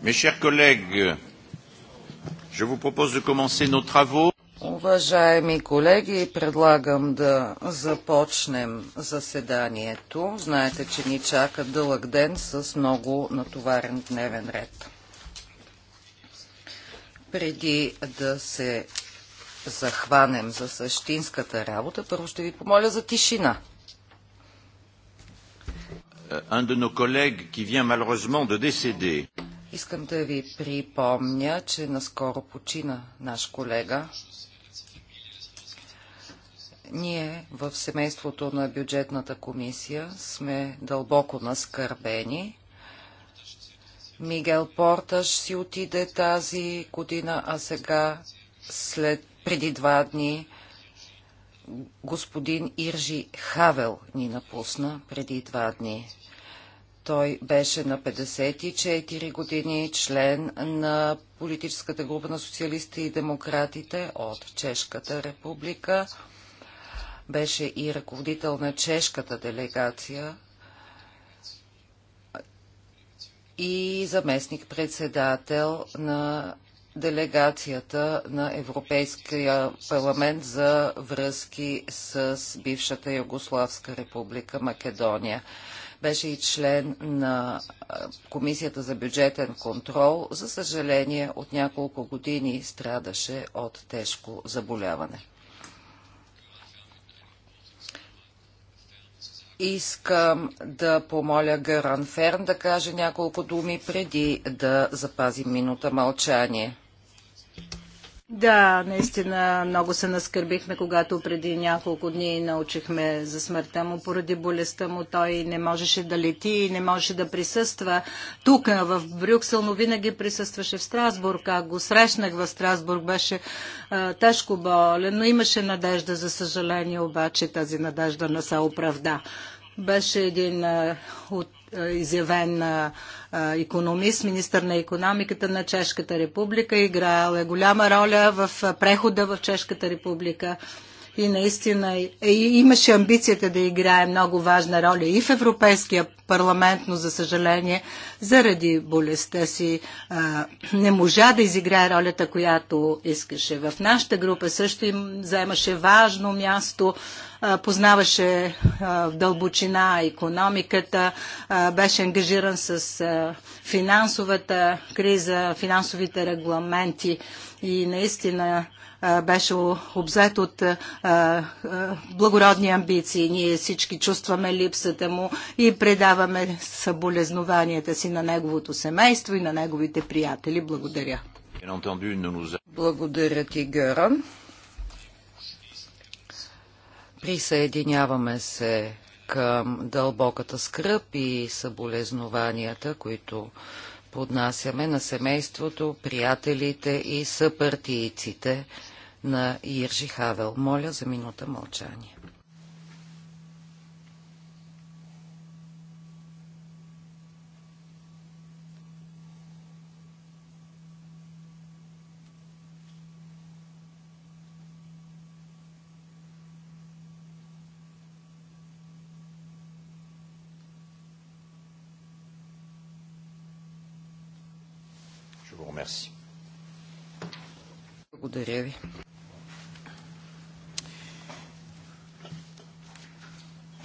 Mes chers collègues, je vous propose de commencer nos travaux. Уважаеми колеги, предлагам да започнем заседанието. Знаете, че ни чака дълъг ден с много натоварен дневен ред. Преди да се захванем за същинската работа, първо ще ви помоля за тишина un de nos collègues qui vient malheureusement de décéder. Искам да ви припомня, че наскоро почина наш колега. Ние в семейството на бюджетната комисия сме дълбоко наскърбени. Мигел Порташ си отиде тази година, а сега след преди два дни господин Иржи Хавел ни напусна преди два дни. Той беше на 54 години член на политическата група на социалисти и демократите от Чешката република. Беше и ръководител на чешката делегация и заместник-председател на делегацията на Европейския парламент за връзки с бившата Югославска република Македония. Беше и член на Комисията за бюджетен контрол. За съжаление, от няколко години страдаше от тежко заболяване. Искам да помоля Геран Ферн да каже няколко думи преди да запазим минута мълчание. Да, наистина много се наскърбихме, когато преди няколко дни научихме за смъртта му. Поради болестта му той не можеше да лети и не можеше да присъства тук в Брюксел, но винаги присъстваше в Страсбург. Как го срещнах в Страсбург, беше а, тежко болен, но имаше надежда, за съжаление обаче тази надежда не се оправда. Беше един а, от е, изявен економист, е, министър на економиката на Чешката република. Играел е голяма роля в е, прехода в Чешката република и наистина и имаше амбицията да играе много важна роля и в Европейския парламент, но за съжаление заради болестта си а, не можа да изиграе ролята, която искаше. В нашата група също им заемаше важно място, а, познаваше а, в дълбочина економиката, а, беше ангажиран с а, финансовата криза, финансовите регламенти и наистина беше обзет от благородни амбиции. Ние всички чувстваме липсата му и предаваме съболезнованията си на неговото семейство и на неговите приятели. Благодаря. Благодаря ти, Гъран. Присъединяваме се към дълбоката скръп и съболезнованията, които поднасяме на семейството, приятелите и съпартийците на Иржи Хавел. Моля за минута мълчание. Благодаря ви.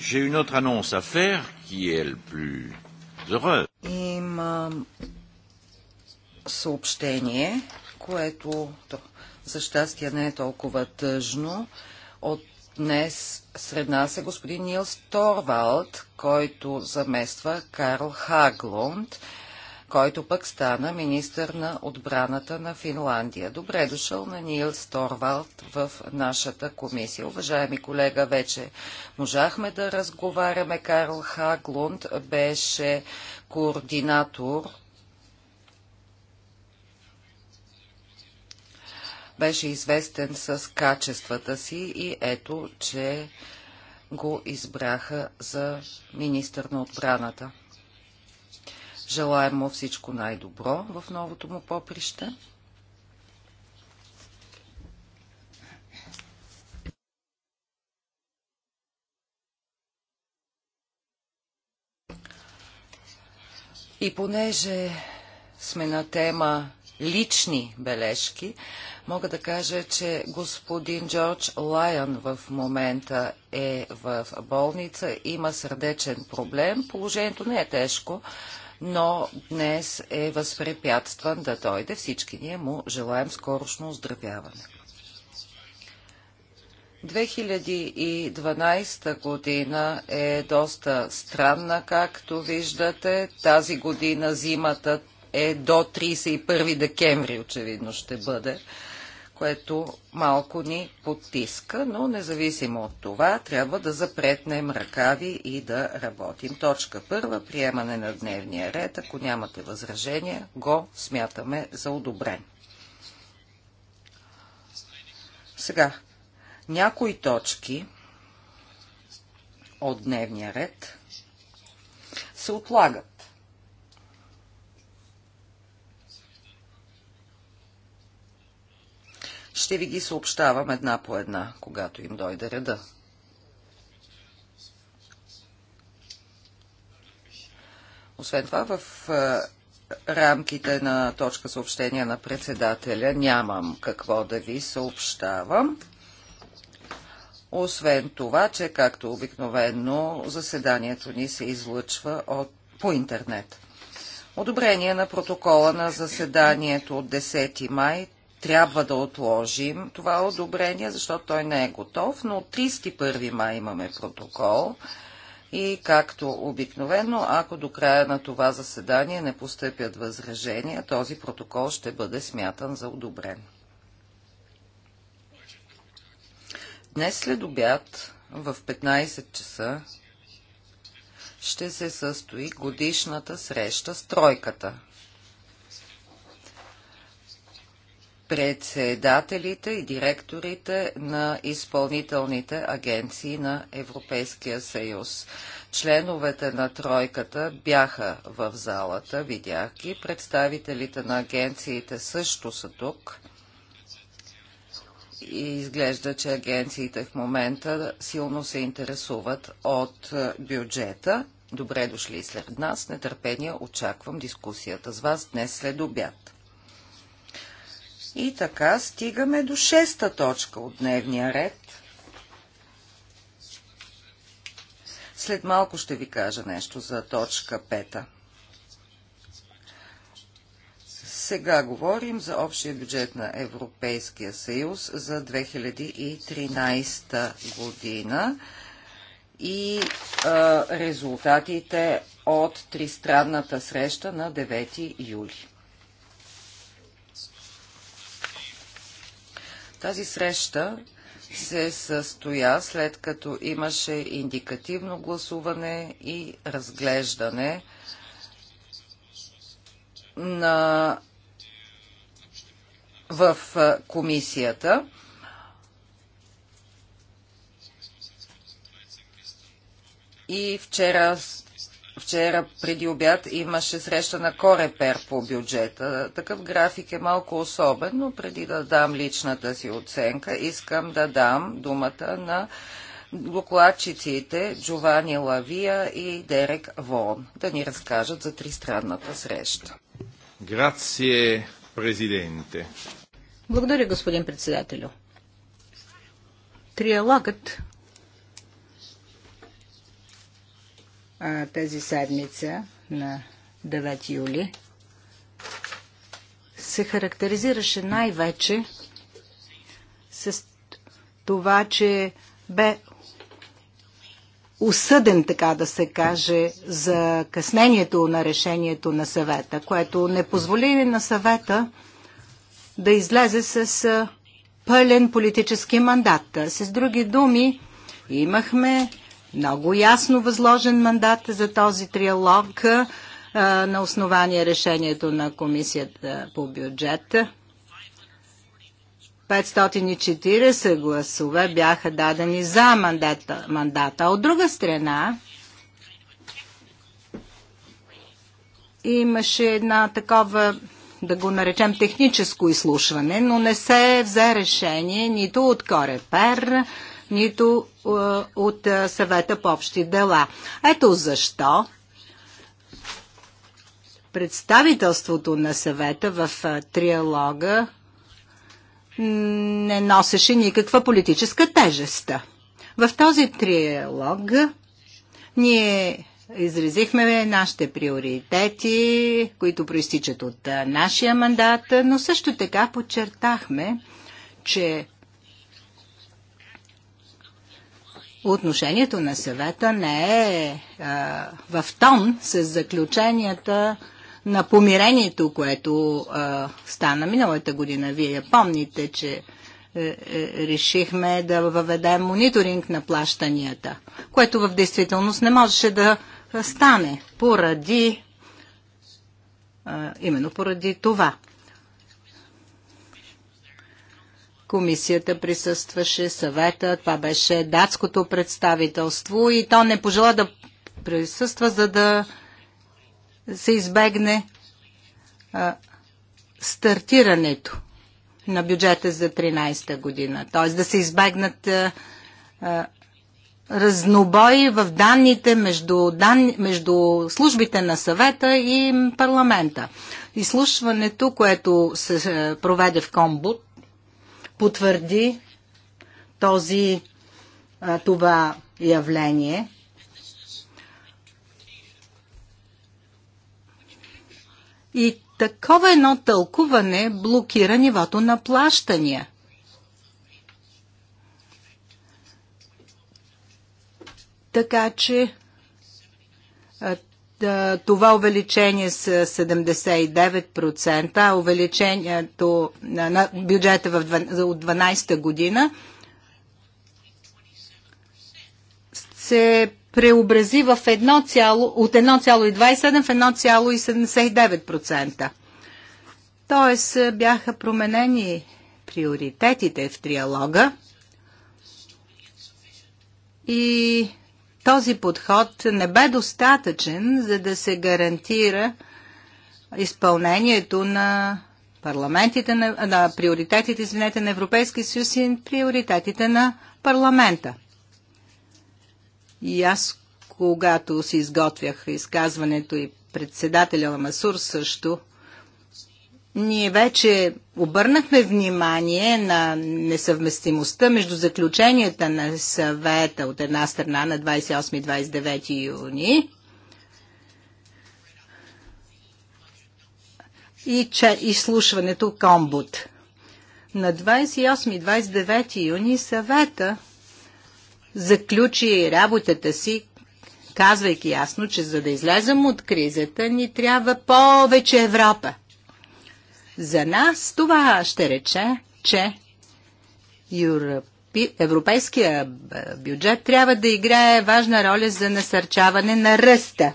J'ai une autre annonce à faire qui est le plus Имам съобщение, което за щастие не е толкова тъжно. От днес сред нас е господин Нилс Торвалд, който замества Карл Хаглунд който пък стана министър на отбраната на Финландия. Добре дошъл на Нил Сторвалд в нашата комисия. Уважаеми колега, вече можахме да разговаряме. Карл Хаглунд беше координатор беше известен с качествата си и ето, че го избраха за министър на отбраната. Желаем му всичко най-добро в новото му поприще. И понеже сме на тема лични бележки, мога да кажа, че господин Джордж Лайън в момента е в болница, има сърдечен проблем. Положението не е тежко, но днес е възпрепятстван да дойде. Всички ние му желаем скорошно оздравяване. 2012 година е доста странна, както виждате. Тази година зимата е до 31 декември, очевидно ще бъде което малко ни потиска, но независимо от това, трябва да запретнем ръкави и да работим. Точка първа, приемане на дневния ред. Ако нямате възражения, го смятаме за одобрен. Сега, някои точки от дневния ред се отлагат. Ще ви ги съобщавам една по една, когато им дойде реда. Освен това, в е, рамките на точка съобщения на председателя нямам какво да ви съобщавам. Освен това, че както обикновено заседанието ни се излъчва от, по интернет. Одобрение на протокола на заседанието от 10 май трябва да отложим това одобрение, защото той не е готов, но 31 май имаме протокол и както обикновено, ако до края на това заседание не постъпят възражения, този протокол ще бъде смятан за одобрен. Днес след обяд в 15 часа ще се състои годишната среща с тройката – председателите и директорите на изпълнителните агенции на Европейския съюз. Членовете на тройката бяха в залата, видях ги. Представителите на агенциите също са тук. И изглежда, че агенциите в момента силно се интересуват от е, бюджета. Добре дошли след нас. Нетърпение очаквам дискусията с вас днес след обяд. И така стигаме до шеста точка от дневния ред. След малко ще ви кажа нещо за точка пета. Сега говорим за общия бюджет на Европейския съюз за 2013 година и а, резултатите от тристранната среща на 9 юли. Тази среща се състоя след като имаше индикативно гласуване и разглеждане на в комисията. И вчера Вчера преди обяд имаше среща на Корепер по бюджета. Такъв график е малко особен, но преди да дам личната си оценка, искам да дам думата на докладчиците Джовани Лавия и Дерек Вон да ни разкажат за тристранната среща. Грация, президенте. Благодаря, господин председателю. Триалагът а, тази седмица на 9 юли се характеризираше най-вече с това, че бе осъден, така да се каже, за къснението на решението на съвета, което не позволи на съвета да излезе с пълен политически мандат. С други думи, имахме много ясно възложен мандат за този триалог на основание решението на Комисията по бюджета. 540 гласове бяха дадени за мандата. мандата. От друга страна, имаше една такова, да го наречем техническо изслушване, но не се взе решение нито от Корепер, нито е, от е, съвета по общи дела. Ето защо представителството на съвета в е, триалога не носеше никаква политическа тежест. В този триалог ние изразихме нашите приоритети, които проистичат от нашия мандат, но също така подчертахме, че отношението на съвета не е а, в тон с заключенията на помирението, което а, стана миналата година. Вие я помните, че е, е, решихме да въведем мониторинг на плащанията, което в действителност не можеше да стане поради а, именно поради това. Комисията присъстваше, съвета, това беше датското представителство и то не пожела да присъства, за да се избегне а, стартирането на бюджета за 13-та година. Т.е. да се избегнат а, разнобои в данните между, дан... между службите на съвета и парламента. Изслушването, което се проведе в Комбут, потвърди този, това явление. И такова едно тълкуване блокира нивото на плащания. Така че е, това увеличение с 79%, а увеличението на бюджета в, от 12-та година се преобрази в 1, от 1,27 в 1,79%. Тоест е, бяха променени приоритетите в триалога и този подход не бе достатъчен, за да се гарантира изпълнението на парламентите на, на приоритетите, извинете, на Европейския съюз и приоритетите на парламента. И аз, когато си изготвях изказването и председателя Ламасур също ние вече обърнахме внимание на несъвместимостта между заключенията на съвета от една страна на 28-29 и юни и че изслушването Комбут. На 28-29 и юни съвета заключи работата си, казвайки ясно, че за да излезем от кризата ни трябва повече Европа. За нас това ще рече, че европейския е, бюджет трябва да играе важна роля за насърчаване на ръста.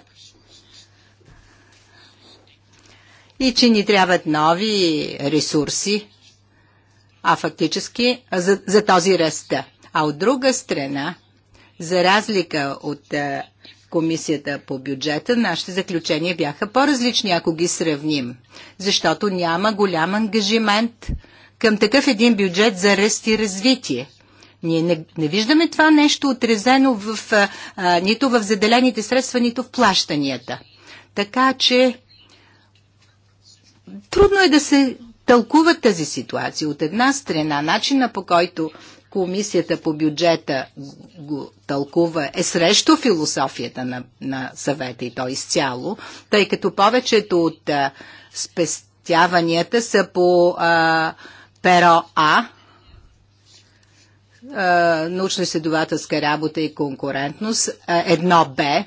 И че ни трябват нови ресурси, а фактически за, за този ръст. А от друга страна, за разлика от е, Комисията по бюджета, нашите заключения бяха по-различни, ако ги сравним, защото няма голям ангажимент към такъв един бюджет за ръст и развитие. Ние не, не виждаме това нещо отрезено в, а, нито в заделените средства, нито в плащанията. Така че трудно е да се тълкува тази ситуация. От една страна, начина по който комисията по бюджета го тълкува, е срещу философията на, на съвета и то изцяло, тъй като повечето от а, спестяванията са по а, перо А, научно-изследователска работа и конкурентност, едно Б,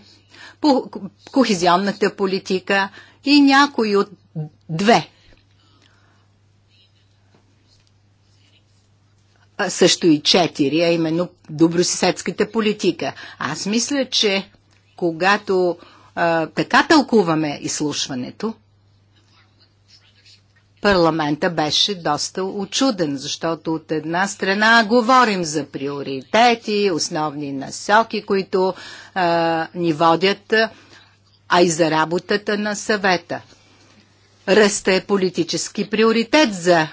по кохезионната политика и някои от две а, също и четири, а именно добросъседската политика. Аз мисля, че когато а, така тълкуваме изслушването, парламента беше доста очуден, защото от една страна говорим за приоритети, основни насоки, които а, ни водят, а и за работата на съвета. Ръста е политически приоритет за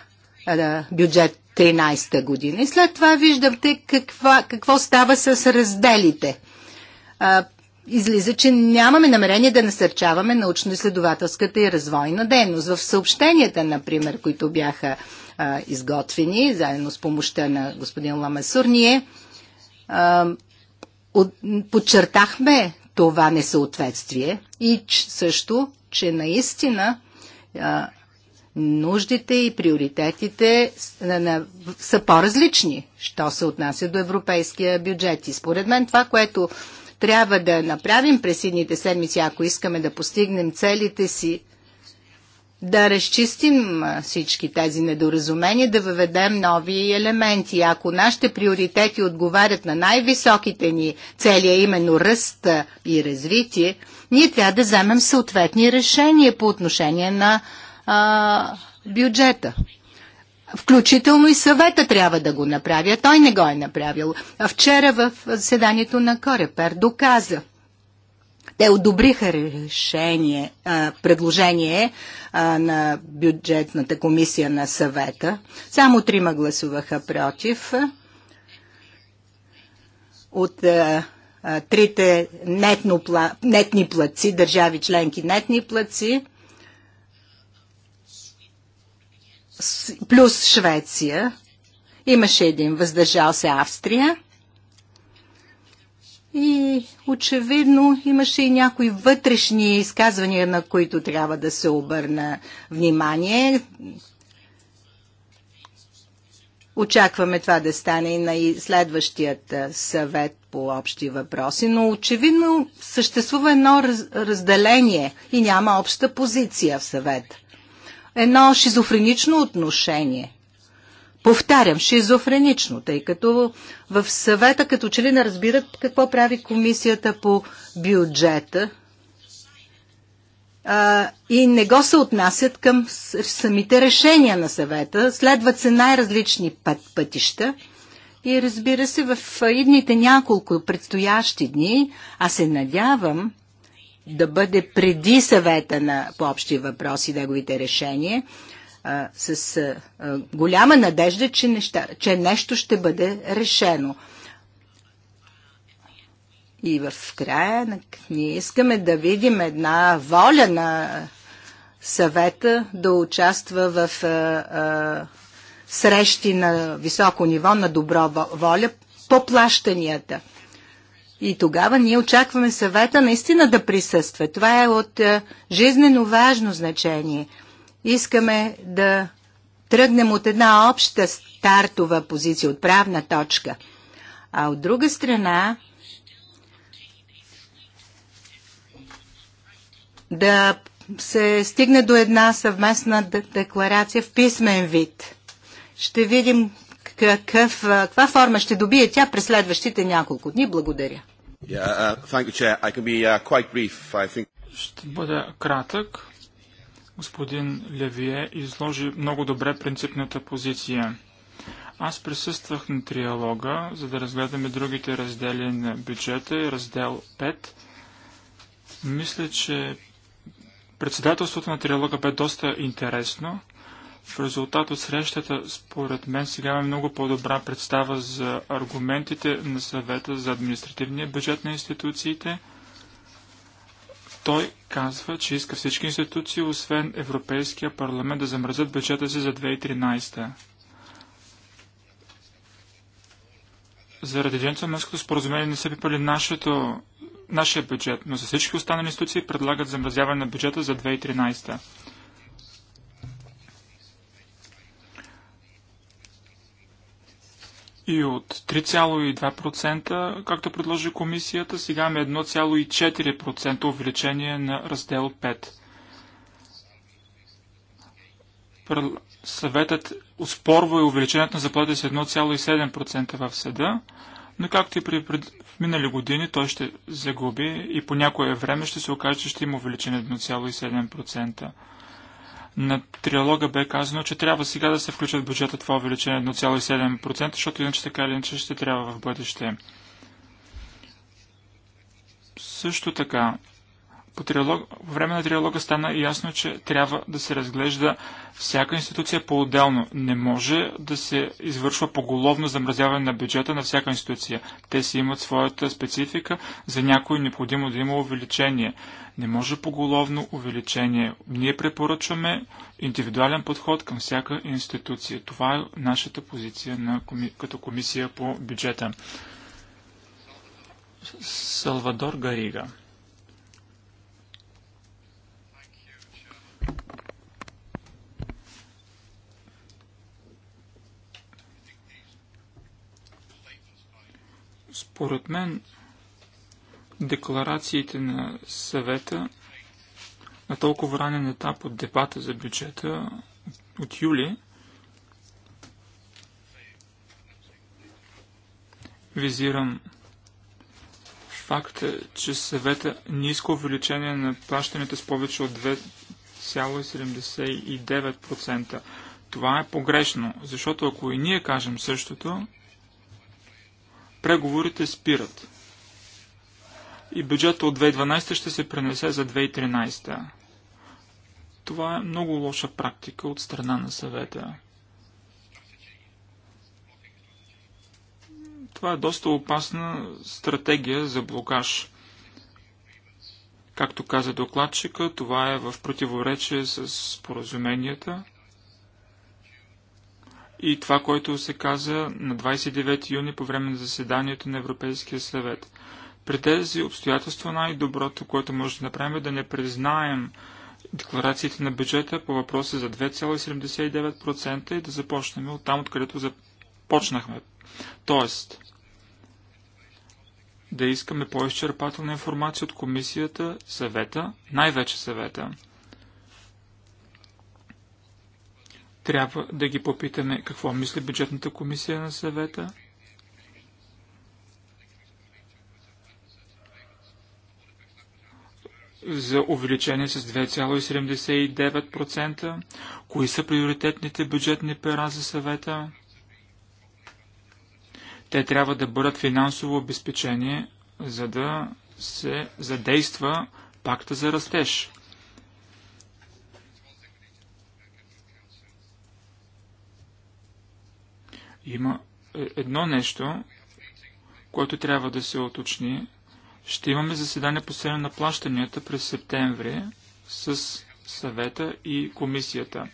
а, бюджет 2013 година. И след това виждате каква, какво става с разделите. А, излиза, че нямаме намерение да насърчаваме научно-изследователската и развойна дейност. В съобщенията, например, които бяха а, изготвени, заедно с помощта на господин Ламасур, ние а, от, подчертахме това несъответствие и ч, също, че наистина нуждите и приоритетите на, на, са по-различни, що се отнася до европейския бюджет. И според мен това, което трябва да направим през едните седмици, ако искаме да постигнем целите си, да разчистим всички тези недоразумения, да въведем нови елементи. Ако нашите приоритети отговарят на най-високите ни цели, а именно ръст и развитие, ние трябва да вземем съответни решения по отношение на а, бюджета. Включително и съвета трябва да го направя. Той не го е направил. А вчера в заседанието на Корепер доказа. Те одобриха решение, а, предложение а, на бюджетната комисия на съвета. Само трима гласуваха против. От а, трите нетно, нетни плаци, държави членки нетни плаци – плюс Швеция. Имаше един въздържал се Австрия. И очевидно имаше и някои вътрешни изказвания, на които трябва да се обърна внимание. Очакваме това да стане и на следващият съвет по общи въпроси, но очевидно съществува едно разделение и няма обща позиция в съвета едно шизофренично отношение. Повтарям, шизофренично, тъй като в съвета като че ли не разбират какво прави комисията по бюджета а, и не го се отнасят към самите решения на съвета. Следват се най-различни път, пътища. И разбира се, в идните няколко предстоящи дни, аз се надявам, да бъде преди съвета на по общи въпроси, неговите решения, а, с а, голяма надежда, че, неща, че нещо ще бъде решено. И в края ние искаме да видим една воля на съвета да участва в а, а, срещи на високо ниво на добро воля по плащанията. И тогава ние очакваме съвета наистина да присъства. Това е от е, жизнено важно значение. Искаме да тръгнем от една обща стартова позиция, от правна точка. А от друга страна, да се стигне до една съвместна декларация в писмен вид. Ще видим какъв, каква форма ще добие тя през следващите няколко дни. Благодаря. Uh, uh, ще бъда кратък. Господин Левие изложи много добре принципната позиция. Аз присъствах на триалога, за да разгледаме другите раздели на бюджета, и раздел 5. Мисля, че председателството на триалога бе доста интересно. В резултат от срещата, според мен, сега имаме много по-добра представа за аргументите на съвета за административния бюджет на институциите. Той казва, че иска всички институции, освен Европейския парламент, да замразят бюджета си за 2013. Заради джентлменското споразумение не са пипали нашето, нашия бюджет, но за всички останали институции предлагат замразяване на бюджета за 2013. и от 3,2%, както предложи комисията, сега имаме 1,4% увеличение на раздел 5. Съветът успорва и увеличението на заплата с 1,7% в съда, но както и при, пред... в минали години той ще загуби и по някое време ще се окаже, че ще има увеличение 1,7%. На триалога бе казано, че трябва сега да се включат в бюджета това увеличение 1,7%, защото иначе така или иначе ще трябва в бъдеще. Също така, по, триалог, по време на триалога стана ясно, че трябва да се разглежда всяка институция по-отделно. Не може да се извършва поголовно замразяване на бюджета на всяка институция. Те си имат своята специфика, за някои необходимо да има увеличение. Не може поголовно увеличение. Ние препоръчваме индивидуален подход към всяка институция. Това е нашата позиция на, като комисия по бюджета. Салвадор Гарига. Според мен, декларациите на съвета на толкова ранен етап от дебата за бюджета от юли визирам факта, че съвета ниско иска увеличение на плащането с повече от 2 99,79%. Това е погрешно, защото ако и ние кажем същото, преговорите спират. И бюджета от 2012 ще се пренесе за 2013. Това е много лоша практика от страна на съвета. Това е доста опасна стратегия за блокаж. Както каза докладчика, това е в противоречие с споразуменията и това, което се каза на 29 юни по време на заседанието на Европейския съвет. При тези обстоятелства най-доброто, което може да направим е да не признаем декларациите на бюджета по въпроса за 2,79% и да започнем от там, откъдето започнахме. Тоест, да искаме по-изчерпателна информация от комисията, съвета, най-вече съвета. Трябва да ги попитаме какво мисли бюджетната комисия на съвета. за увеличение с 2,79%, кои са приоритетните бюджетни пера за съвета, те трябва да бъдат финансово обезпечени, за да се задейства пакта за растеж. Има е, едно нещо, което трябва да се оточни. Ще имаме заседание по на плащанията през септември с съвета и комисията.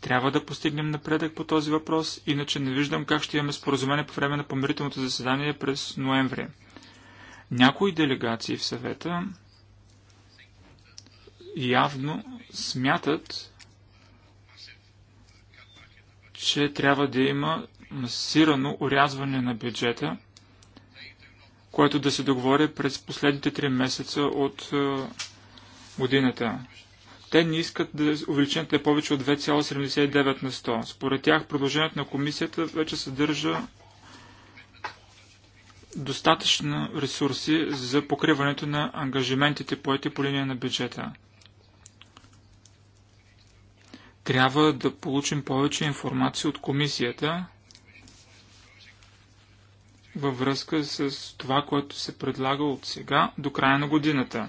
Трябва да постигнем напредък по този въпрос, иначе не виждам как ще имаме споразумение по време на помирителното заседание през ноември. Някои делегации в съвета явно смятат, че трябва да има масирано урязване на бюджета, което да се договори през последните три месеца от е, годината. Те не искат да увеличат ли повече от 2,79 на 100. Според тях продължението на комисията вече съдържа достатъчно ресурси за покриването на ангажиментите по ети по линия на бюджета. Трябва да получим повече информация от комисията във връзка с това, което се предлага от сега до края на годината.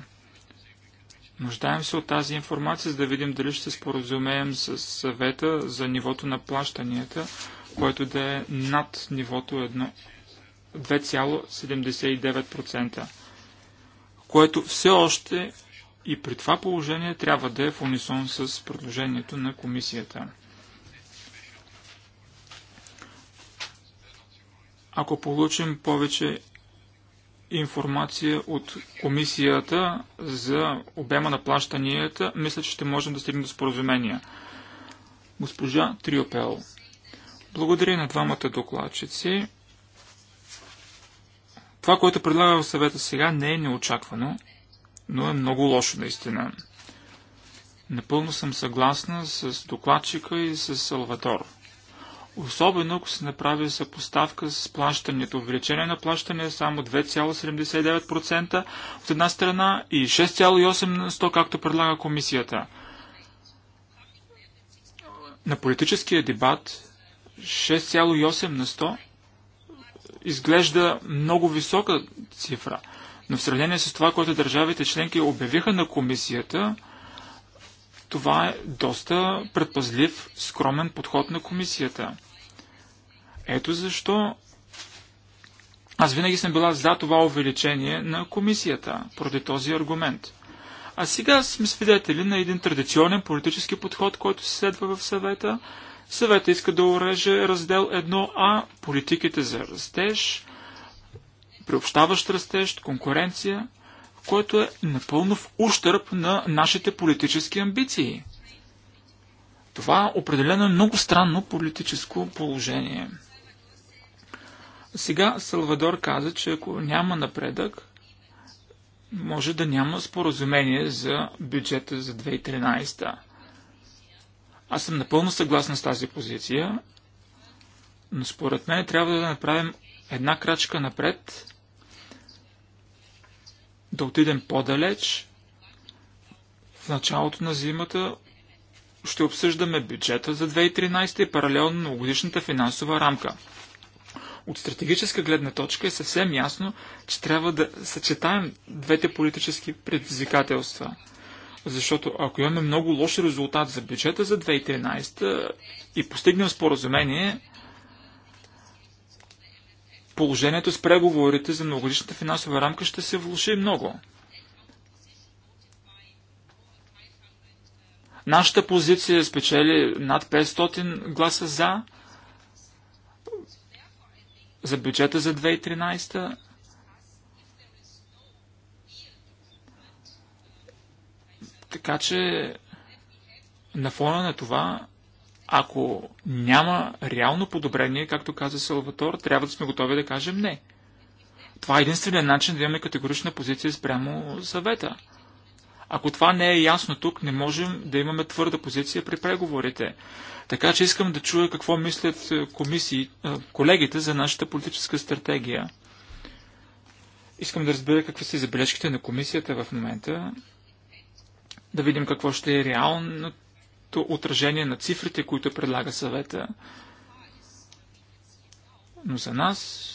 Нуждаем се от тази информация, за да видим дали ще се споразумеем с съвета за нивото на плащанията, което да е над нивото 2,79%, което все още и при това положение трябва да е в унисон с предложението на комисията. Ако получим повече информация от комисията за обема на плащанията, мисля, че ще можем да стигнем до споразумения. Госпожа Триопел. Благодаря на двамата докладчици. Това, което предлага в съвета сега, не е неочаквано, но е много лошо наистина. Напълно съм съгласна с докладчика и с Салватор – Особено ако се направи съпоставка с плащането. Увеличение на плащане е само 2,79% от една страна и 6,8% както предлага комисията. На политическия дебат 6,8 на 100 изглежда много висока цифра. Но в сравнение с това, което държавите членки обявиха на комисията, това е доста предпазлив, скромен подход на комисията. Ето защо аз винаги съм била за това увеличение на комисията, поради този аргумент. А сега сме свидетели на един традиционен политически подход, който се следва в съвета. Съвета иска да уреже раздел 1А, политиките за растеж, приобщаващ растеж, конкуренция, което е напълно в ущърп на нашите политически амбиции. Това определено е много странно политическо положение. Сега Салвадор каза, че ако няма напредък, може да няма споразумение за бюджета за 2013. Аз съм напълно съгласен с тази позиция, но според мен трябва да направим една крачка напред, да отидем по-далеч. В началото на зимата ще обсъждаме бюджета за 2013 и паралелно годишната финансова рамка. От стратегическа гледна точка е съвсем ясно, че трябва да съчетаем двете политически предизвикателства. Защото ако имаме много лош резултат за бюджета за 2013 и постигнем споразумение, положението с преговорите за многогодишната финансова рамка ще се влуши много. Нашата позиция спечели над 500 гласа за – за бюджета за 2013 Така че на фона на това, ако няма реално подобрение, както каза Салватор, трябва да сме готови да кажем не. Това е единственият начин да имаме категорична позиция спрямо съвета. Ако това не е ясно тук, не можем да имаме твърда позиция при преговорите. Така че искам да чуя какво мислят е, комисии, е, колегите за нашата политическа стратегия. Искам да разбера какви са забележките на комисията в момента, да видим какво ще е реалното отражение на цифрите, които предлага съвета. Но за нас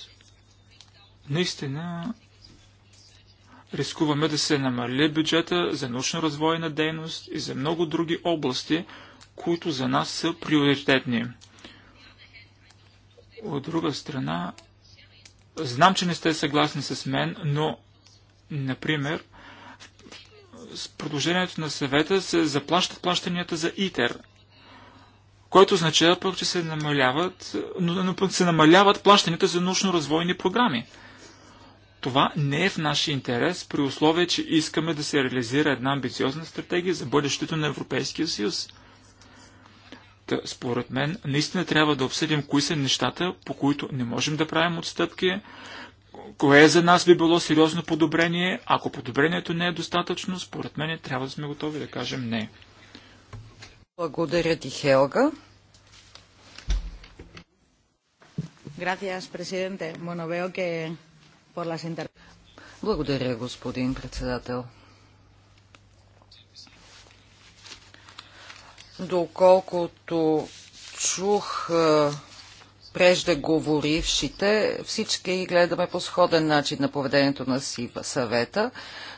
наистина рискуваме да се намали бюджета за научно-развойна дейност и за много други области, които за нас са приоритетни. От друга страна, знам, че не сте съгласни с мен, но, например, с продължението на съвета се заплащат плащанията за ИТЕР, което означава пък, че се намаляват, но, но се намаляват плащанията за научно-развойни програми. Това не е в наш интерес при условие, че искаме да се реализира една амбициозна стратегия за бъдещето на Европейския съюз. Та, според мен, наистина трябва да обсъдим кои са нещата, по които не можем да правим отстъпки, кое е за нас би било сериозно подобрение. Ако подобрението не е достатъчно, според мен трябва да сме готови да кажем не. Благодаря ти, Хелга. Gracias, presidente. Bueno, veo que благодаря, господин председател. Доколкото чух преждеговорившите, всички гледаме по сходен начин на поведението на СИВА съвета.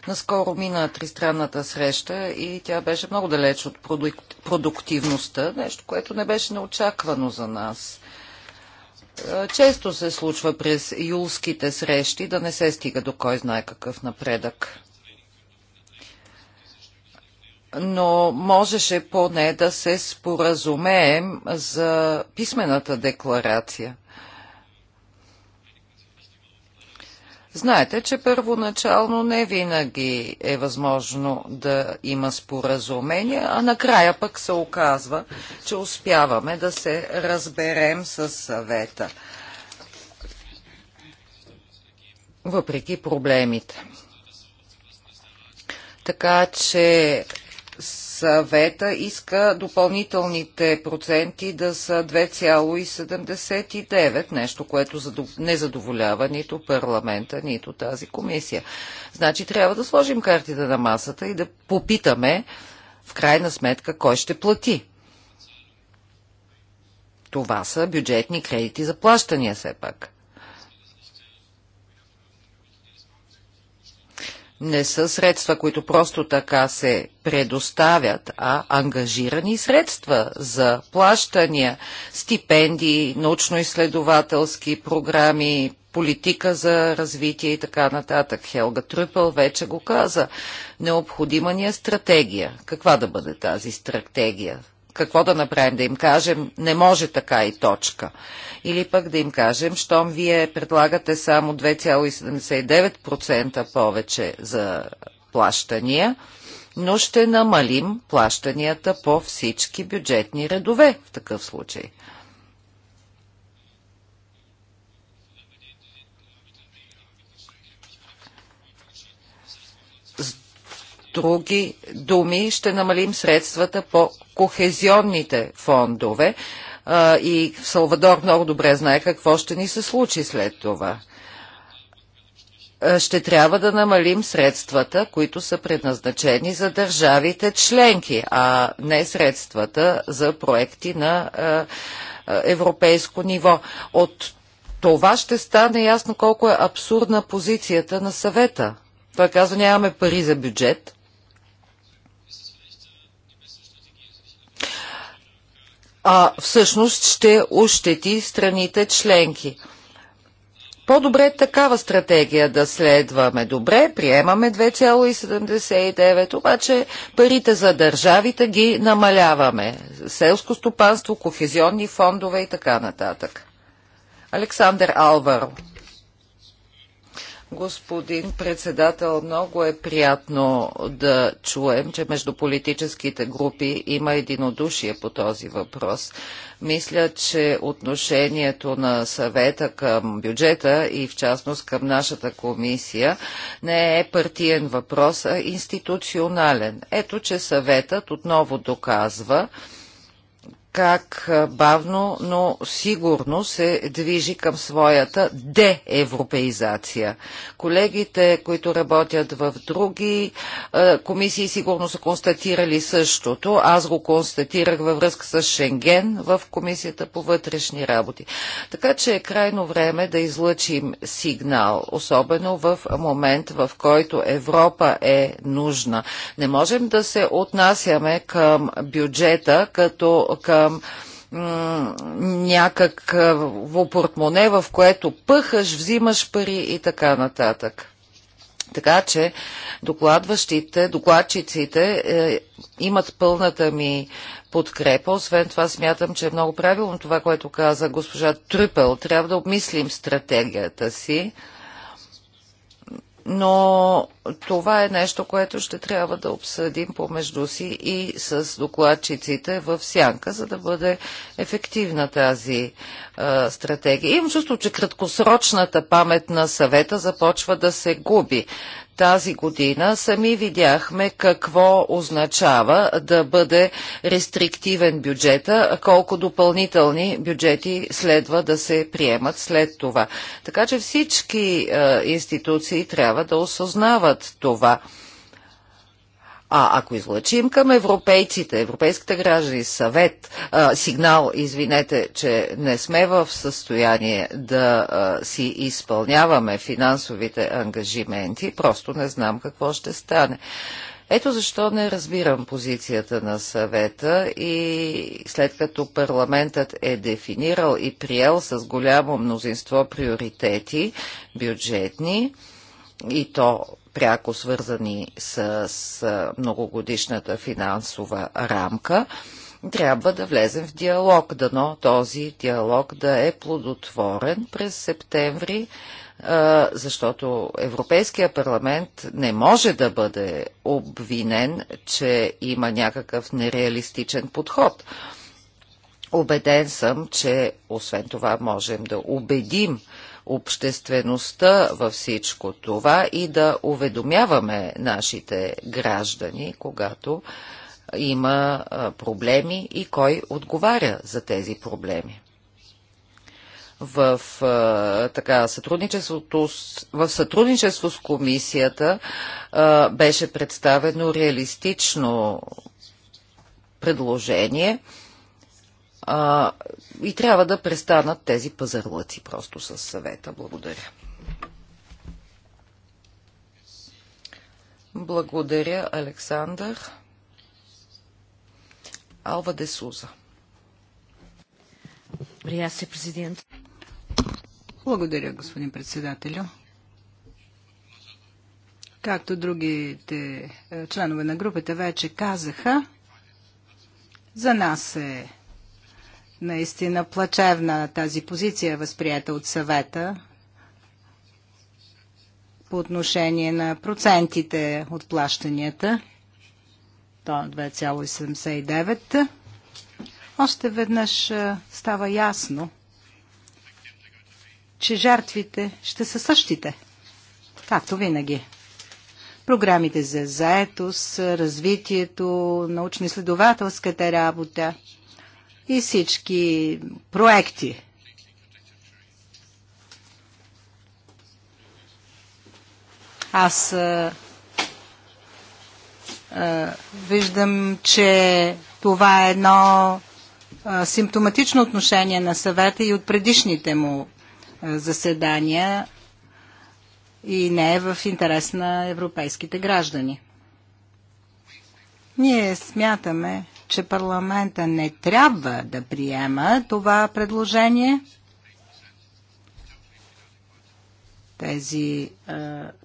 Наскоро мина тристранната среща и тя беше много далеч от продуктивността, нещо, което не беше неочаквано за нас. Е, често се случва през юлските срещи да не се стига до кой знае какъв напредък. Но можеше поне да се споразумеем за писмената декларация – Знаете, че първоначално не винаги е възможно да има споразумение, а накрая пък се оказва, че успяваме да се разберем с съвета. Въпреки проблемите. Така че съвета иска допълнителните проценти да са 2,79, нещо, което не задоволява нито парламента, нито тази комисия. Значи трябва да сложим картите на масата и да попитаме в крайна сметка кой ще плати. Това са бюджетни кредити за плащания все пак. не са средства, които просто така се предоставят, а ангажирани средства за плащания, стипендии, научно-изследователски програми, политика за развитие и така нататък. Хелга Трюпел вече го каза. Необходима ни е стратегия. Каква да бъде тази стратегия? какво да направим? Да им кажем, не може така и точка. Или пък да им кажем, щом вие предлагате само 2,79% повече за плащания, но ще намалим плащанията по всички бюджетни редове в такъв случай. други думи ще намалим средствата по кохезионните фондове а, и Салвадор много добре знае какво ще ни се случи след това. ще трябва да намалим средствата, които са предназначени за държавите членки, а не средствата за проекти на а, европейско ниво. От това ще стане ясно колко е абсурдна позицията на съвета. Той казва, нямаме пари за бюджет, а всъщност ще ощети страните членки. По-добре е такава стратегия да следваме. Добре, приемаме 2,79, обаче парите за държавите ги намаляваме. Селско стопанство, кохезионни фондове и така нататък. Александър Алваро. Господин председател, много е приятно да чуем, че между политическите групи има единодушие по този въпрос. Мисля, че отношението на съвета към бюджета и в частност към нашата комисия не е партиен въпрос, а институционален. Ето, че съветът отново доказва, как бавно, но сигурно се движи към своята деевропеизация. Колегите, които работят в други комисии, сигурно са констатирали същото. Аз го констатирах във връзка с Шенген в Комисията по вътрешни работи. Така че е крайно време да излъчим сигнал, особено в момент, в който Европа е нужна. Не можем да се отнасяме към бюджета като към към някакво портмоне, в което пъхаш, взимаш пари и така нататък. Така че докладващите, докладчиците е, имат пълната ми подкрепа. Освен това смятам, че е много правилно това, което каза госпожа Трюпел. Трябва да обмислим стратегията си. Е, но това е нещо, което ще трябва да обсъдим помежду си и с докладчиците в сянка, за да бъде ефективна тази а, стратегия. Имам чувство, че краткосрочната памет на съвета започва да се губи тази година сами видяхме какво означава да бъде рестриктивен бюджета, колко допълнителни бюджети следва да се приемат след това. Така че всички е, институции трябва да осъзнават това. А ако излъчим към европейците, Европейските граждани съвет, а, сигнал, извинете, че не сме в състояние да а, си изпълняваме финансовите ангажименти, просто не знам какво ще стане. Ето защо не разбирам позицията на съвета и след като парламентът е дефинирал и приел с голямо мнозинство приоритети бюджетни, и то пряко свързани с, с многогодишната финансова рамка, трябва да влезем в диалог, дано този диалог да е плодотворен през септември, защото Европейския парламент не може да бъде обвинен, че има някакъв нереалистичен подход. Обеден съм, че освен това можем да убедим обществеността във всичко това и да уведомяваме нашите граждани, когато има проблеми и кой отговаря за тези проблеми. В, така, сътрудничеството, в сътрудничество с комисията беше представено реалистично предложение – а, и трябва да престанат тези пазарлъци просто с съвета. Благодаря. Благодаря, Александър. Алва де Суза. президент. Благодаря, господин председателю. Както другите е, членове на групата вече казаха, за нас е наистина плачевна тази позиция, възприята от съвета по отношение на процентите от плащанията. То е 2,79. Още веднъж става ясно, че жертвите ще са същите, както винаги. Програмите за заетост, развитието, научно-изследователската работа – и всички проекти. Аз а, а, виждам, че това е едно а, симптоматично отношение на съвета и от предишните му а, заседания и не е в интерес на европейските граждани. Ние смятаме, че парламента не трябва да приема това предложение. Тези е,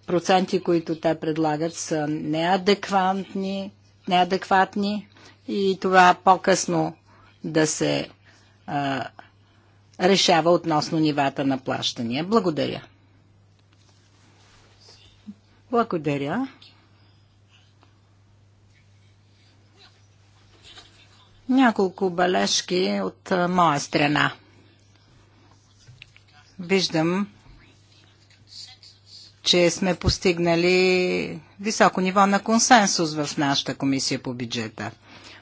проценти, които те предлагат, са неадекватни, неадекватни и това по-късно да се е, решава относно нивата на плащания. Благодаря. Благодаря. Няколко бележки от моя страна. Виждам, че сме постигнали високо ниво на консенсус в нашата комисия по бюджета.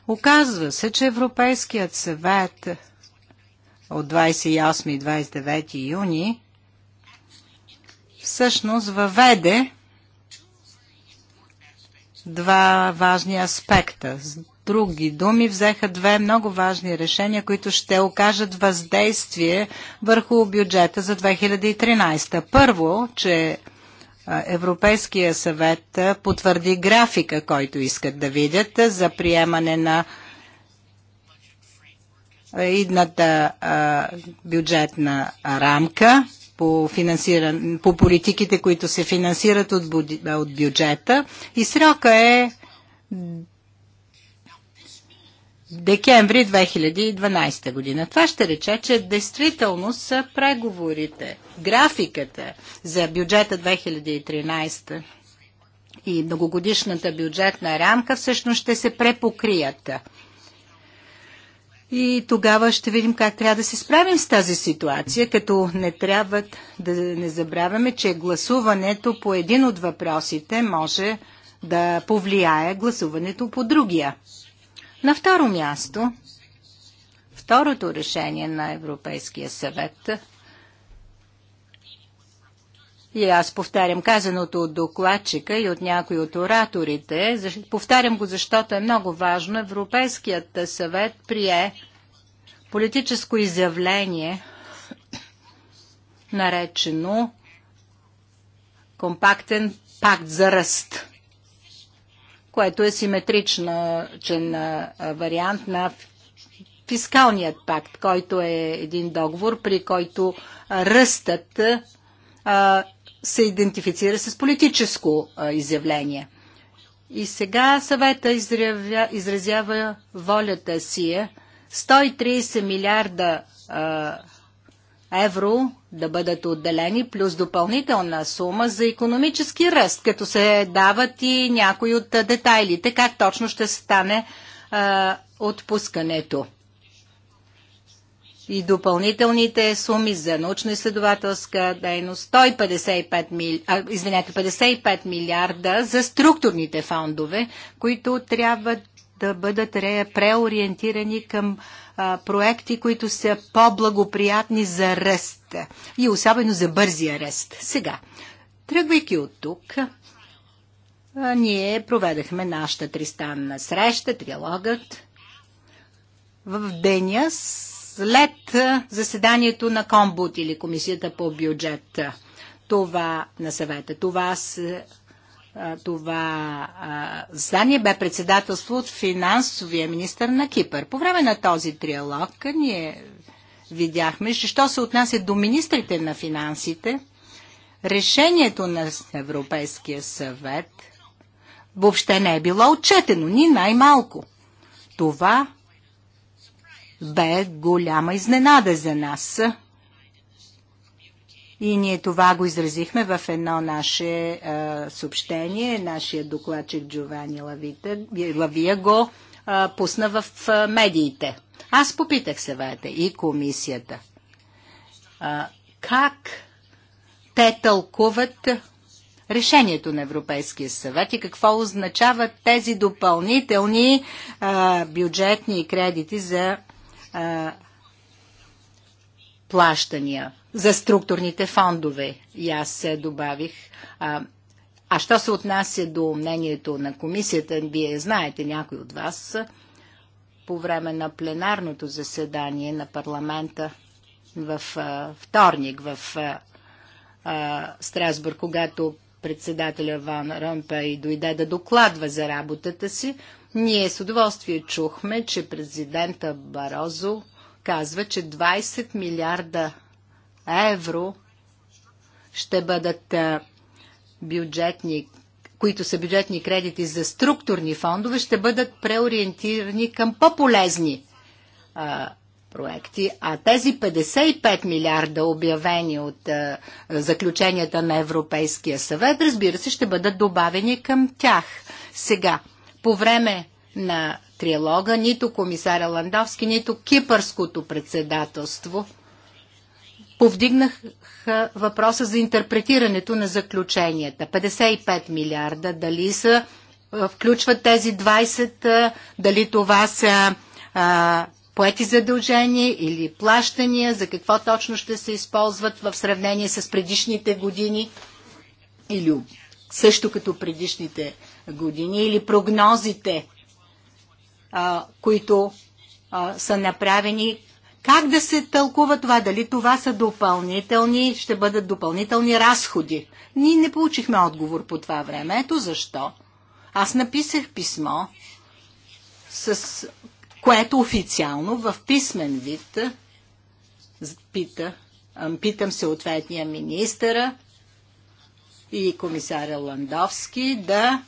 Оказва се, че Европейският съвет от 28 и 29 юни всъщност въведе два важни аспекта други думи, взеха две много важни решения, които ще окажат въздействие върху бюджета за 2013. Първо, че Европейския съвет потвърди графика, който искат да видят за приемане на идната бюджетна рамка по, по политиките, които се финансират от, бюджета. И срока е декември 2012 година. Това ще рече, че действително са преговорите, графиката за бюджета 2013 и многогодишната бюджетна рамка всъщност ще се препокрият. И тогава ще видим как трябва да се справим с тази ситуация, като не трябва да не забравяме, че гласуването по един от въпросите може да повлияе гласуването по другия. На второ място, второто решение на Европейския съвет и аз повтарям казаното от докладчика и от някои от ораторите. Повтарям го, защото е много важно. Европейският съвет прие политическо изявление, наречено Компактен пакт за ръст което е симетричен вариант на фискалният пакт, който е един договор, при който ръстът се идентифицира с политическо изявление. И сега съвета изразява волята си 130 милиарда а, евро да бъдат отделени, плюс допълнителна сума за економически ръст, като се дават и някои от детайлите, как точно ще стане а, отпускането. И допълнителните суми за научно-изследователска дейност 155 мили... а, извинете, 55 милиарда за структурните фондове, които трябва да бъдат преориентирани към а, проекти, които са по-благоприятни за ръст и особено за бързия ръст. Сега, тръгвайки от тук, а, ние проведахме нашата тристанна среща, триалогът, в деня след заседанието на Комбут или Комисията по бюджет. Това на съвета. Това с това здание бе председателство от финансовия министр на Кипър. По време на този триалог ние видяхме, че що се отнася до министрите на финансите, решението на Европейския съвет въобще не е било отчетено, ни най-малко. Това бе голяма изненада за нас. И ние това го изразихме в едно наше а, съобщение. Нашия докладчик Джовани Лавита, Лавия го а, пусна в а, медиите. Аз попитах съвета и комисията. А, как те тълкуват решението на Европейския съвет и какво означават тези допълнителни а, бюджетни кредити за а, плащания за структурните фондове. И аз добавих. А, а що се отнася до мнението на комисията, вие знаете някой от вас, по време на пленарното заседание на парламента в а, вторник в а, а, Страсбург, когато председателя Ван Ръмпа и дойде да докладва за работата си, ние с удоволствие чухме, че президента Барозо казва, че 20 милиарда евро ще бъдат бюджетни, които са бюджетни кредити за структурни фондове, ще бъдат преориентирани към по-полезни проекти, а тези 55 милиарда обявени от заключенията на Европейския съвет, разбира се, ще бъдат добавени към тях. Сега, по време на трилога, нито комисаря Ландовски, нито кипърското председателство повдигнаха въпроса за интерпретирането на заключенията. 55 милиарда, дали са, включват тези 20, дали това са а, поети задължения или плащания, за какво точно ще се използват в сравнение с предишните години или също като предишните години или прогнозите а, които а, са направени. Как да се тълкува това? Дали това са допълнителни, ще бъдат допълнителни разходи? Ние не получихме отговор по това време. Ето защо. Аз написах писмо, с което официално в писмен вид пита, питам се ответния министъра и комисаря Ландовски да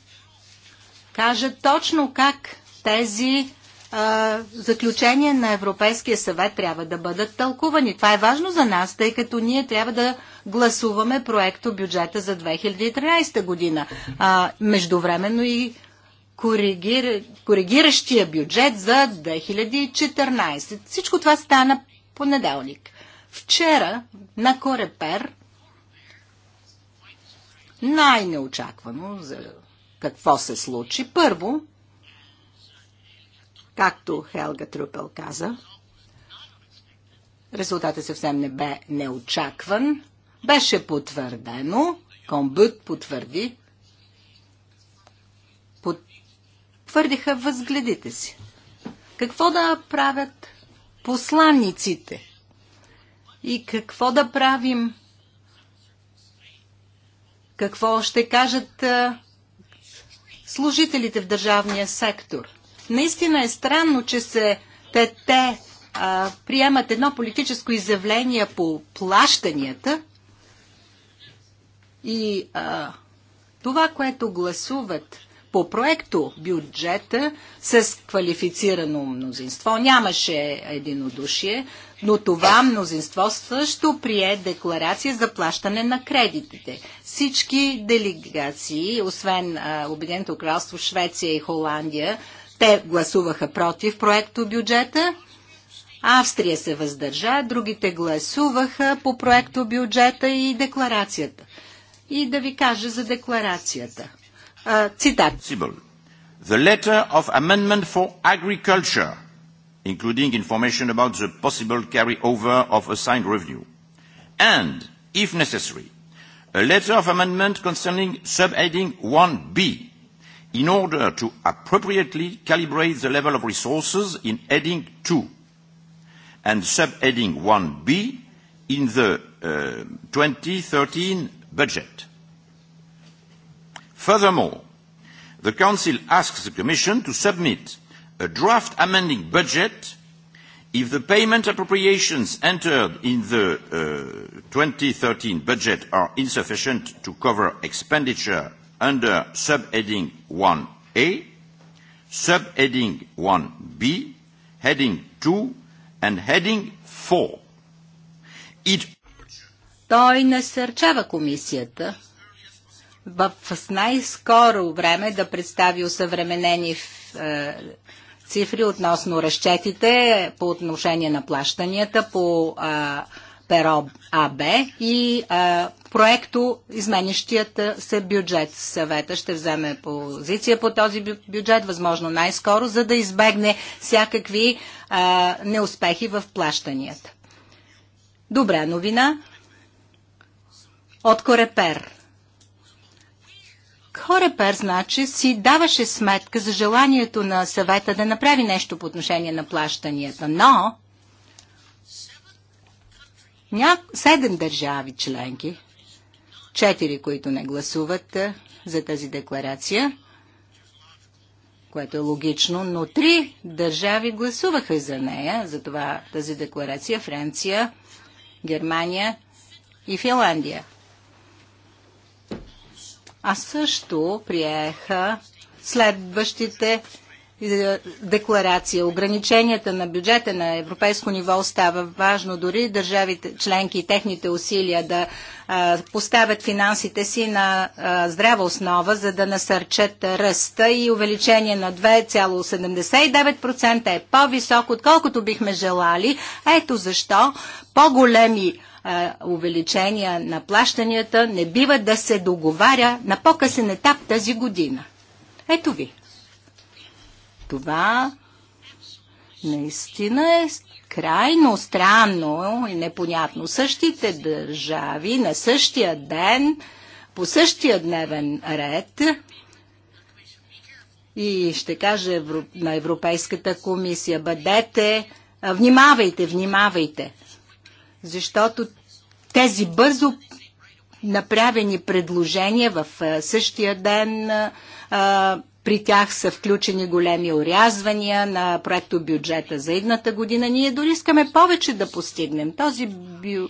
кажат точно как тези а, заключения на Европейския съвет трябва да бъдат тълкувани. Това е важно за нас, тъй като ние трябва да гласуваме проекто бюджета за 2013 година. А, междувременно и коригир... коригиращия бюджет за 2014. Всичко това стана понеделник. Вчера на Корепер най-неочаквано за какво се случи. Първо, Както Хелга Трупел каза, резултатът съвсем не бе неочакван. Беше потвърдено, Комбут потвърди, потвърдиха възгледите си. Какво да правят посланниците? И какво да правим? Какво ще кажат служителите в държавния сектор – Наистина е странно, че се те а, приемат едно политическо изявление по плащанията и а, това, което гласуват по проекто бюджета с квалифицирано мнозинство. Нямаше единодушие, но това мнозинство също прие декларация за плащане на кредитите. Всички делегации, освен Обединеното кралство, Швеция и Холандия, те гласуваха против проекто бюджета. Австрия се въздържа, другите гласуваха по проекто бюджета и декларацията. И да ви кажа за декларацията. А, цитат. The letter of amendment for agriculture, including information about the possible carryover of assigned revenue, and, if necessary, a letter of amendment concerning subheading 1b in order to appropriately calibrate the level of resources in heading 2 and subheading 1B in the 2013 budget. Furthermore, the Council asks the Commission to submit a draft amending budget if the payment appropriations entered in the 2013 budget are insufficient to cover expenditure under subheading 1A, subheading 1B, heading 2 and heading 4. It... Той насърчава комисията в най-скоро време да представи усъвременени е, цифри относно разчетите по отношение на плащанията по е, перо АБ и а, проекто изменящият се бюджет. Съвета ще вземе позиция по този бюджет, възможно най-скоро, за да избегне всякакви а, неуспехи в плащанията. Добра новина от Корепер. Корепер, значи, си даваше сметка за желанието на съвета да направи нещо по отношение на плащанията, но ня... седем държави членки, четири, които не гласуват за тази декларация, което е логично, но три държави гласуваха за нея, за това тази декларация Франция, Германия и Финландия. А също приеха следващите е, декларация. Ограниченията на бюджета на европейско ниво става важно. Дори държавите членки и техните усилия да поставят финансите си на здрава основа, за да насърчат ръста и увеличение на 2,79% е по-високо, отколкото бихме желали. Ето защо по-големи увеличения на плащанията не бива да се договаря на по-късен етап тази година. Ето ви. Това наистина е крайно странно и непонятно. Същите държави на същия ден, по същия дневен ред и ще кажа на Европейската комисия, бъдете, внимавайте, внимавайте, защото тези бързо направени предложения в същия ден а, при тях са включени големи урязвания на проекто бюджета за едната година. Ние дори искаме повече да постигнем. Този бю...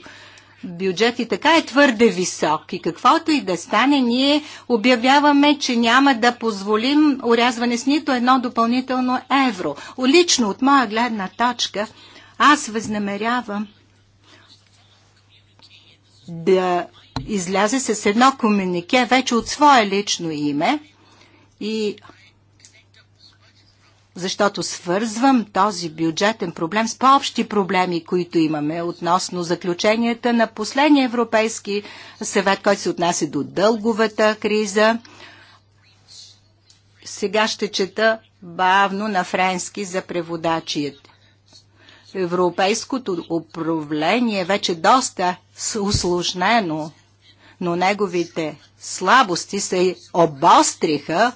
бюджет и така е твърде висок. И каквото и да стане, ние обявяваме, че няма да позволим урязване с нито едно допълнително евро. Лично от моя гледна точка, аз възнамерявам да излязе с едно комюнике вече от свое лично име – и защото свързвам този бюджетен проблем с по-общи проблеми, които имаме относно заключенията на последния Европейски съвет, който се отнася до дълговата криза. Сега ще чета бавно на френски за преводачият. Европейското управление е вече доста усложнено, но неговите слабости се обостриха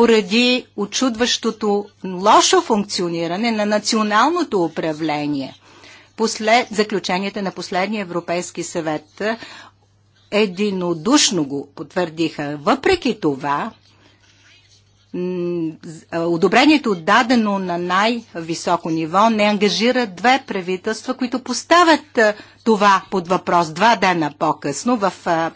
поради очудващото лошо функциониране на националното управление. После, заключенията на последния Европейски съвет единодушно го потвърдиха. Въпреки това, одобрението дадено на най-високо ниво не ангажира две правителства, които поставят това под въпрос два дена по-късно в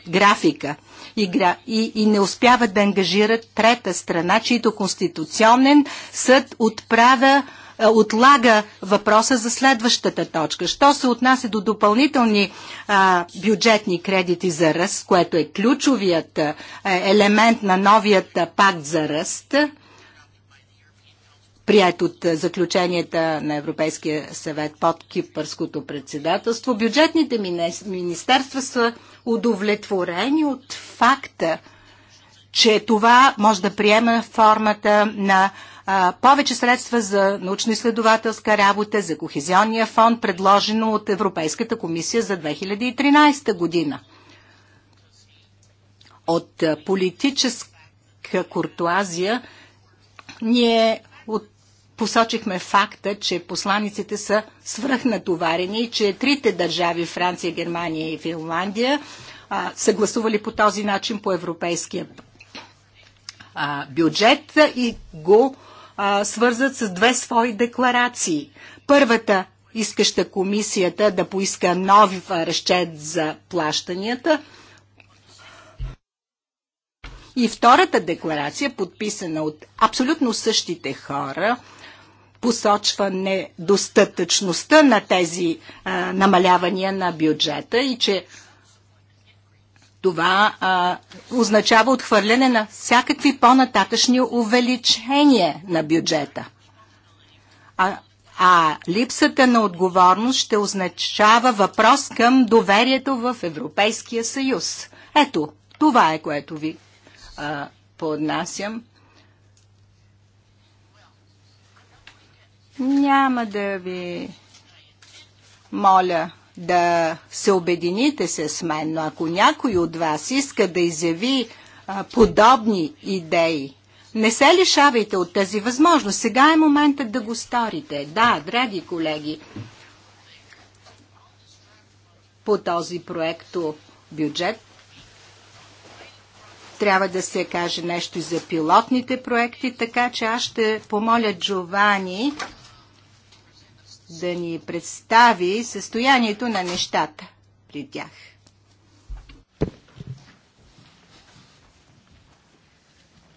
графика игра и, и не успяват да ангажират трета страна, чието конституционен съд отправя е, отлага въпроса за следващата точка. Що се отнася до допълнителни а, бюджетни кредити за ръст, което е ключовият а, е, елемент на новият пакт за ръст, прият от е, заключенията на Европейския съвет под кипърското председателство. Бюджетните министерства са удовлетворени от факта, че това може да приема формата на а, повече средства за научно-изследователска работа, за Кохезионния фонд, предложено от Европейската комисия за 2013 година. От политическа куртуазия ние посочихме факта, че посланиците са свръхнатоварени и че трите държави Франция, Германия и Финландия са гласували по този начин по европейския бюджет и го свързат с две свои декларации. Първата искаща комисията да поиска нов разчет за плащанията. И втората декларация, подписана от абсолютно същите хора, посочва недостатъчността на тези а, намалявания на бюджета и че това а, означава отхвърляне на всякакви по-нататъчни увеличения на бюджета. А, а липсата на отговорност ще означава въпрос към доверието в Европейския съюз. Ето, това е което ви а, поднасям. Няма да ви моля да се обедините с мен, но ако някой от вас иска да изяви а, подобни идеи, не се лишавайте от тази възможност. Сега е моментът да го сторите. Да, драги колеги, по този проекто бюджет трябва да се каже нещо и за пилотните проекти, така че аз ще помоля Джовани да ни представи състоянието на нещата при тях.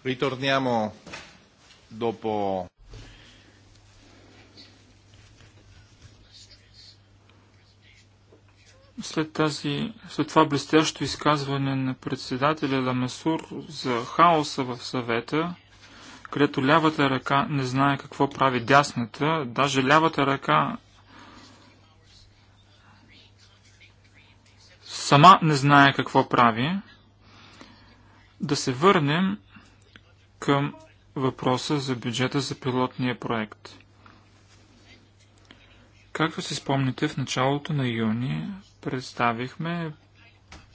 Ritorniamo dopo след, тази, след това блестящо изказване на председателя Ламасур за хаоса в съвета, където лявата ръка не знае какво прави дясната, даже лявата ръка сама не знае какво прави. Да се върнем към въпроса за бюджета за пилотния проект. Както си спомните, в началото на юни представихме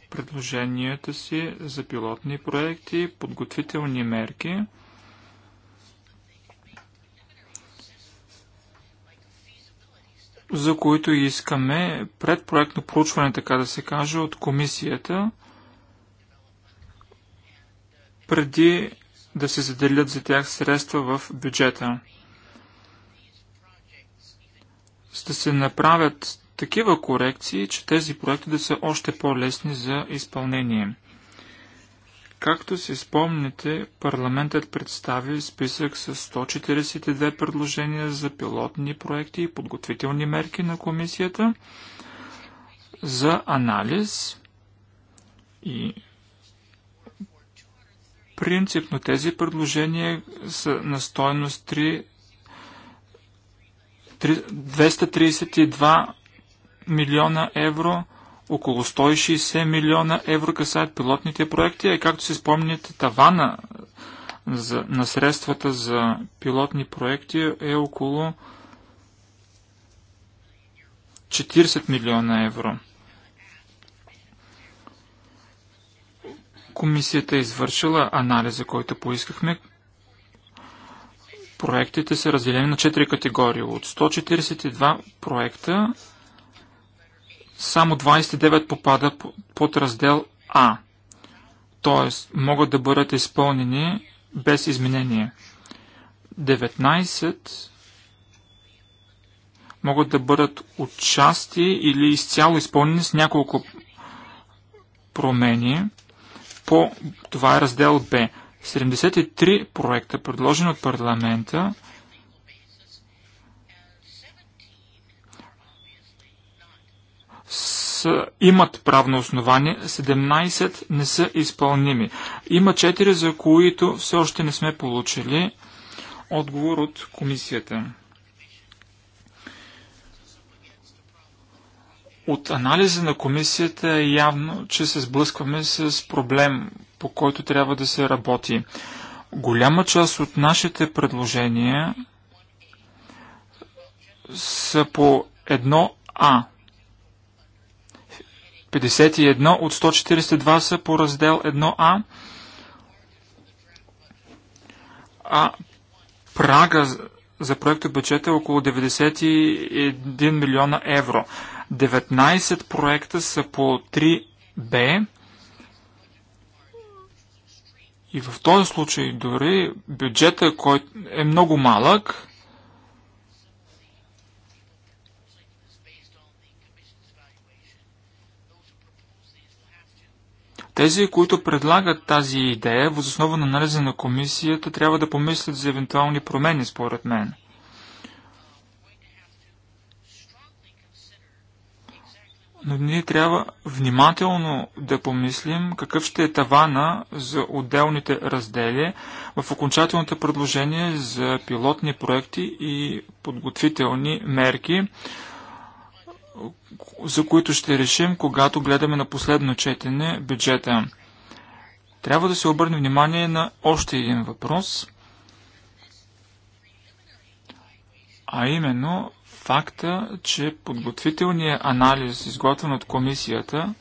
предложенията си за пилотни проекти, подготвителни мерки – за които искаме предпроектно проучване, така да се каже, от комисията, преди да се заделят за тях средства в бюджета. За да се направят такива корекции, че тези проекти да са още по-лесни за изпълнение. Както си спомните, парламентът представи списък с 142 предложения за пилотни проекти и подготвителни мерки на комисията за анализ и принципно тези предложения са на стоеност 3, 3, 232 милиона евро около 160 милиона евро касаят пилотните проекти, а както се спомняте, тавана за, на средствата за пилотни проекти е около 40 милиона евро. Комисията е извършила анализа, който поискахме. Проектите са разделени на 4 категории. От 142 проекта само 29 попада под раздел А, т.е. могат да бъдат изпълнени без изменение. 19 могат да бъдат отчасти или изцяло изпълнени с няколко промени. По това е раздел Б. 73 проекта, предложени от парламента, са, имат правно основание, 17 не са изпълними. Има 4, за които все още не сме получили отговор от комисията. От анализа на комисията е явно, че се сблъскваме с проблем, по който трябва да се работи. Голяма част от нашите предложения са по 1А. 51 от 142 са по раздел 1А, а прага за проекта бюджета е около 91 милиона евро. 19 проекта са по 3Б и в този случай дори бюджета, който е много малък, Тези, които предлагат тази идея, възоснова на анализа на комисията, трябва да помислят за евентуални промени, според мен. Но ние трябва внимателно да помислим какъв ще е тавана за отделните раздели в окончателното предложение за пилотни проекти и подготвителни мерки, за които ще решим, когато гледаме на последно четене бюджета. Трябва да се обърне внимание на още един въпрос, а именно факта, че подготвителният анализ, изготвен от комисията,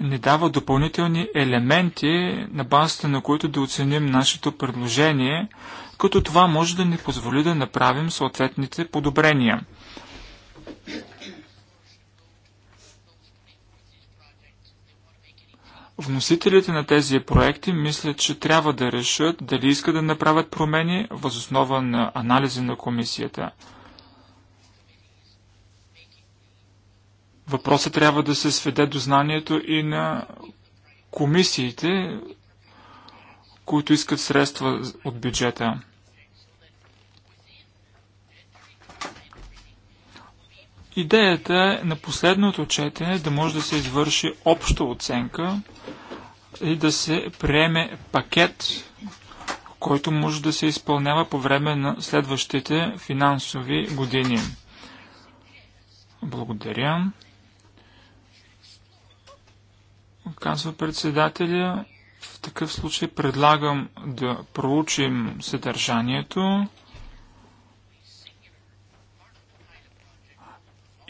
не дава допълнителни елементи, на базата на които да оценим нашето предложение – като това може да ни позволи да направим съответните подобрения. Вносителите на тези проекти мислят, че трябва да решат дали искат да направят промени въз основа на анализи на комисията. Въпросът трябва да се сведе до знанието и на комисиите, които искат средства от бюджета. Идеята е на последното четене да може да се извърши обща оценка и да се приеме пакет, който може да се изпълнява по време на следващите финансови години. Благодаря. Казва председателя. В такъв случай предлагам да проучим съдържанието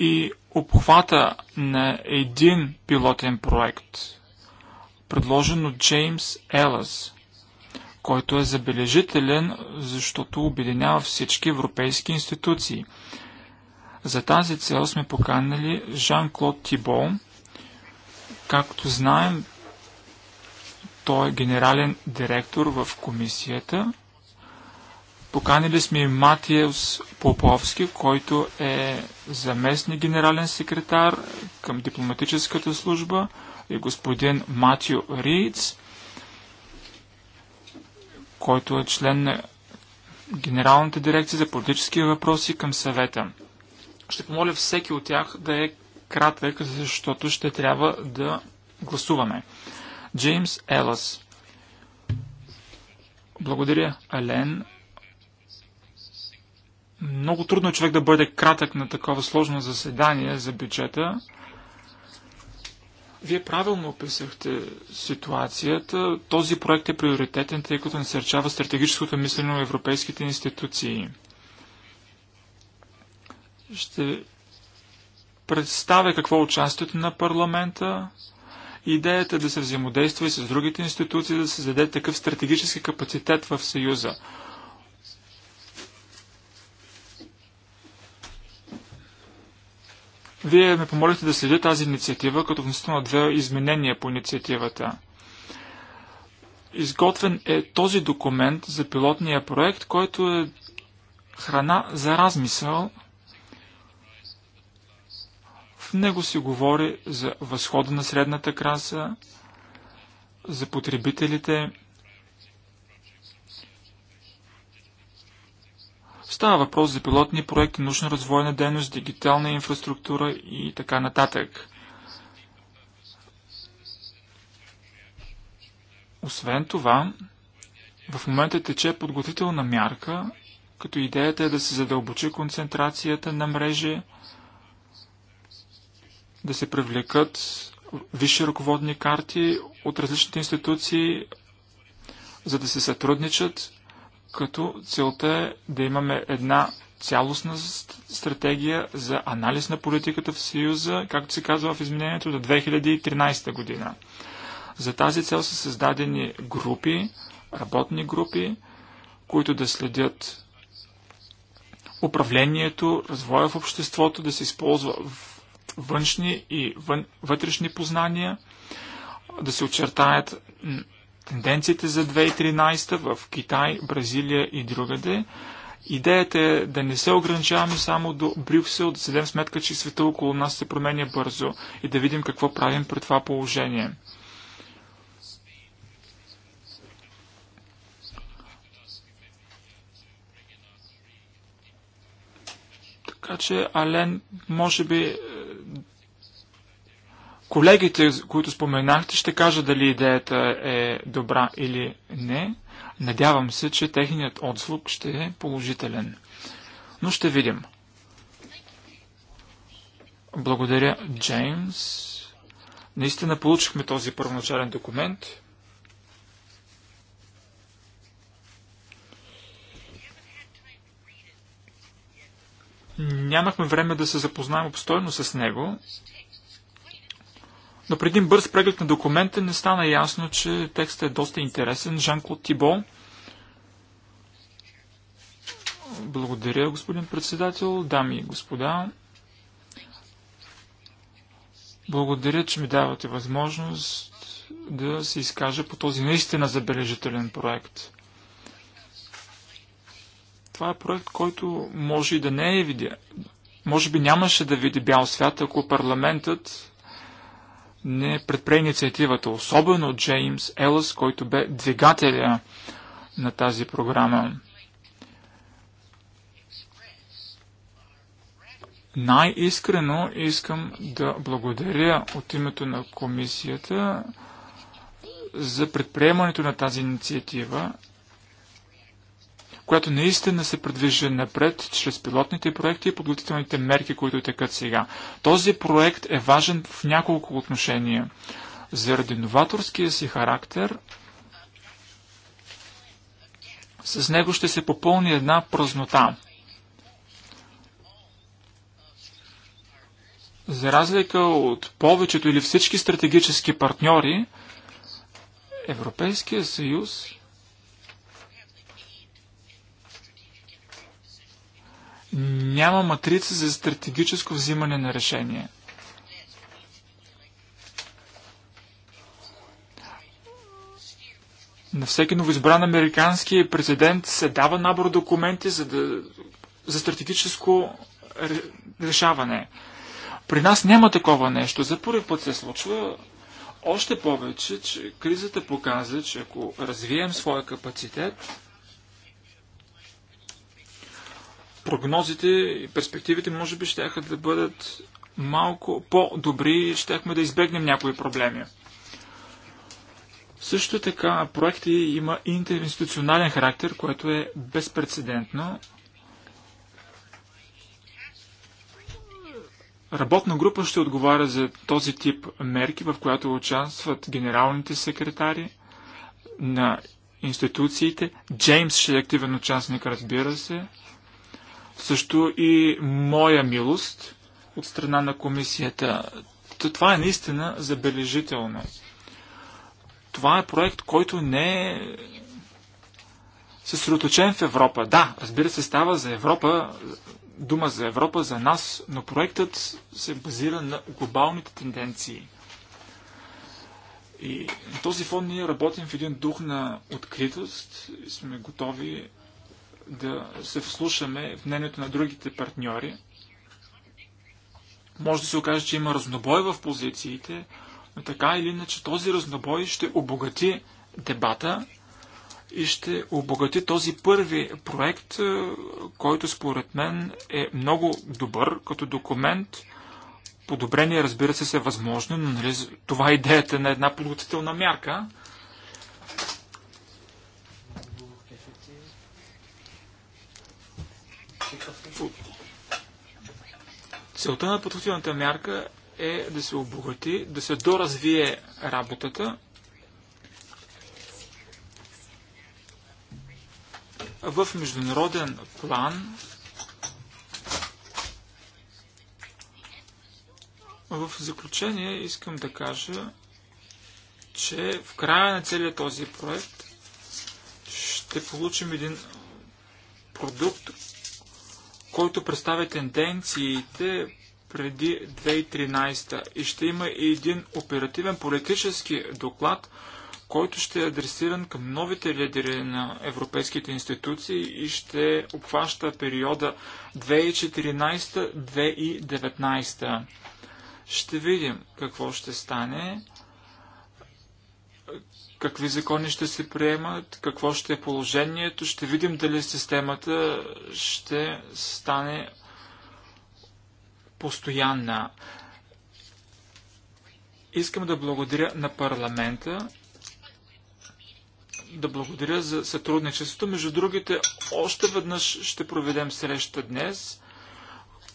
и обхвата на един пилотен проект, предложен от Джеймс Елъс, който е забележителен, защото обединява всички европейски институции. За тази цел сме поканали Жан-Клод Тибол. Както знаем, той е генерален директор в комисията Поканили сме и Матиевс Поповски, който е заместник генерален секретар към дипломатическата служба и господин Матио Риц, който е член на Генералната дирекция за политически въпроси към съвета. Ще помоля всеки от тях да е кратък, защото ще трябва да гласуваме. Джеймс Елас. Благодаря, Ален. Много трудно е човек да бъде кратък на такова сложно заседание за бюджета. Вие правилно описахте ситуацията. Този проект е приоритетен, тъй като насърчава стратегическото мислене на европейските институции. Ще представя какво е участието на парламента. Идеята е да се взаимодейства и с другите институции, да се заде такъв стратегически капацитет в Съюза. Вие ме помолите да следя тази инициатива, като внесете на две изменения по инициативата. Изготвен е този документ за пилотния проект, който е храна за размисъл. В него се говори за възхода на средната краса, за потребителите, Става въпрос за пилотни проекти, научно-развойна дейност, дигитална инфраструктура и така нататък. Освен това, в момента тече подготвителна мярка, като идеята е да се задълбочи концентрацията на мрежи, да се привлекат висши ръководни карти от различните институции, за да се сътрудничат като целта е да имаме една цялостна стратегия за анализ на политиката в Съюза, както се казва в изменението до 2013 година. За тази цел са създадени групи, работни групи, които да следят управлението, развоя в обществото, да се използва външни и вътрешни познания, да се очертаят тенденциите за 2013 в Китай, Бразилия и другаде. Идеята е да не се ограничаваме само до Брюксел, да седем сметка, че света около нас се променя бързо и да видим какво правим при това положение. Така че Ален може би Колегите, които споменахте, ще кажат дали идеята е добра или не. Надявам се, че техният отзвук ще е положителен. Но ще видим. Благодаря, Джеймс. Наистина получихме този първоначален документ. Нямахме време да се запознаем обстойно с него, но преди един бърз преглед на документа не стана ясно, че текстът е доста интересен. Жан-Клод Тибо. Благодаря, господин председател. Дами и господа, благодаря, че ми давате възможност да се изкажа по този наистина забележителен проект. Това е проект, който може и да не е видя. Може би нямаше да види бял свят, ако парламентът не предпре инициативата, особено Джеймс Елс, който бе двигателя на тази програма. Най-искрено искам да благодаря от името на комисията за предприемането на тази инициатива която наистина се предвижда напред чрез пилотните проекти и подготвителните мерки, които текат сега. Този проект е важен в няколко отношения. Заради новаторския си характер, с него ще се попълни една празнота. За разлика от повечето или всички стратегически партньори, Европейския съюз няма матрица за стратегическо взимане на решение. На всеки новоизбран американски президент се дава набор документи за, да, за стратегическо решаване. При нас няма такова нещо. За първи път се случва още повече, че кризата показва, че ако развием своя капацитет, прогнозите и перспективите може би ще да бъдат малко по-добри и ще да избегнем някои проблеми. Също така проекти има интеринституционален характер, което е безпредседентно. Работна група ще отговаря за този тип мерки, в която участват генералните секретари на институциите. Джеймс ще е активен участник, разбира се също и моя милост от страна на комисията. Това е наистина забележително. Това е проект, който не е съсредоточен в Европа. Да, разбира се, става за Европа, дума за Европа, за нас, но проектът се базира на глобалните тенденции. И на този фон ние работим в един дух на откритост и сме готови да се вслушаме в мнението на другите партньори. Може да се окаже, че има разнобой в позициите, но така или иначе този разнобой ще обогати дебата и ще обогати този първи проект, е, който според мен е много добър като документ. Подобрение, разбира се, се е възможно, но нали, това е идеята на една подготвителна мярка – Целта на подходителната мярка е да се обогати, да се доразвие работата, в международен план В заключение искам да кажа, че в края на целият този проект ще получим един продукт, който представя тенденциите преди 2013 и ще има и един оперативен политически доклад, който ще е адресиран към новите лидери на европейските институции и ще обхваща периода 2014-2019. Ще видим какво ще стане какви закони ще се приемат, какво ще е положението, ще видим дали системата ще стане постоянна. Искам да благодаря на парламента, да благодаря за сътрудничеството. Между другите, още веднъж ще проведем среща днес,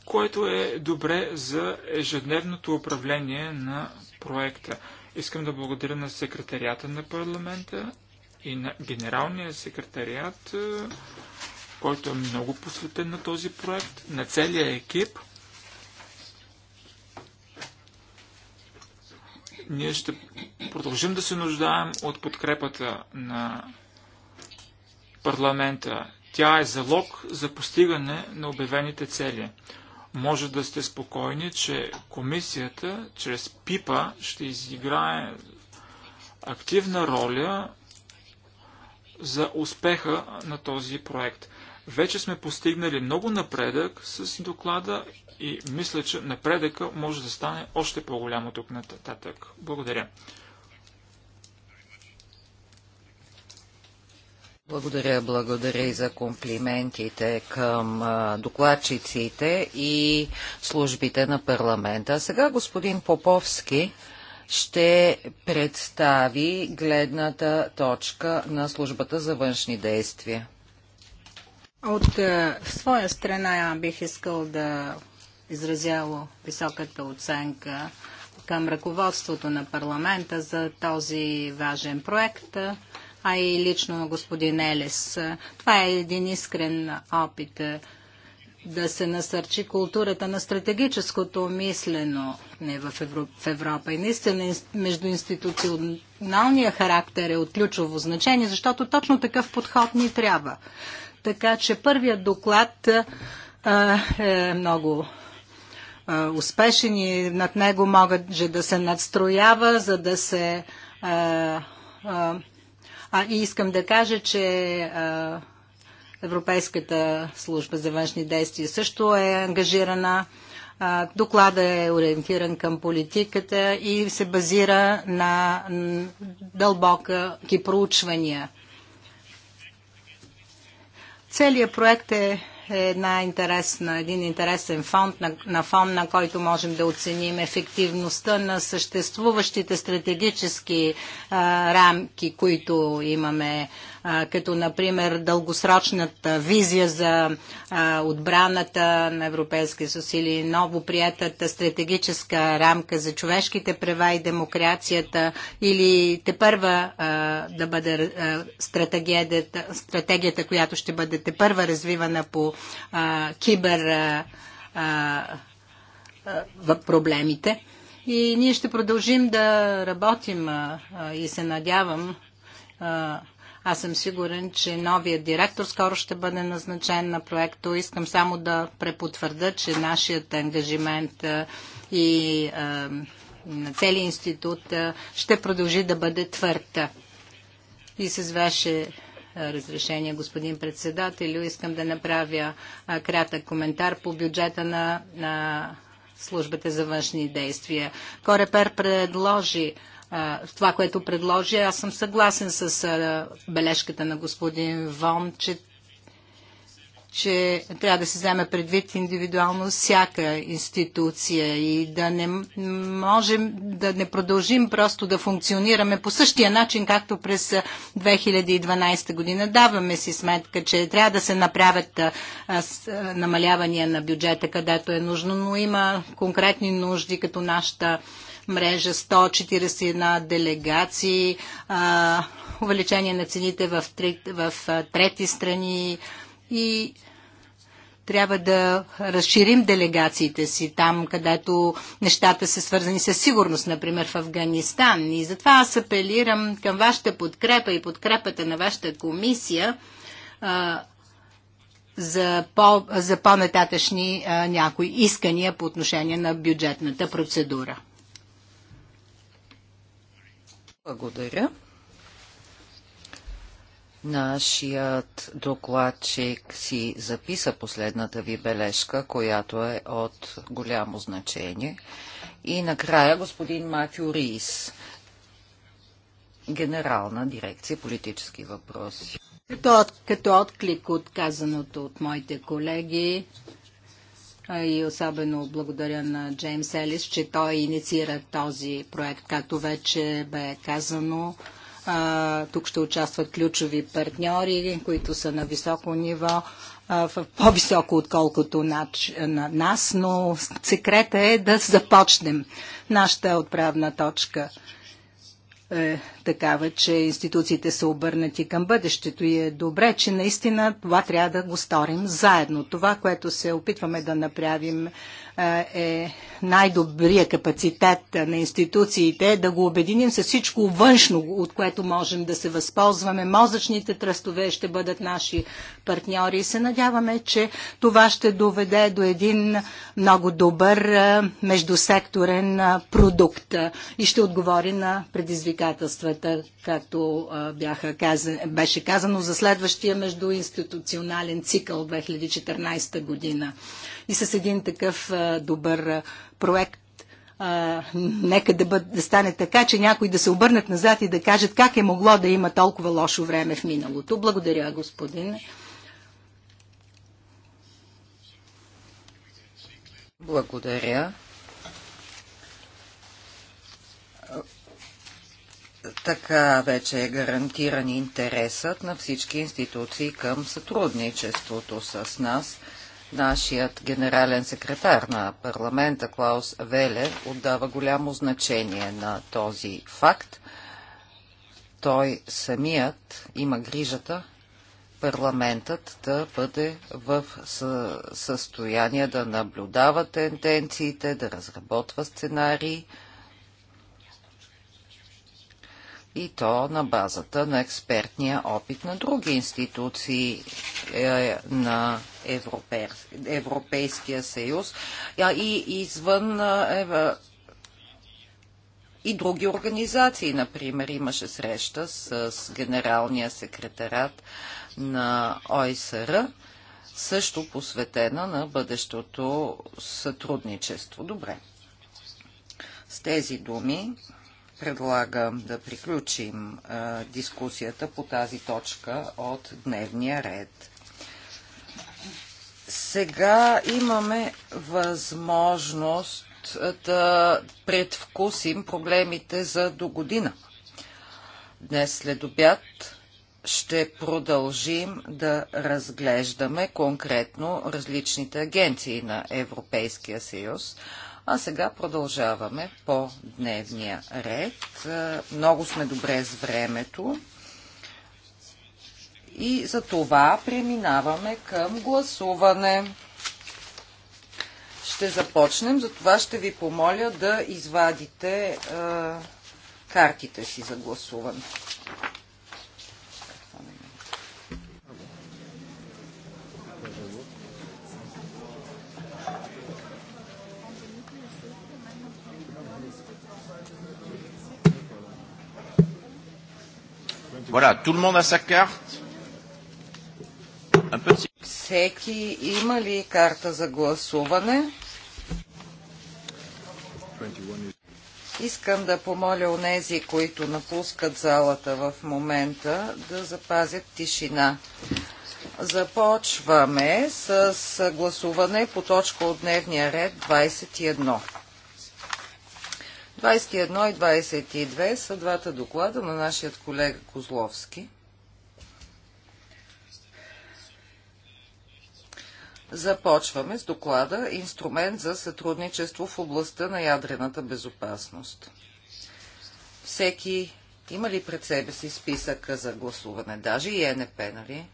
което е добре за ежедневното управление на проекта. Искам да благодаря на секретарията на парламента и на генералния секретарият, е, който е много посветен на този проект, на целия екип. Ние ще продължим да се нуждаем от подкрепата на парламента. Тя е залог за постигане на обявените цели може да сте спокойни, че комисията чрез ПИПА ще изиграе активна роля за успеха на този проект. Вече сме постигнали много напредък с доклада и мисля, че напредъка може да стане още по голямо тук нататък. Благодаря. Благодаря, благодаря и за комплиментите към докладчиците и службите на парламента. А сега господин Поповски ще представи гледната точка на службата за външни действия. От своя страна бих искал да изразяло високата оценка към ръководството на парламента за този важен проект а и лично на господин Елес. Това е един искрен опит е, да се насърчи културата на стратегическото мислено не в, Евро, в Европа. И наистина междуинституционалния характер е от ключово значение, защото точно такъв подход ни трябва. Така че първият доклад а, е, е много а, е, успешен и над него могат да се надстроява, за да се а, а, а, и искам да кажа, че Европейската служба за външни действия също е ангажирана. доклада е ориентиран към политиката и се базира на дълбоки проучвания. Целият проект е е една интересна, един интересен фонд, на, на фон, на който можем да оценим ефективността на съществуващите стратегически а, рамки, които имаме като например дългосрочната визия за отбраната на Европейския съюз или ново приятата стратегическа рамка за човешките права и демокрацията или те първа да бъде стратегията, стратегията, която ще бъде те първа развивана по кибер проблемите. И ние ще продължим да работим и се надявам а, аз съм сигурен, че новият директор скоро ще бъде назначен на проекто. Искам само да препотвърда, че нашият ангажимент и на целият институт ще продължи да бъде твърд. И с ваше разрешение, господин председател, искам да направя кратък коментар по бюджета на, на службата за външни действия. Корепер предложи това, което предложи. Аз съм съгласен с бележката на господин Вон, че че трябва да се вземе предвид индивидуално всяка институция и да не можем да не продължим просто да функционираме по същия начин, както през 2012 година. Даваме си сметка, че трябва да се направят намалявания на бюджета, където е нужно, но има конкретни нужди, като нашата мрежа 141 делегации, а, увеличение на цените в, три, в трети страни и трябва да разширим делегациите си там, където нещата са свързани с сигурност, например в Афганистан. И затова аз апелирам към вашата подкрепа и подкрепата на вашата комисия а, за, по, за по-нататъчни някои искания по отношение на бюджетната процедура. Благодаря. Нашият докладчик си записа последната ви бележка, която е от голямо значение. И накрая господин Матю Рис, генерална дирекция политически въпроси. Като, от, като отклик от казаното от моите колеги, и особено благодаря на Джеймс Елис, че той инициира този проект. Както вече бе казано, тук ще участват ключови партньори, които са на високо ниво, в по-високо отколкото на нас, но секрета е да започнем нашата отправна точка – е такава, че институциите са обърнати към бъдещето и е добре, че наистина това трябва да го сторим заедно. Това, което се опитваме да направим е най-добрия капацитет на институциите, да го обединим с всичко външно, от което можем да се възползваме. Мозъчните тръстове ще бъдат наши партньори и се надяваме, че това ще доведе до един много добър е, междусекторен е, продукт е, и ще отговори на предизвикателствата, както бяха казан, беше казано за следващия междуинституционален цикъл 2014 година и с един такъв а, добър а, проект. А, нека да, бъд, да стане така, че някои да се обърнат назад и да кажат как е могло да има толкова лошо време в миналото. Благодаря, господин. Благодаря. Така вече е гарантиран интересът на всички институции към сътрудничеството с нас – Нашият генерален секретар на парламента Клаус Веле отдава голямо значение на този факт. Той самият има грижата парламентът да бъде в състояние да наблюдава тенденциите, да разработва сценарии – и то на базата на експертния опит на други институции е, на Европейския съюз а и извън и други организации. Например, имаше среща с, с генералния секретарат на ОИСР, също посветена на бъдещото сътрудничество. Добре. С тези думи предлагам да приключим а, дискусията по тази точка от дневния ред. Сега имаме възможност да предвкусим проблемите за до година. Днес след обяд ще продължим да разглеждаме конкретно различните агенции на Европейския съюз. А сега продължаваме по дневния ред. Много сме добре с времето. И за това преминаваме към гласуване. Ще започнем, за това ще ви помоля да извадите е, картите си за гласуване. Voilà, tout le monde a sa carte. Un petit... Всеки има ли карта за гласуване? Искам да помоля онези, които напускат залата в момента, да запазят тишина. Започваме с гласуване по точка от дневния ред 21. 21 и 22 са двата доклада на нашия колега Козловски. Започваме с доклада Инструмент за сътрудничество в областта на ядрената безопасност. Всеки има ли пред себе си списъка за гласуване? Даже и ЕНП, нали?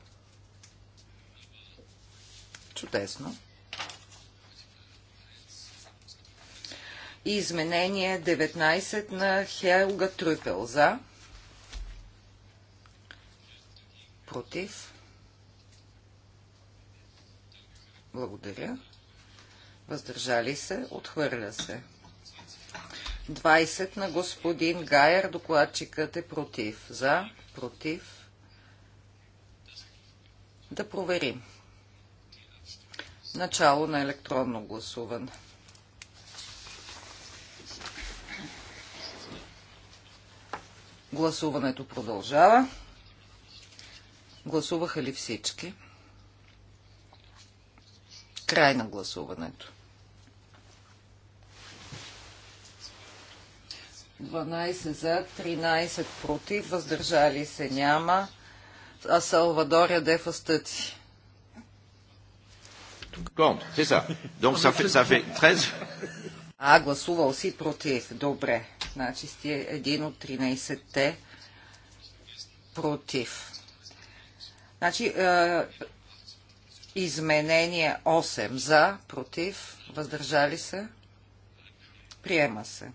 Чудесно. и изменение 19 на Хелга Трюпел. За. Против. Благодаря. Въздържали се. Отхвърля се. 20 на господин Гайер. Докладчикът е против. За. Против. Да проверим. Начало на електронно гласуване. Гласуването продължава. Гласуваха ли всички? Край на гласуването. 12 за, 13 против, въздържали се няма. А Салвадоря дефа стъци. Compte, c'est ça. Donc ça fait, ça fait 13. А, гласувал си против. Добре. Значи сте един от 13-те против. Значи, е, изменение 8 за, против, въздържали се, приема се.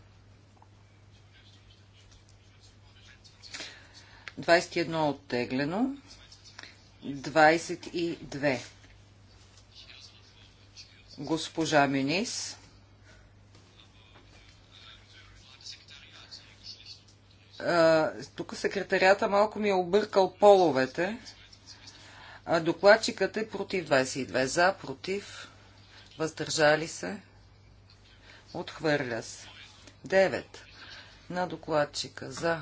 21 оттеглено, 22. Госпожа Минис. тук секретарията малко ми е объркал половете. А докладчикът е против 22. За, против, въздържали се, отхвърля се. 9. На докладчика. За,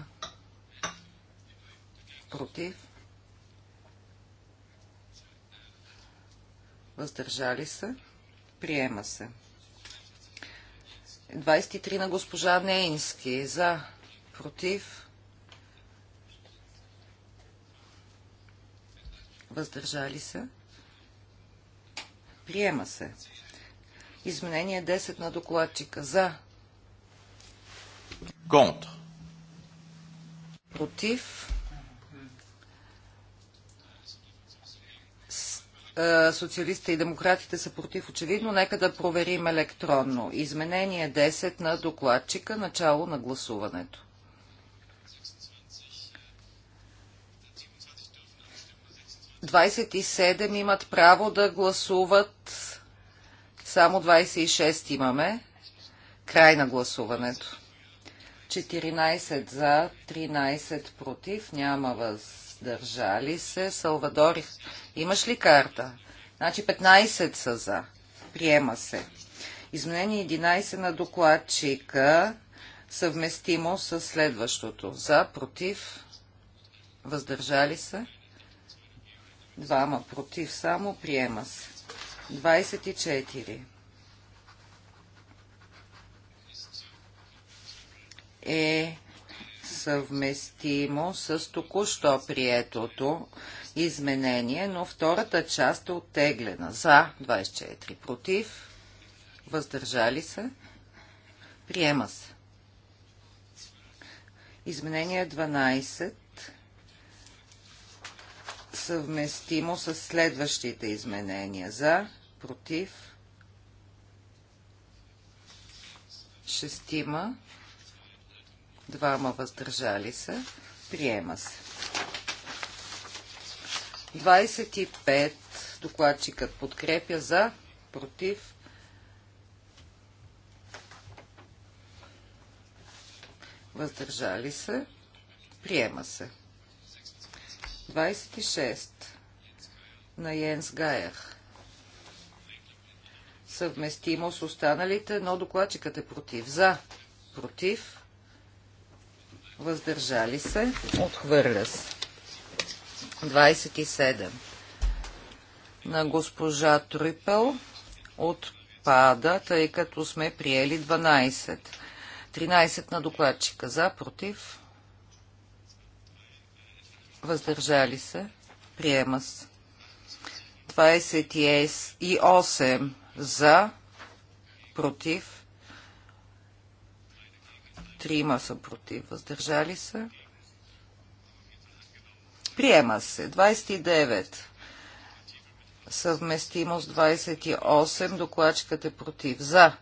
против, въздържали се, приема се. 23 на госпожа Нейнски. За, против, въздържали се, приема се. Изменение 10 на докладчика за. Контр. Против. социалистите и демократите са против очевидно, нека да проверим електронно. Изменение 10 на докладчика, начало на гласуването. 27 имат право да гласуват. Само 26 имаме. Край на гласуването. 14 за, 13 против, няма въздържали се. Салвадор, имаш ли карта? Значи 15 са за. Приема се. Изменение 11 на докладчика, съвместимо с следващото. За, против, въздържали се. Двама против само. Приема се. 24. Е съвместимо с току-що приетото изменение, но втората част е оттеглена. За 24. Против. Въздържали се. Приема се. Изменение 12 съвместимо с следващите изменения. За, против, шестима, двама въздържали се, приема се. 25 докладчикът подкрепя за, против, въздържали се, приема се. 26 на Йенс Гаер. Съвместимо с останалите, но докладчикът е против. За, против, въздържали се, отхвърля се. 27 на госпожа Трюпел отпада, тъй като сме приели 12. 13 на докладчика за, против, въздържали се, приема се. 28 за, против, 3 са против, въздържали се. Приема се. 29. Съвместимо с 28. Докладчикът е против. За.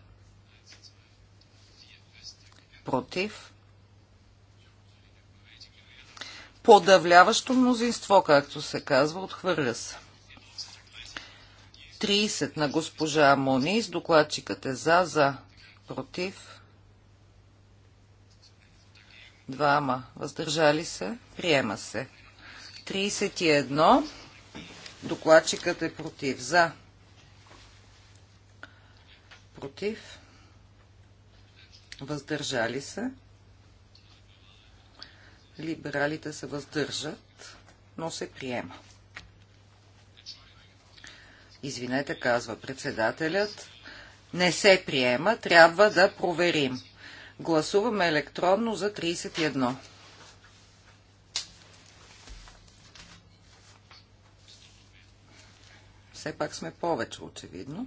Против. подавляващо мнозинство, както се казва, отхвърля се. 30 на госпожа Монис, докладчикът е за, за, против, двама, въздържали се, приема се. 31, докладчикът е против, за, против, въздържали се, Либералите се въздържат, но се приема. Извинете, казва председателят. Не се приема, трябва да проверим. Гласуваме електронно за 31. Все пак сме повече, очевидно.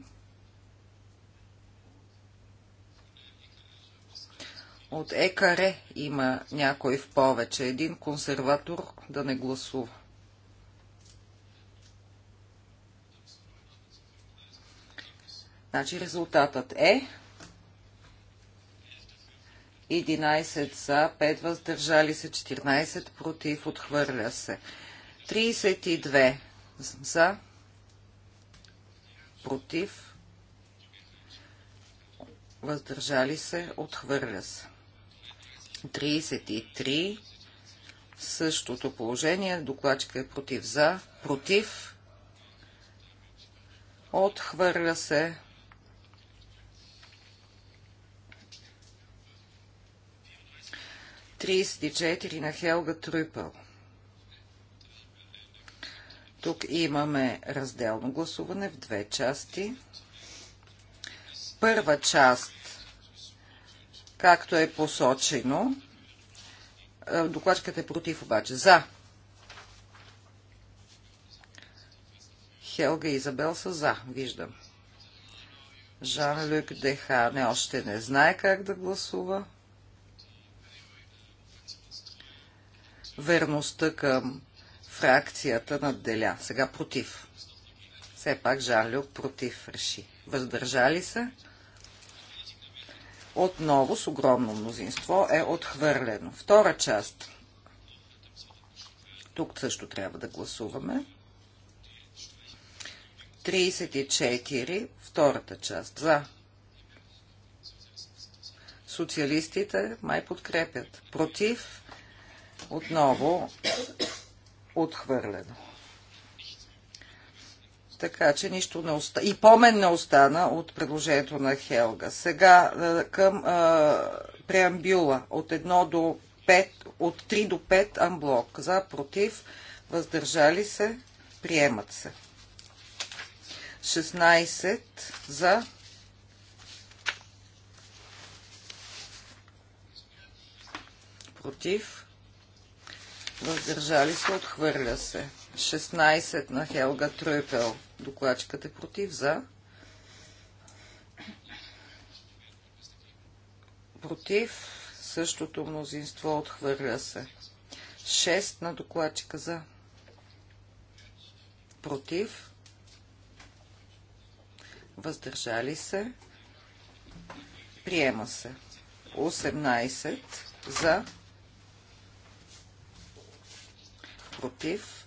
От ЕКАРЕ има някой в повече. Един консерватор да не гласува. Значи резултатът е 11 за, 5 въздържали се, 14 против, отхвърля се. 32 за, против, въздържали се, отхвърля се. 33. Същото положение. Докладчика е против за. Против. Отхвърля се. Тридесет на Хелга Трюпъл. Тук имаме разделно гласуване в две части. Първа част както е посочено. Е, докладчикът е против обаче. За. Хелга и Изабел са за, виждам. Жан-Люк Дехане още не знае как да гласува. Верността към фракцията надделя. Сега против. Все пак Жан-Люк против реши. Въздържали се? отново с огромно мнозинство е отхвърлено. Втора част. Тук също трябва да гласуваме. 34, втората част. За. Социалистите май подкрепят. Против. Отново отхвърлено. Така че нищо не оста... И помен не остана от предложението на Хелга. Сега е, към а, е, преамбюла от 1 до 5, от 3 до 5 амблок. За, против, въздържали се, приемат се. 16 за. Против. Въздържали се, отхвърля се. 16 на Хелга Трюпел. Докладчикът е против за. Против същото мнозинство отхвърля се. 6 на докладчика за. Против. Въздържали се. Приема се. 18 за. Против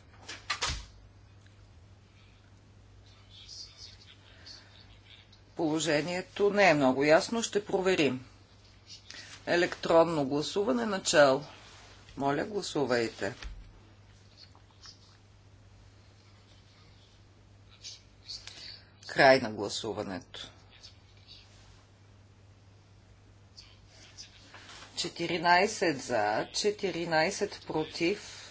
Положението не е много ясно. Ще проверим. Електронно гласуване начало. Моля, гласувайте. Край на гласуването. 14 за, 14 против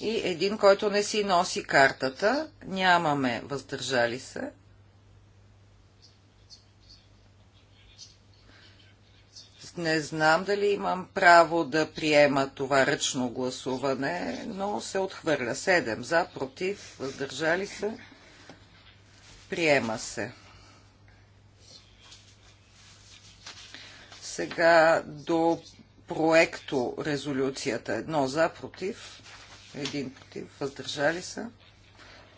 и един, който не си носи картата. Нямаме въздържали се. не знам дали имам право да приема това ръчно гласуване, но се отхвърля. Седем за, против, въздържали се. Приема се. Сега до проекто резолюцията. Едно за, против, един против, въздържали се.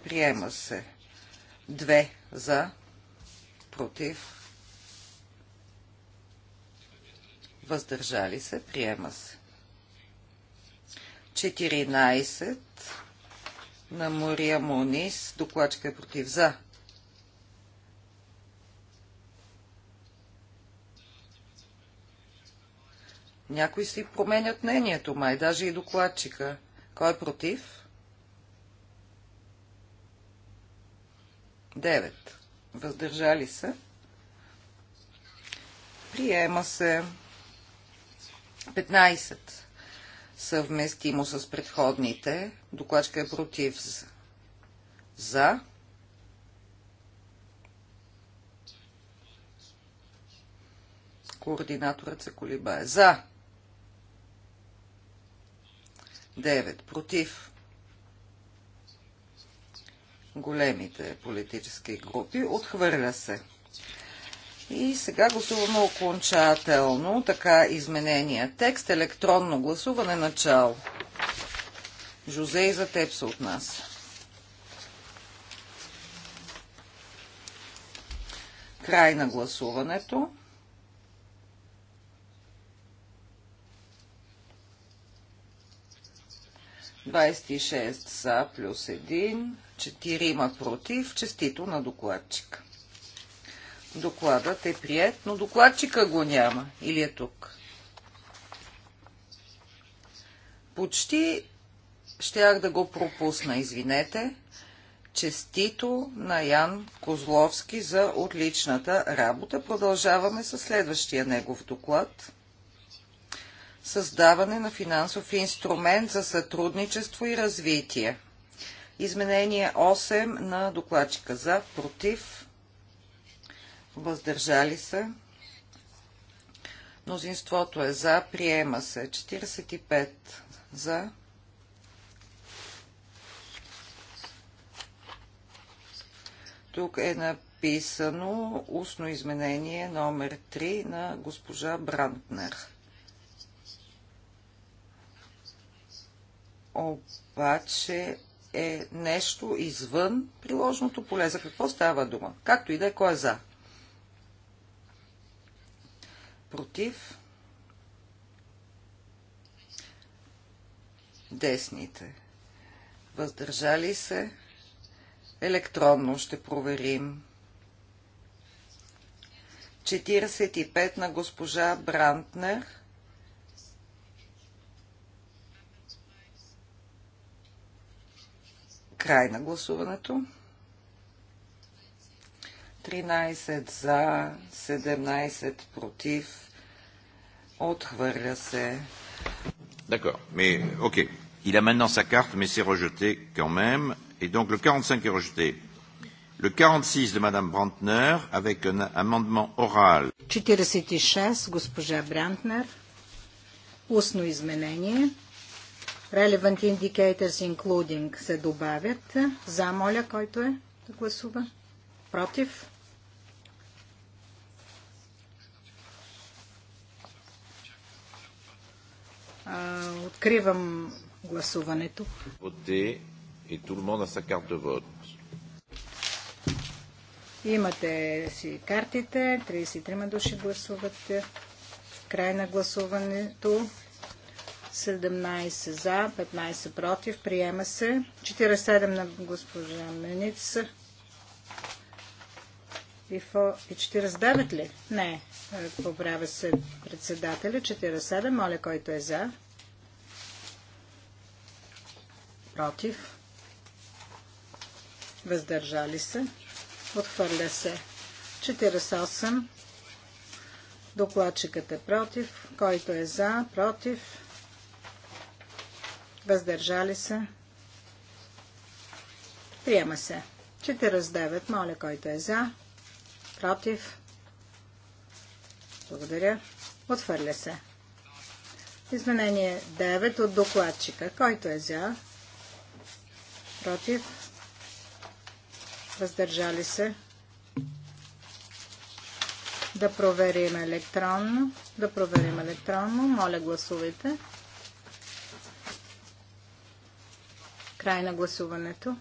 Приема се. Две за, против, въздържали се, приема се. 14 на Мория Монис, докладчика е против за. Някой си променят мнението, май, даже и докладчика. Кой е против? 9. Въздържали се. Приема се. 15 съвместимо с предходните. Докладчика е против за. Координаторът се колебае. За. 9. Против. Големите политически групи. Отхвърля се. И сега гласуваме окончателно така изменения текст. Електронно гласуване начало. и за теб са от нас. Край на гласуването. Двадесет и шест са плюс един, четирима против. Честито на докладчика. Докладът е прият, но докладчика го няма. Или е тук? Почти щях да го пропусна, извинете. Честито на Ян Козловски за отличната работа. Продължаваме с следващия негов доклад. Създаване на финансов инструмент за сътрудничество и развитие. Изменение 8 на докладчика за, против, въздържали се. Мнозинството е за, приема се. 45 за. Тук е написано устно изменение номер 3 на госпожа Брантнер. Обаче е нещо извън приложното поле. За какво става дума? Както и да е, кой е за? против десните. Въздържали се. Електронно ще проверим. 45 на госпожа Брантнер. Край на гласуването. 13 за, 17 против. Отхвърля се. D'accord. Mais, ok. Il a maintenant sa carte, mais c'est rejeté quand même. Et donc le 45 est rejeté. Le 46 de Madame Brantner avec un amendement oral. 46, госпожа Брантнер. Устно изменение. Relevant indicators including се добавят. За, моля, който е да гласува. Против. А, откривам гласуването. Имате си картите, 33 души гласуват. Край на гласуването. 17 за, 15 против. Приема се. 47 на госпожа Меница. И 49 ли? Не поправя се председателя. 47. Моля, който е за. Против. Въздържали се. Отхвърля се. 48. Докладчикът е против. Който е за, против. Въздържали се. Приема се. 49. Моля, който е за. Против. Благодаря. Отвърля се. Изменение 9 от докладчика. Който е за? Против? Въздържали се? Да проверим електронно. Да проверим електронно. Моля, гласувайте. Край на гласуването.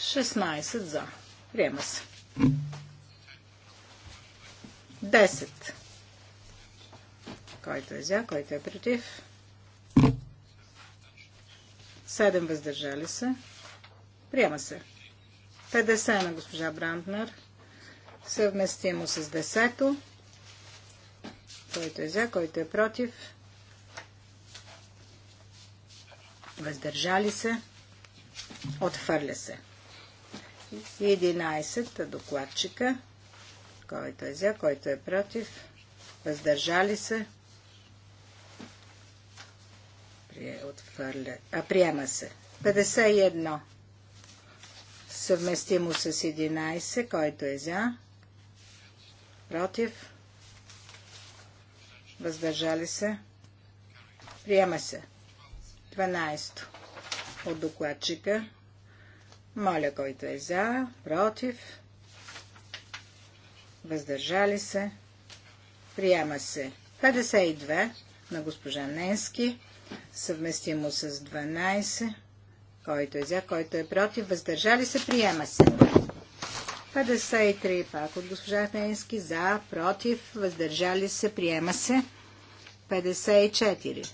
16 за. Приема се. 10. Който е за, който е против. 7 въздържали се. Приема се. 50 на госпожа Брантнер. Съвместимо с 10. Който е за, който е против. Въздържали се. Отхвърля се. 11 докладчика. Който е за, който е против, въздържали се. Отвърля. А приема се. 51. Съвместимо с 11. Който е за, против, въздържали се. Приема се. 12. От докладчика. Моля, който е за, против, въздържали се, приема се. 52 на госпожа Ненски, съвместимо с 12, който е за, който е против, въздържали се, приема се. 53 пак от госпожа Ненски, за, против, въздържали се, приема се. 54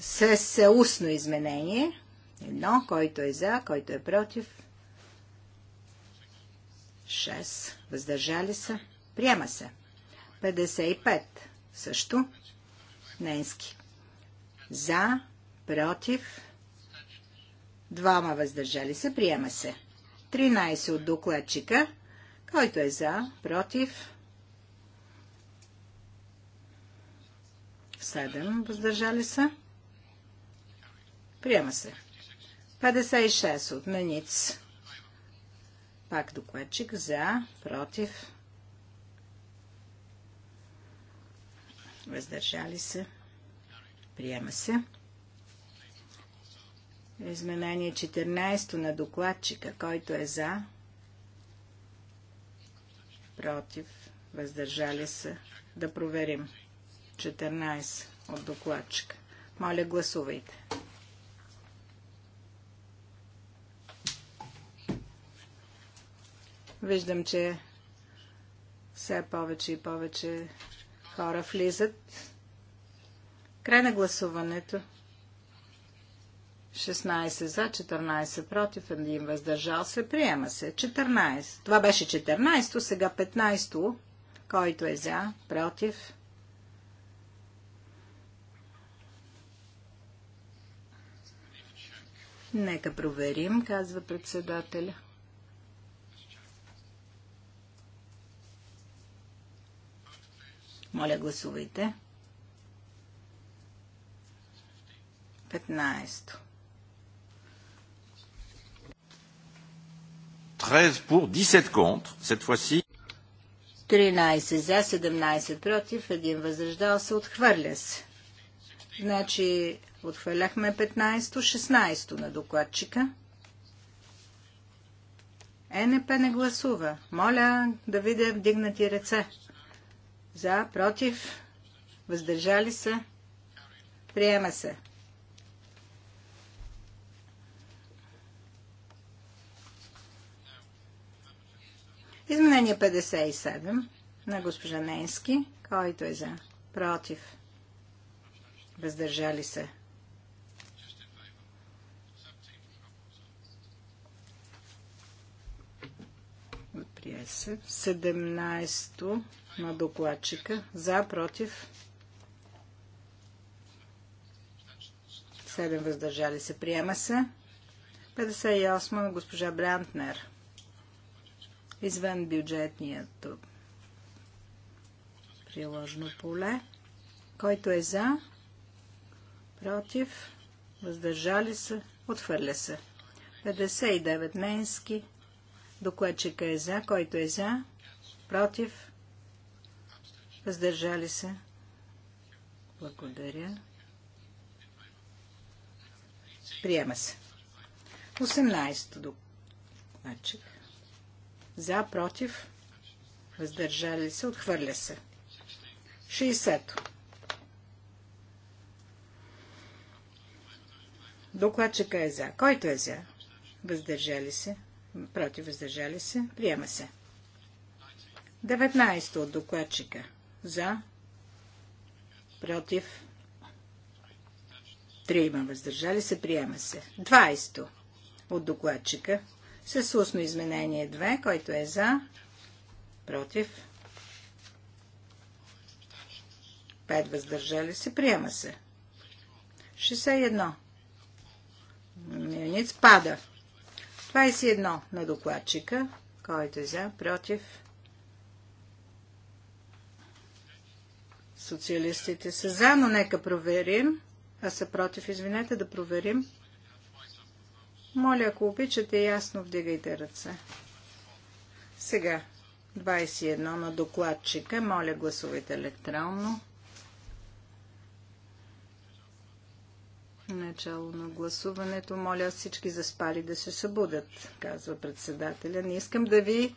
с устно изменение. Едно, който е за, който е против, 6. Въздържали са, Приема се. 55. Също. Ненски. За. Против. Двама въздържали се. Приема се. 13 от докладчика. Който е за. Против. 7 въздържали се. Приема се. 56 от Мениц. Пак докладчик за, против, въздържали се, приема се. Изменение 14 то на докладчика, който е за, против, въздържали се. Да проверим. 14 от докладчика. Моля, гласувайте. Виждам, че все повече и повече хора влизат. Край на гласуването. 16 за, 14 против, един въздържал се. Приема се. 14. Това беше 14, то сега 15. то Който е за, против. Нека проверим, казва председателя. Моля, гласувайте. 15. 13 pour, 17 contre. Cette fois-ci. 13 за, 17 против, един въздържал се, отхвърля се. Значи отхвърляхме 15-то, 16-то на докладчика. Е, НП не гласува. Моля да видя вдигнати ръце. За, против, въздържали се, приема се. Изменение 57 на госпожа Ненски, който е за, против, въздържали се. Прие се. 17 на докладчика. За, против. 7 въздържали се. Приема се. 58 на госпожа Брантнер. Извън бюджетният Приложено поле. Който е за, против, въздържали се, отхвърля се. 59 Менски. Докладчика е за, който е за, против, Въздържали се. Благодаря. Приема се. 18-то докладчик. За, против, въздържали се, отхвърля се. 60-то. Докладчика е за. Който е за? Въздържали се. Против, въздържали се. Приема се. 19 от докладчика за, против, трима въздържали се, приема се. 20 от докладчика с устно изменение 2, който е за, против, 5 въздържали се, приема се. 61. Мирниц пада. 21 на докладчика, който е за, против, социалистите са за, но нека проверим. А са против, извинете, да проверим. Моля, ако обичате, ясно вдигайте ръце. Сега, 21 на докладчика. Моля, гласувайте електронно. Начало на гласуването. Моля всички заспали да се събудят, казва председателя. Не искам да ви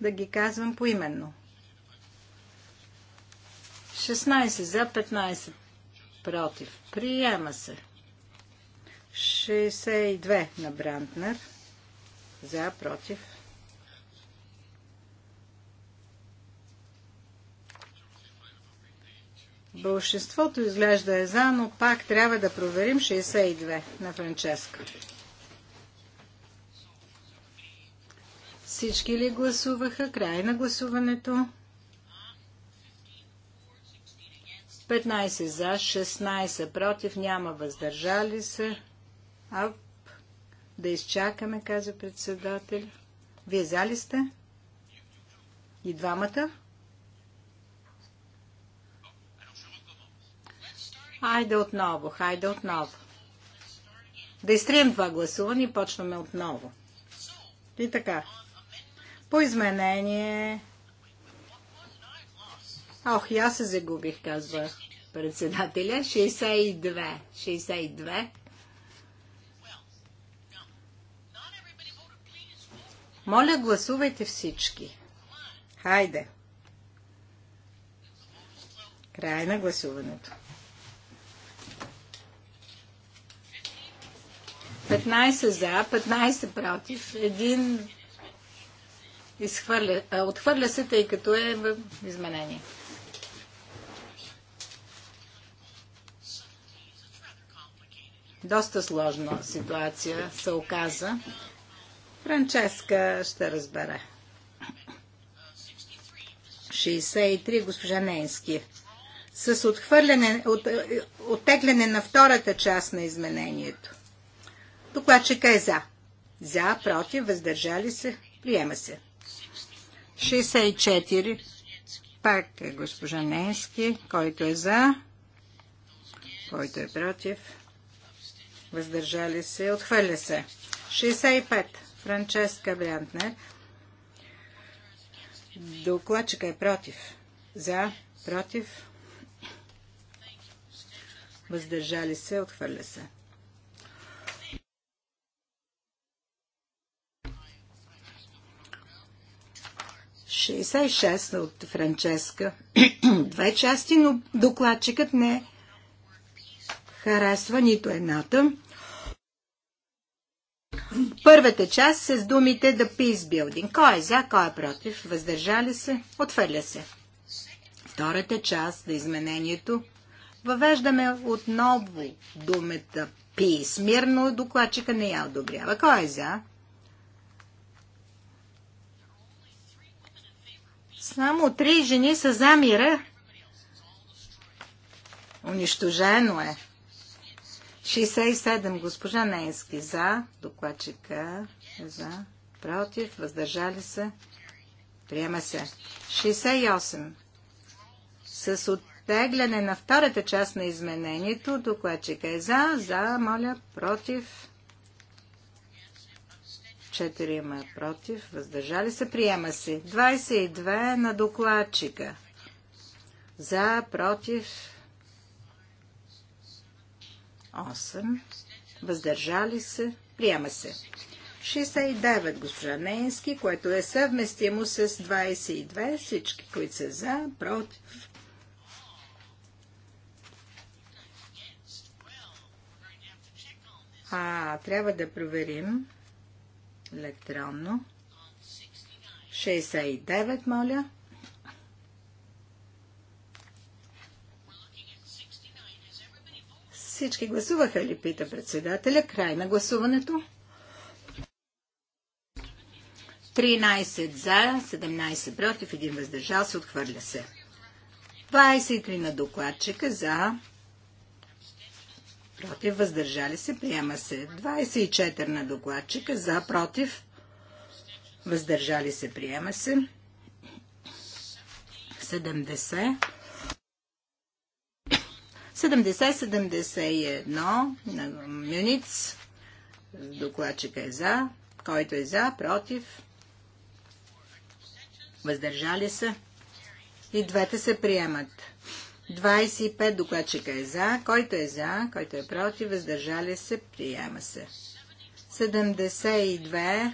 да ги казвам поименно. 16 за 15 против. Приема се. 62 на Брантнер. За против. Бълшеството изглежда е за, но пак трябва да проверим 62 на Франческа. Всички ли гласуваха? Край на гласуването. 15 за, 16 против, няма въздържали се. Ап, да изчакаме, каза председател. Вие за ли сте? И двамата? Хайде отново, хайде отново. Да изтрием това гласуване и почваме отново. И така. По изменение Ох, и аз се загубих, казва председателя. 62. 62. Моля, гласувайте всички. Хайде. Край на гласуването. 15 за, 15 против, един изхвърля, отхвърля се, тъй като е в изменение. Доста сложна ситуация се оказа. Франческа ще разбере. 63, госпожа Ненски. С отхвърляне, от, оттегляне на втората част на изменението. Докладчика е за. За, против, въздържали се, приема се. 64. Пак е госпожа Ненски, който е за, който е против, въздържали се, отхвърля се. 65. Франческа Брянтнер. Докладчика е против. За, против, въздържали се, отхвърля се. Шестдесет от Франческа. Две части, но докладчикът не е харесва нито едната. Първата част с думите The Peace Building. Кой е за, кой е против, въздържали се, отвърля се. Втората част на изменението въвеждаме отново думата Peace. Мирно докладчика не я одобрява. Кой е за? Само три жени са за мира. Унищожено е. 67. Госпожа Ненски за. Докладчика е за. Против. Въздържали се. Приема се. 68. С оттегляне на втората част на изменението, докладчика е за, за, моля, против. 4 има против, въздържали се, приема се. 22 на докладчика. За, против, 8. Въздържали се. Приема се. 69 госпожа Ненски, което е съвместимо с 22. Всички, които са за, против. А, трябва да проверим електронно. 69, моля. Всички гласуваха ли, пита председателя. Край на гласуването. 13 за, 17 против, 1 въздържал се, отхвърля се. 23 на докладчика за, против, въздържали се, приема се. 24 на докладчика за, против, въздържали се, приема се. 70 70-71 на Мюниц. Докладчика е за. Който е за, против. Въздържали са. И двете се приемат. 25 докладчика е за. Който е за, който е против, въздържали се, приема се. 72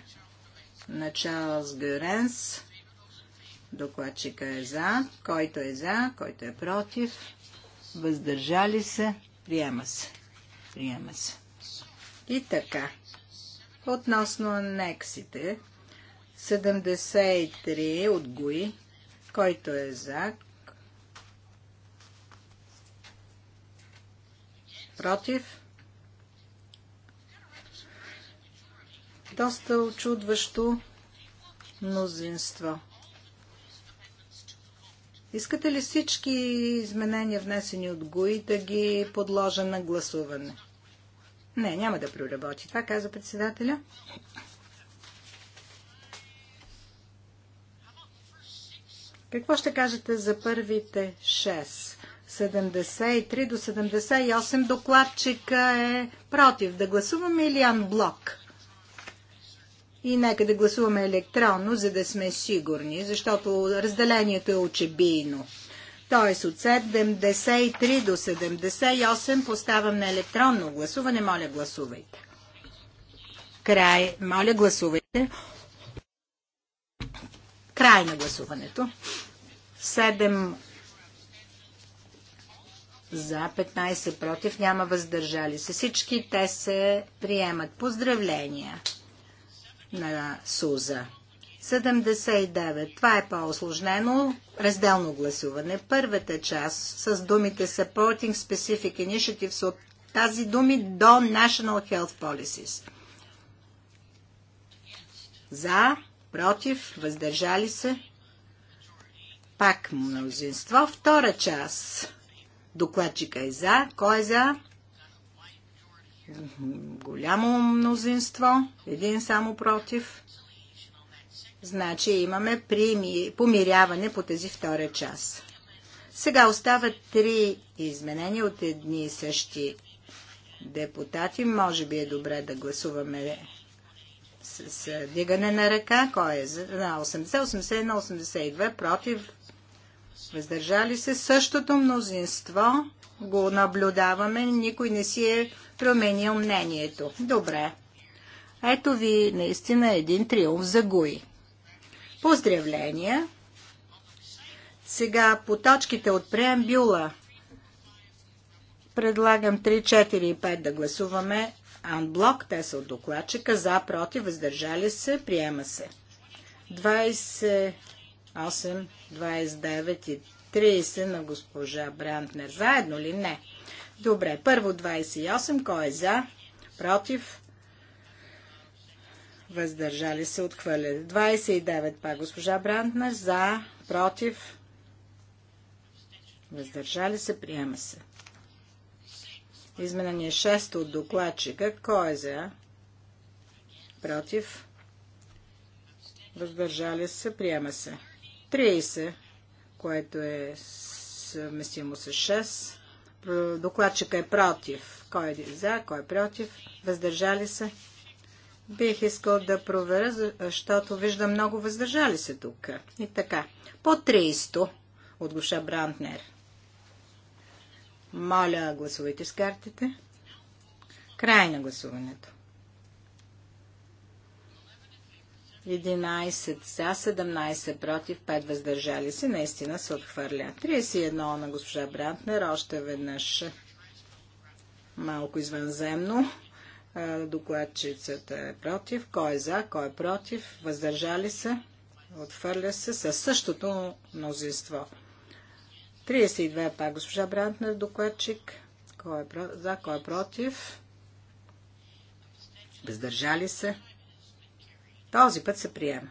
на Чарлз Гюренс. Докладчика е за. Който е за, който е против, въздържали се, приема се. Приема се. И така, относно анексите, 73 от ГУИ, който е за, против, доста очудващо мнозинство. Искате ли всички изменения, внесени от ГУИ, да ги подложа на гласуване? Не, няма да проработи. Това каза председателя. Какво ще кажете за първите 6? 73 до 78 докладчика е против. Да гласуваме или анблок? И нека да гласуваме електронно, за да сме сигурни, защото разделението е очебийно. Тоест от 73 до 78 поставям на електронно гласуване. Моля, гласувайте. Край. Моля, гласувайте. Край на гласуването. 7 за, 15 против, няма въздържали се. Всички те се приемат. Поздравления! на СУЗа. 79. Това е по-осложнено. Разделно гласуване. Първата част с думите Supporting Specific Initiatives от тази думи до National Health Policies. За, против, въздържали се. Пак мнозинство. Втора част. Докладчика е за. Кой е за? голямо мнозинство, един само против. Значи имаме помиряване по тези втория час. Сега остават три изменения от едни и същи депутати. Може би е добре да гласуваме с, с дигане на ръка. Кой е за? На 80, 81, 82 против. Въздържали се същото мнозинство го наблюдаваме, никой не си е променил мнението. Добре. Ето ви наистина един триумф за ГУИ. Поздравления! Сега по точките от преамбюла предлагам 3, 4 и 5 да гласуваме анблок. Те са от докладчика. За, против, въздържали се, приема се. 28, 29 и 30 на госпожа Брантнер. Заедно ли? Не. Добре, първо 28. Кой е за? Против? Въздържали се отхвърля. 29 Па госпожа Брантнер. За? Против? Въздържали се? Приема се. Изменение 6 от докладчика. Кой е за? Против? Въздържали се? Приема се. 30 което е съвместимо с 6. Докладчика е против. Кой е за, кой е против? Въздържали се? Бих искал да проверя, защото виждам много въздържали се тук. И така. По 300 от Гоша Брантнер. Моля, гласувайте с картите. Край на гласуването. 11 за, 17 против, 5 въздържали се. Наистина се отхвърля. 31 на госпожа Брантнер. Още веднъж малко извънземно. Докладчицата е против. Кой е за, кой е против? Въздържали се. Отхвърля се със същото мнозинство. 32 пак госпожа Брантнер, докладчик. Кой е за, кой е против? Въздържали се. Този път се приема.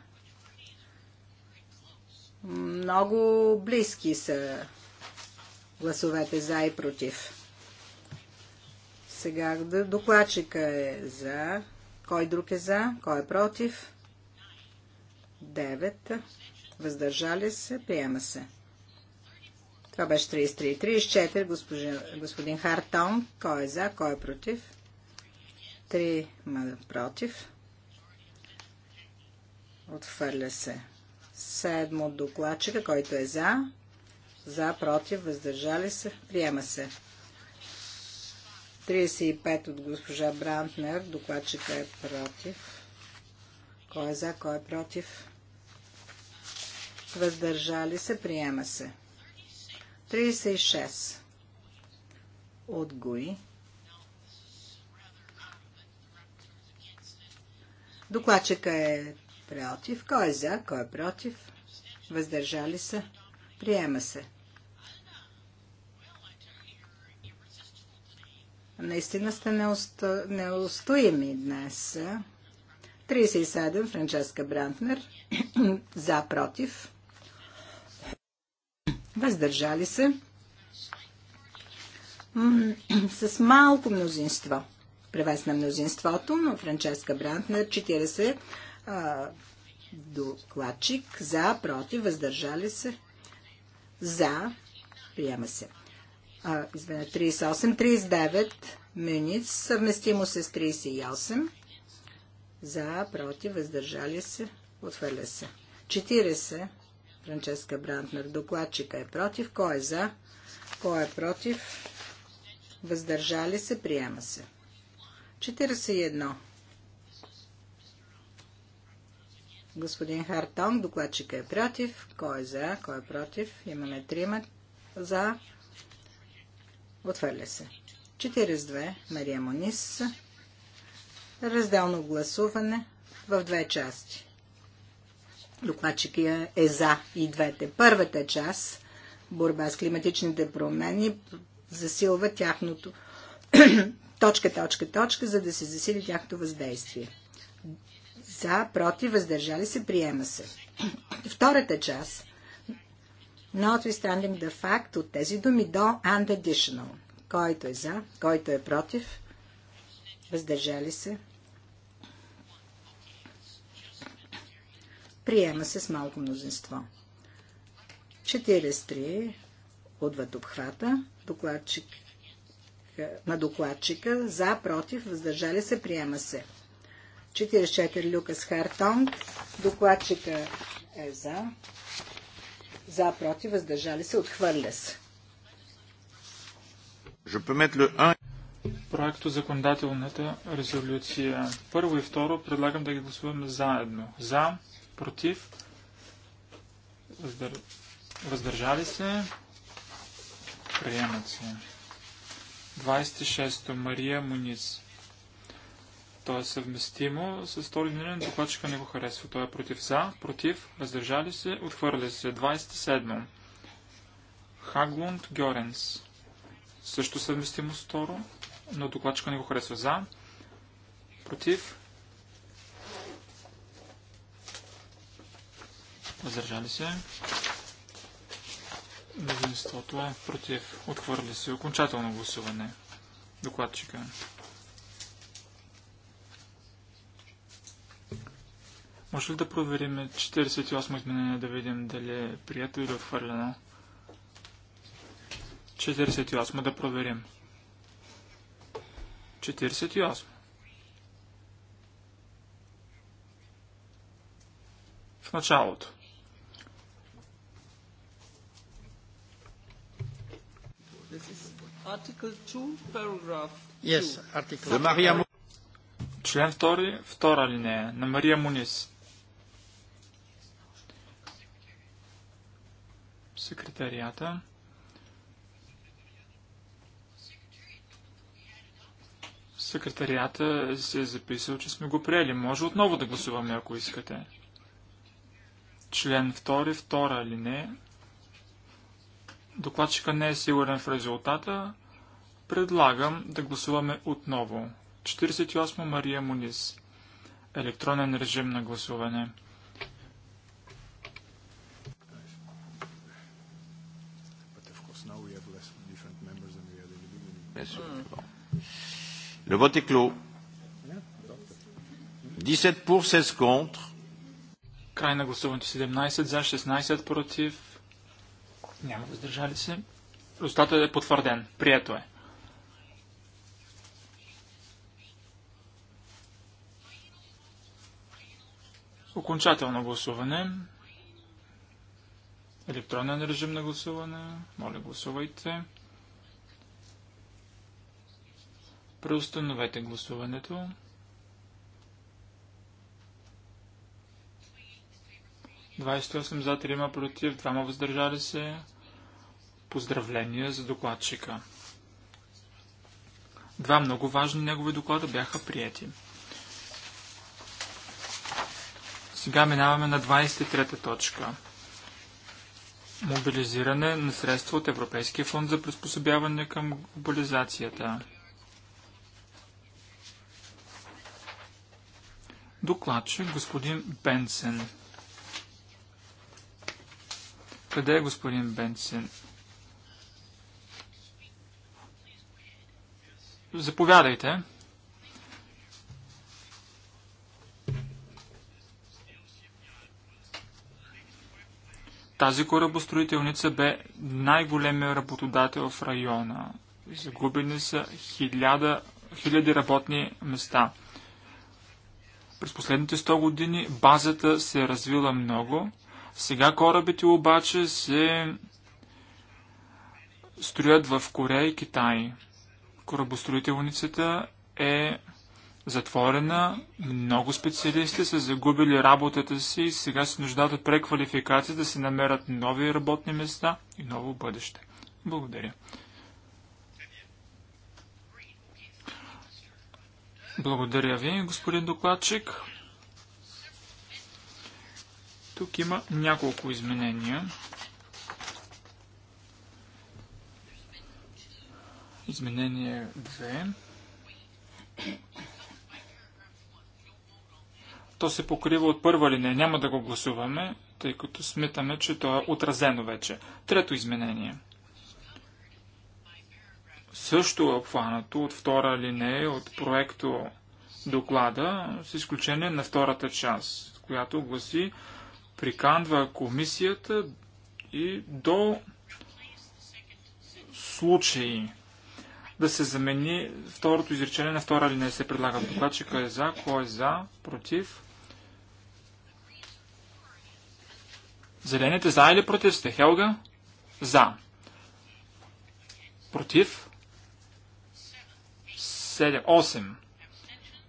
Много близки са гласовете за и против. Сега докладчика е за. Кой друг е за? Кой е против? 9. Въздържали се. Приема се. Това беше 33. 34. Госпожи, господин Хартон. Кой е за? Кой е против? 3 против. Отхвърля се. Седмо от докладчика, който е за. За, против, въздържали се. Приема се. 35 от госпожа Брантнер. Докладчика е против. Кой е за, кой е против? Въздържали се. Приема се. 36 от ГУИ. Докладчика е против. Кой е за? Кой е против? Въздържали се? Приема се. Наистина сте неусто... неустоими днес. 37. Франческа Брантнер. за, против. Въздържали се. С малко мнозинство. Превес на мнозинството, но Франческа Брантнер 40 а, докладчик за, против, въздържали се. За, приема се. А, 38, 39, Мюниц, съвместимо с 38. За, против, въздържали се, Отвърля се. 40, Франческа Брантнер, докладчика е против. Кой е за? Кой е против? Въздържали се, приема се. 41. Господин Хартон, докладчика е против. Кой е за? Кой е против? Имаме трима за. Отвърля се. 42. Мария Монис. Разделно гласуване в две части. Докладчика е, е за и двете. Първата част борба с климатичните промени засилва тяхното точка, точка, точка, за да се засили тяхното въздействие. За, против, въздържали се, приема се. Втората част. Notwithstanding the fact от тези думи до and additional. Който е за, който е против, въздържали се. Приема се с малко мнозинство. 43 отвъд обхвата. Докладчик, на докладчика за, против, въздържали се, приема се. 44 Люкас Хартон, Докладчика е за. За, против, въздържали се, отхвърля се. Проекто законодателната резолюция. Първо и второ предлагам да ги гласуваме заедно. За, против, въздър... въздържали се, приемат се. 26. Мария Муниц. То е съвместимо с втори изменение, докладчика не го харесва. Той е против за, против, въздържали се, отхвърли се. 27. Хаглунд Гьоренс. Също съвместимо с второ, но докладчика не го харесва за, против, въздържали се. Мнозинството е против. Отхвърли се. Окончателно гласуване. Докладчика. Може ли да проверим 48 изменение, да видим дали е прието или отхвърлено? 48 да проверим. 48. В началото. Член 2, втора линия на Мария Мунис. секретарията. Секретарията се е записал, че сме го приели. Може отново да гласуваме, ако искате. Член 2, втора или не. Докладчика не е сигурен в резултата. Предлагам да гласуваме отново. 48 Мария Мунис. Електронен режим на гласуване. bien sûr. Bon. Le vote est clos. 17 pour, 16 contre. Край на гласуването 17 за, 16 против. Няма въздържали се. Резултатът е потвърден. Прието е. Окончателно гласуване. Електронен режим на гласуване. Моля, гласувайте. Преустановете гласуването. Двадесет за 3 против, 2 въздържали се. Поздравления за докладчика. Два много важни негови доклада бяха прияти. Сега минаваме на 23-та точка. Мобилизиране на средства от Европейския фонд за приспособяване към глобализацията. Докладчик господин Бенсен. Къде е господин Бенсен? Заповядайте. Тази корабостроителница бе най-големия работодател в района. Загубени са хиляди работни места. През последните 100 години базата се е развила много. Сега корабите обаче се строят в Корея и Китай. Корабостроителницата е затворена, много специалисти са загубили работата си и сега се нуждат от преквалификация да се намерят нови работни места и ново бъдеще. Благодаря. Благодаря ви, господин докладчик. Тук има няколко изменения. Изменение 2. То се покрива от първа линия. Няма да го гласуваме, тъй като сметаме, че то е отразено вече. Трето изменение – също е обхванато от втора линия от проекто доклада, с изключение на втората част, която гласи приканва комисията и до случаи да се замени второто изречение на втора линия. Се предлага докладчика е за, кой е за, против. Зелените за или против сте? Хелга? За. Против? 7, 8.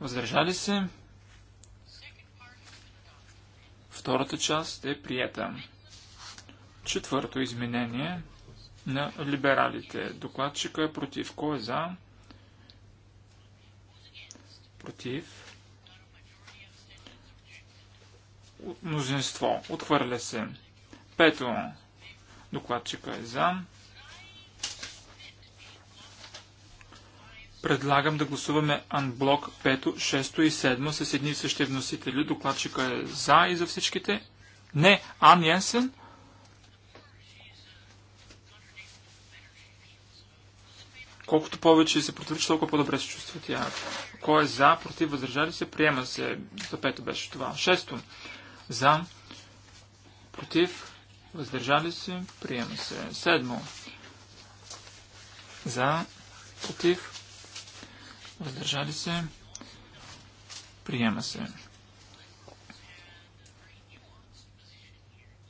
Въздържали се. Втората част е приета. Четвърто изменение на либералите. Докладчика е против. Кой е за? Против. Мнозинство. Отхвърля се. Пето. Докладчика е за. Предлагам да гласуваме анблок 5, 6 и 7 с едни и същи вносители. Докладчика е за и за всичките. Не, Ан Йенсен. Колкото повече се противича, толкова по-добре се чувства тя. Кой е за, против, въздържали се, приема се. За пето беше това. Шесто. За, против, въздържали се, приема се. Седмо. За, против, Въздържали се. Приема се.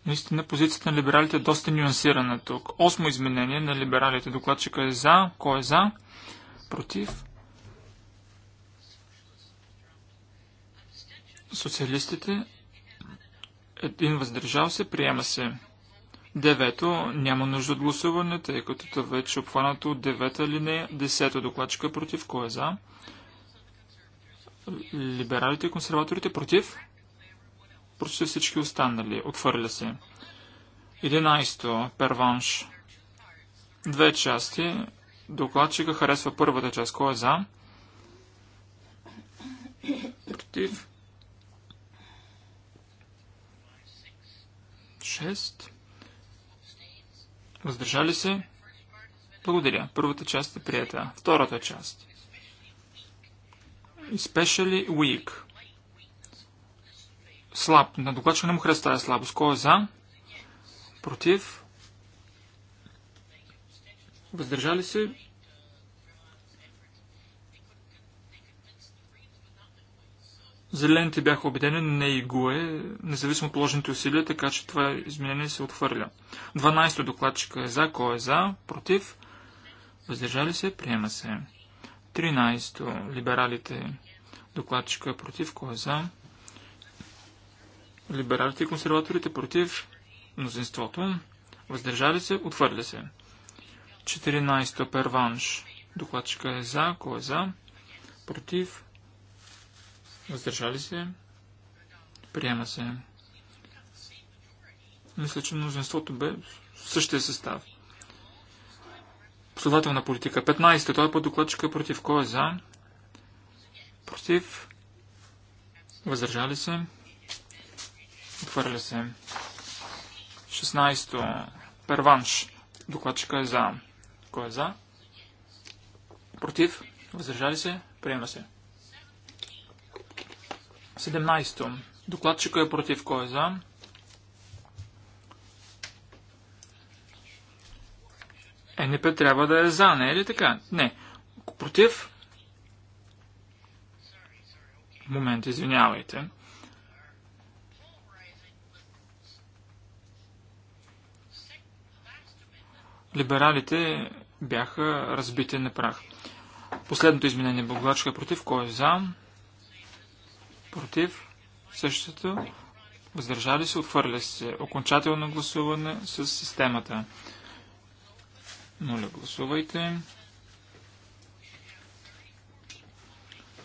Наистина позицията на либералите е доста нюансирана тук. Осмо изменение на либералите. Докладчика е за. Кой е за? Против? Социалистите. Един въздържал се. Приема се. Девето няма нужда от гласуване, тъй като това вече е обхванато от девета линия. Десето докладчика против. Кой е за? Либералите и консерваторите против? Против всички останали. Отвърля се. Единайсто. Перванш. Две части. Докладчика харесва първата част. Кой е за? Против. Шест. Въздържали се? Благодаря. Първата част е прията. Втората част. Especially weak. Слаб. На докладчика не му хреста е слабост. Кой е за? Против? Въздържали се? Зелените бяха убедени, не и ГУЕ, независимо от положените усилия, така че това изменение се отхвърля. 12-то докладчика е за, кой е за, против, въздържали се, приема се. 13-то либералите докладчика е против, кой е за, либералите и консерваторите против, мнозинството, въздържали се, отхвърля се. 14-то перванш, докладчика е за, кой е за, против, Въздържали се. Приема се. Мисля, че мнозинството бе същия състав. Последователна политика. 15. Това е по докладчика против кой е за? Против. Въздържали се. Отвърля се. 16. Перванш. Докладчика е за. Кой е за? Против. Въздържали се. Приема се. 17. то Докладчика е против. Кой е за? Е, НП трябва да е за, не е ли така? Не. Против? Момент, извинявайте. Либералите бяха разбити на прах. Последното изменение че е против. Кой е за? против, същото, въздържали се, отвърля се. Окончателно гласуване с системата. Моля, гласувайте.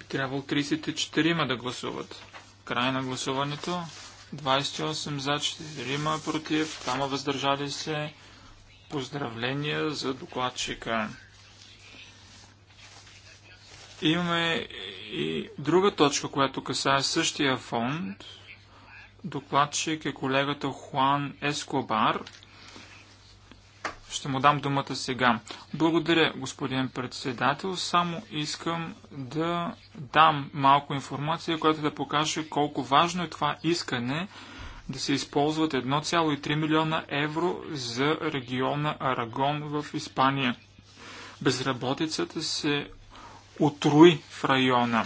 Трябвало 34 да гласуват. Край на гласуването. 28 за 4 против, Тама въздържали се. Поздравления за докладчика. Имаме и друга точка, която касае същия фонд. Докладчик е колегата Хуан Ескобар. Ще му дам думата сега. Благодаря, господин председател. Само искам да дам малко информация, която да покаже колко важно е това искане да се използват 1,3 милиона евро за региона Арагон в Испания. Безработицата се отруи в района.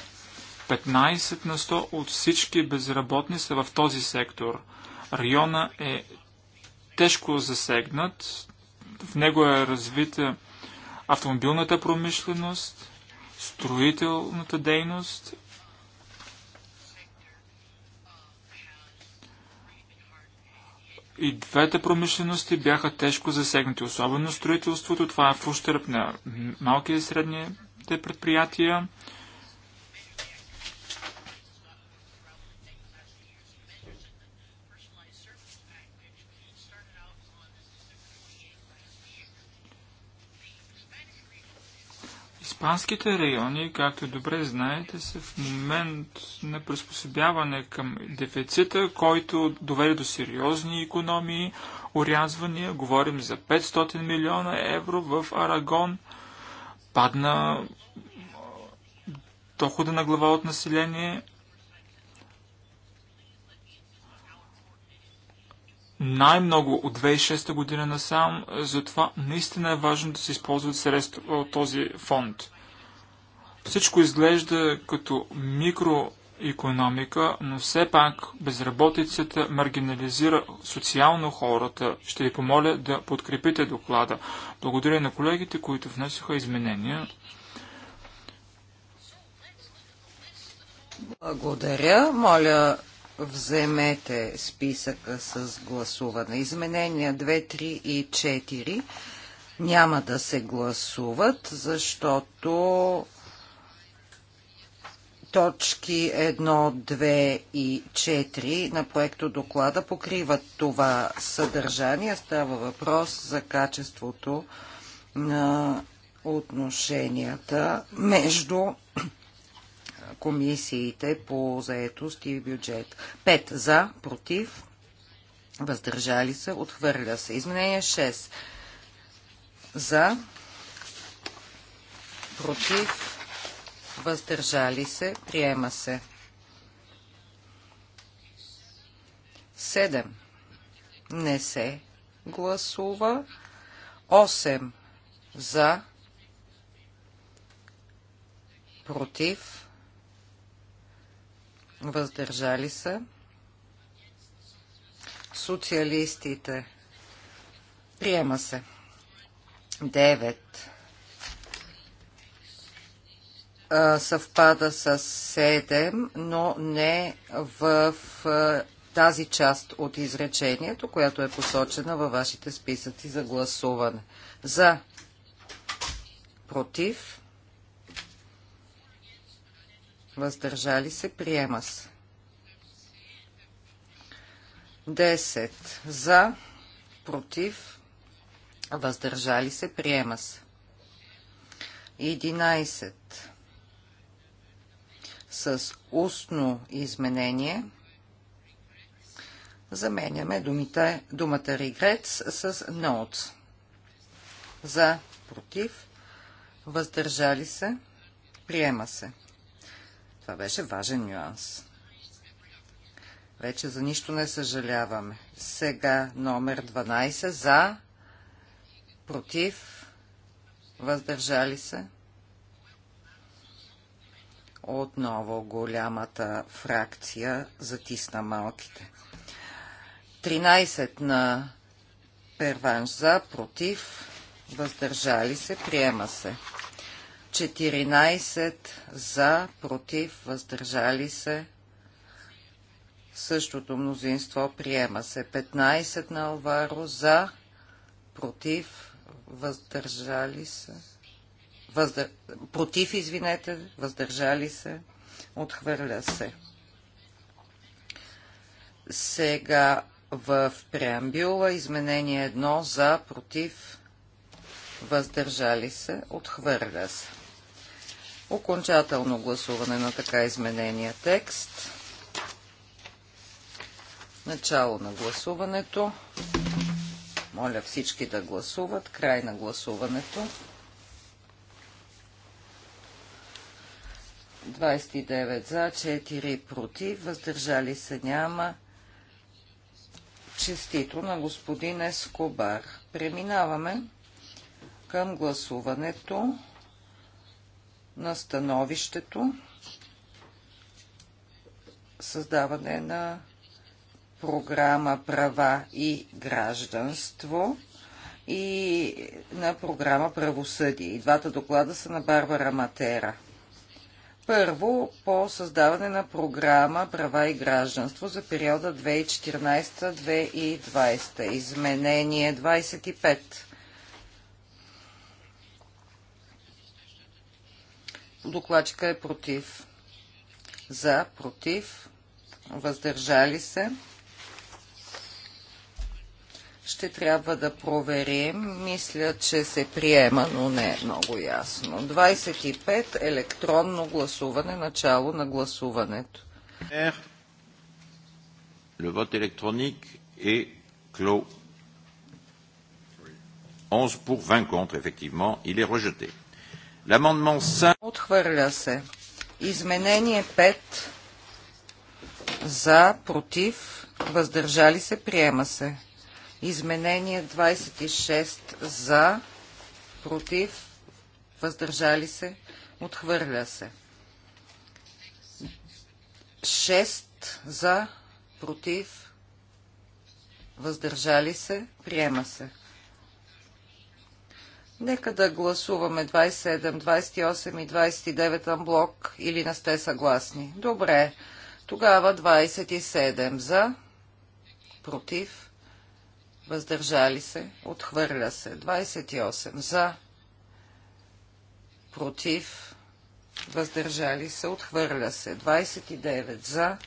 15 на 100 от всички безработни са в този сектор. Района е тежко засегнат, в него е развита автомобилната промишленост, строителната дейност. И двете промишлености бяха тежко засегнати, особено строителството. Това е в ущърп на малкия и средния предприятия. Испанските райони, както добре знаете, са в момент на приспособяване към дефицита, който доведе до сериозни економии, урязвания. Говорим за 500 милиона евро в Арагон – Падна дохода на глава от население. Най-много от 2006 година насам, затова наистина е важно да се използват средства от този фонд. Всичко изглежда като микро економика, но все пак безработицата маргинализира социално хората. Ще ви помоля да подкрепите доклада. Благодаря на колегите, които внесоха изменения. Благодаря. Моля, вземете списъка с гласуване. Изменения 2, 3 и 4 няма да се гласуват, защото точки 1, 2 и 4 на проекто доклада покриват това съдържание. Става въпрос за качеството на отношенията между комисиите по заетост и бюджет. 5 за, против, въздържали се, отхвърля се. Изменение 6 за, против, въздържали се, приема се. 7. Не се гласува. 8. За. Против. Въздържали се. Социалистите. Приема се. 9 съвпада с 7, но не в тази част от изречението, която е посочена във вашите списъци за гласуване. За, против, въздържали се, приема се. 10. За, против, въздържали се, приема се. 11 с устно изменение заменяме думата, думата regrets с notes. За, против, въздържали се, приема се. Това беше важен нюанс. Вече за нищо не съжаляваме. Сега номер 12 за, против, въздържали се, отново голямата фракция затисна малките. 13 на перванш за, против, въздържали се, приема се. 14 за, против, въздържали се. Същото мнозинство приема се. 15 на Алваро за, против, въздържали се въздър... против, извинете, въздържали се, отхвърля се. Сега в преамбюла изменение 1 за, против, въздържали се, отхвърля се. Окончателно гласуване на така изменения текст. Начало на гласуването. Моля всички да гласуват. Край на гласуването. 29 за, 4 против, въздържали се няма. Честито на господин Ескобар. Преминаваме към гласуването на становището създаване на програма Права и гражданство и на програма Правосъдие. И двата доклада са на Барбара Матера. Първо, по създаване на програма Права и гражданство за периода 2014-2020. Изменение 25. Докладчика е против. За, против, въздържали се ще трябва да проверим. Мисля, че се приема, но не е много ясно. 25. Електронно гласуване. Начало на гласуването. Le vote électronique est clos. 11 pour 20 contre, effectivement, il est rejeté. L'amendement 5... Отхвърля се. Изменение 5 за, против, въздържали се, приема се. Изменение 26 за, против, въздържали се, отхвърля се. 6 за, против, въздържали се, приема се. Нека да гласуваме 27, 28 и 29 блок или не сте съгласни. Добре. Тогава 27 за, против, въздържали се, отхвърля се. 28 за, против, въздържали се, отхвърля се. 29 за,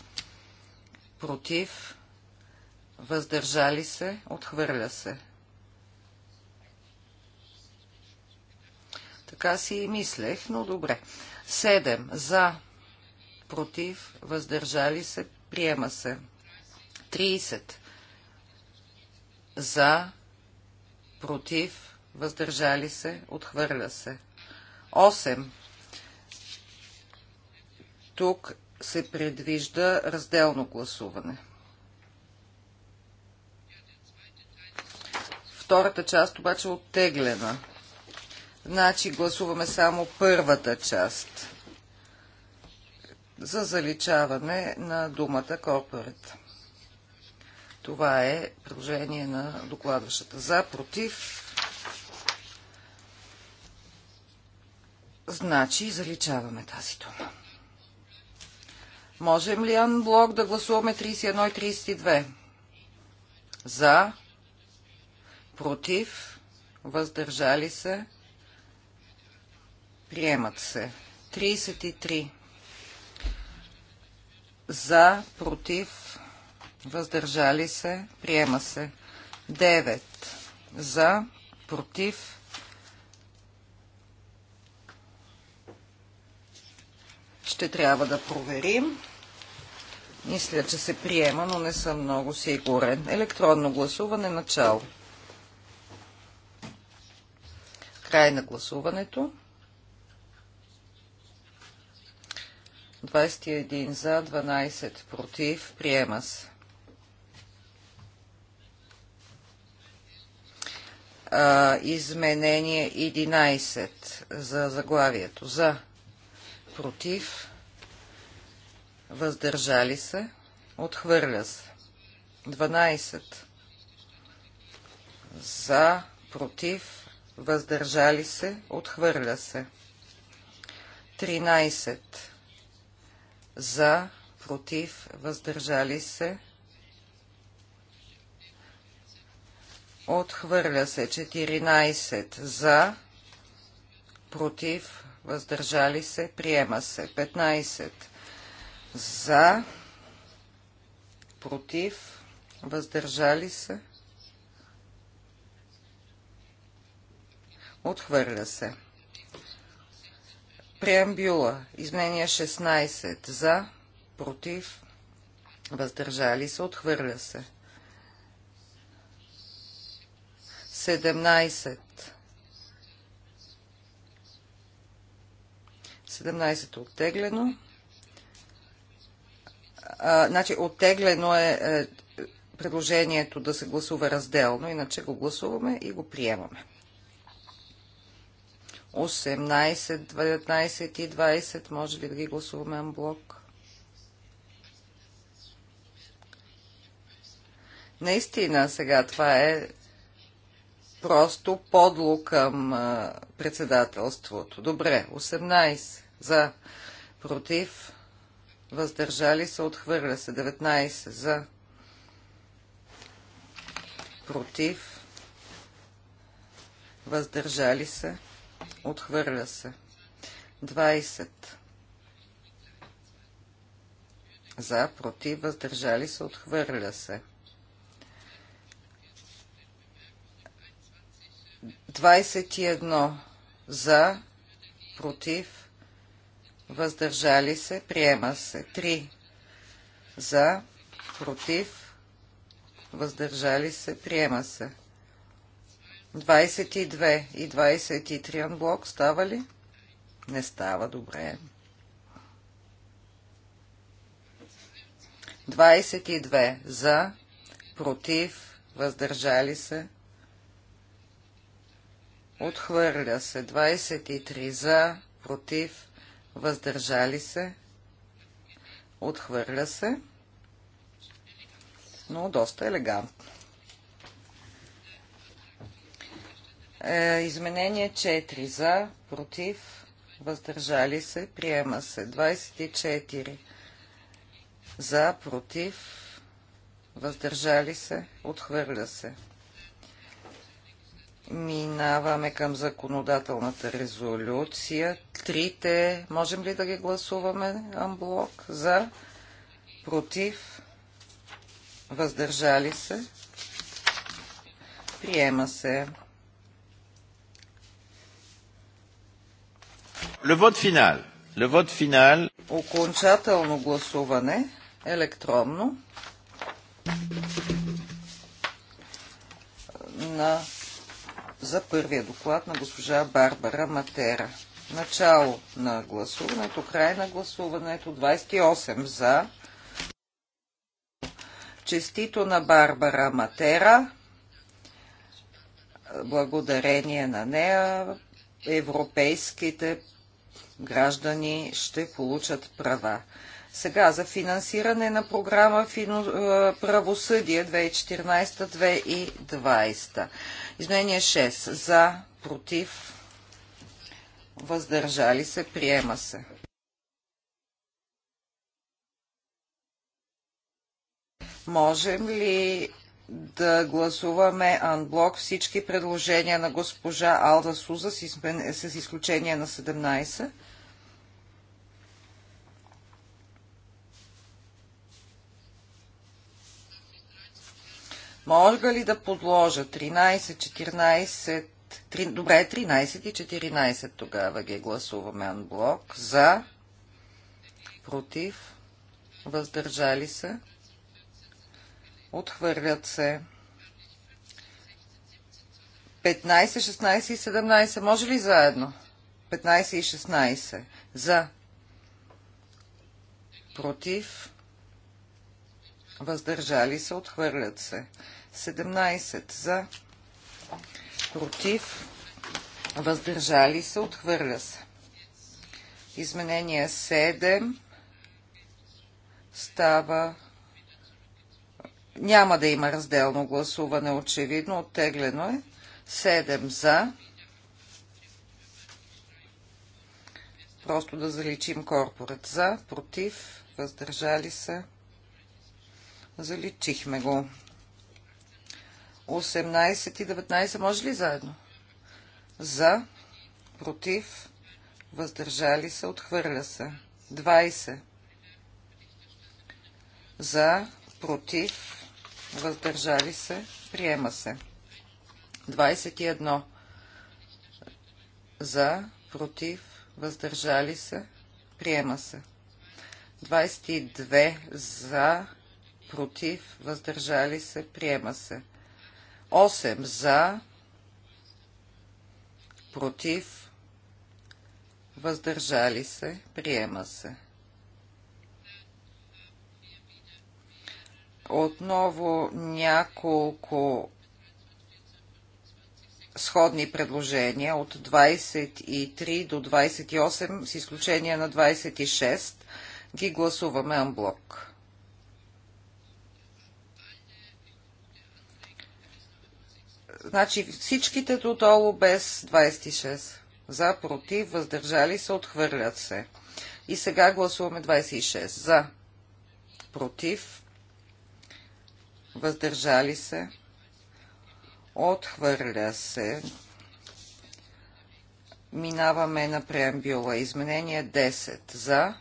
против, въздържали се, отхвърля се. Така си и мислех, но добре. 7 за, против, въздържали се, приема се. 30 за, против, въздържали се, отхвърля се. 8. Тук се предвижда разделно гласуване. Втората част обаче е оттеглена. Значи гласуваме само първата част за заличаване на думата корпората. Това е предложение на докладващата. За, против. Значи заличаваме тази дума. Можем ли анблок да гласуваме 31 и 32? За, против, въздържали се, приемат се. 33. За, против, въздържали се, приема се. 9 за, против, ще трябва да проверим. Мисля, че се приема, но не съм много сигурен. Електронно гласуване начало. Край на гласуването. 21 за, 12 против. Приема се. а, изменение 11 за заглавието. За, против, въздържали се, отхвърля се. 12 за, против, въздържали се, отхвърля се. 13 за, против, въздържали се, Отхвърля се 14 за, против, въздържали се, приема се 15 за, против, въздържали се, отхвърля се. Преамбюла. Изменение 16. За, против, въздържали се, отхвърля се. 17. 17 е оттеглено. А, значи оттеглено е, е предложението да се гласува разделно, иначе го гласуваме и го приемаме. 18, 19 и 20, може ли да ги гласуваме блок? Наистина сега това е просто подло към председателството. Добре, 18 за, против, въздържали се, отхвърля се, 19 за, против, въздържали се, отхвърля се, 20 за, против, въздържали се, отхвърля се. 21 за, против, въздържали се, приема се. 3 за, против, въздържали се, приема се. 22 и 23 анблок става ли? Не става добре. 22 за, против, въздържали се, Отхвърля се. 23 за, против, въздържали се. Отхвърля се. Но доста елегантно. Е, изменение 4 за, против, въздържали се. Приема се. 24 за, против, въздържали се. Отхвърля се. Минаваме към законодателната резолюция. Трите, можем ли да ги гласуваме амблок? За, против, въздържали се. Приема се. Le vote final. Le vote final. Окончателно гласуване електронно на за първия доклад на госпожа Барбара Матера. Начало на гласуването, край на гласуването, 28 за. Честито на Барбара Матера. Благодарение на нея европейските граждани ще получат права. Сега за финансиране на програма е, Правосъдие 2014-2020. Изменение 6. За, против, въздържали се, приема се. Можем ли да гласуваме анблок всички предложения на госпожа Алда Суза с изключение на 17? Може ли да подложа 13, 14, 3, добре, 13 и 14 тогава ги гласуваме анблок. За, против, въздържали се, отхвърлят се. 15, 16 и 17. Може ли заедно? 15 и 16. За. Против. Въздържали се. Отхвърлят се. 17 за, против, въздържали се, отхвърля се. Изменение 7 става няма да има разделно гласуване, очевидно, оттеглено е. 7 за. Просто да заличим корпорат за, против, въздържали се. Заличихме го. 18 и 19 може ли заедно? За, против, въздържали се, отхвърля се. 20. За, против, въздържали се, приема се. 21. За, против, въздържали се, приема се. 22. За, против, въздържали се, приема се. 8 за, против, въздържали се, приема се. Отново няколко сходни предложения от 23 до 28, с изключение на 26, ги гласуваме анблок. Значи всичките додолу без 26. За, против, въздържали се, отхвърлят се. И сега гласуваме 26. За, против, въздържали се, отхвърля се. Минаваме на преамбюла. Изменение 10. За,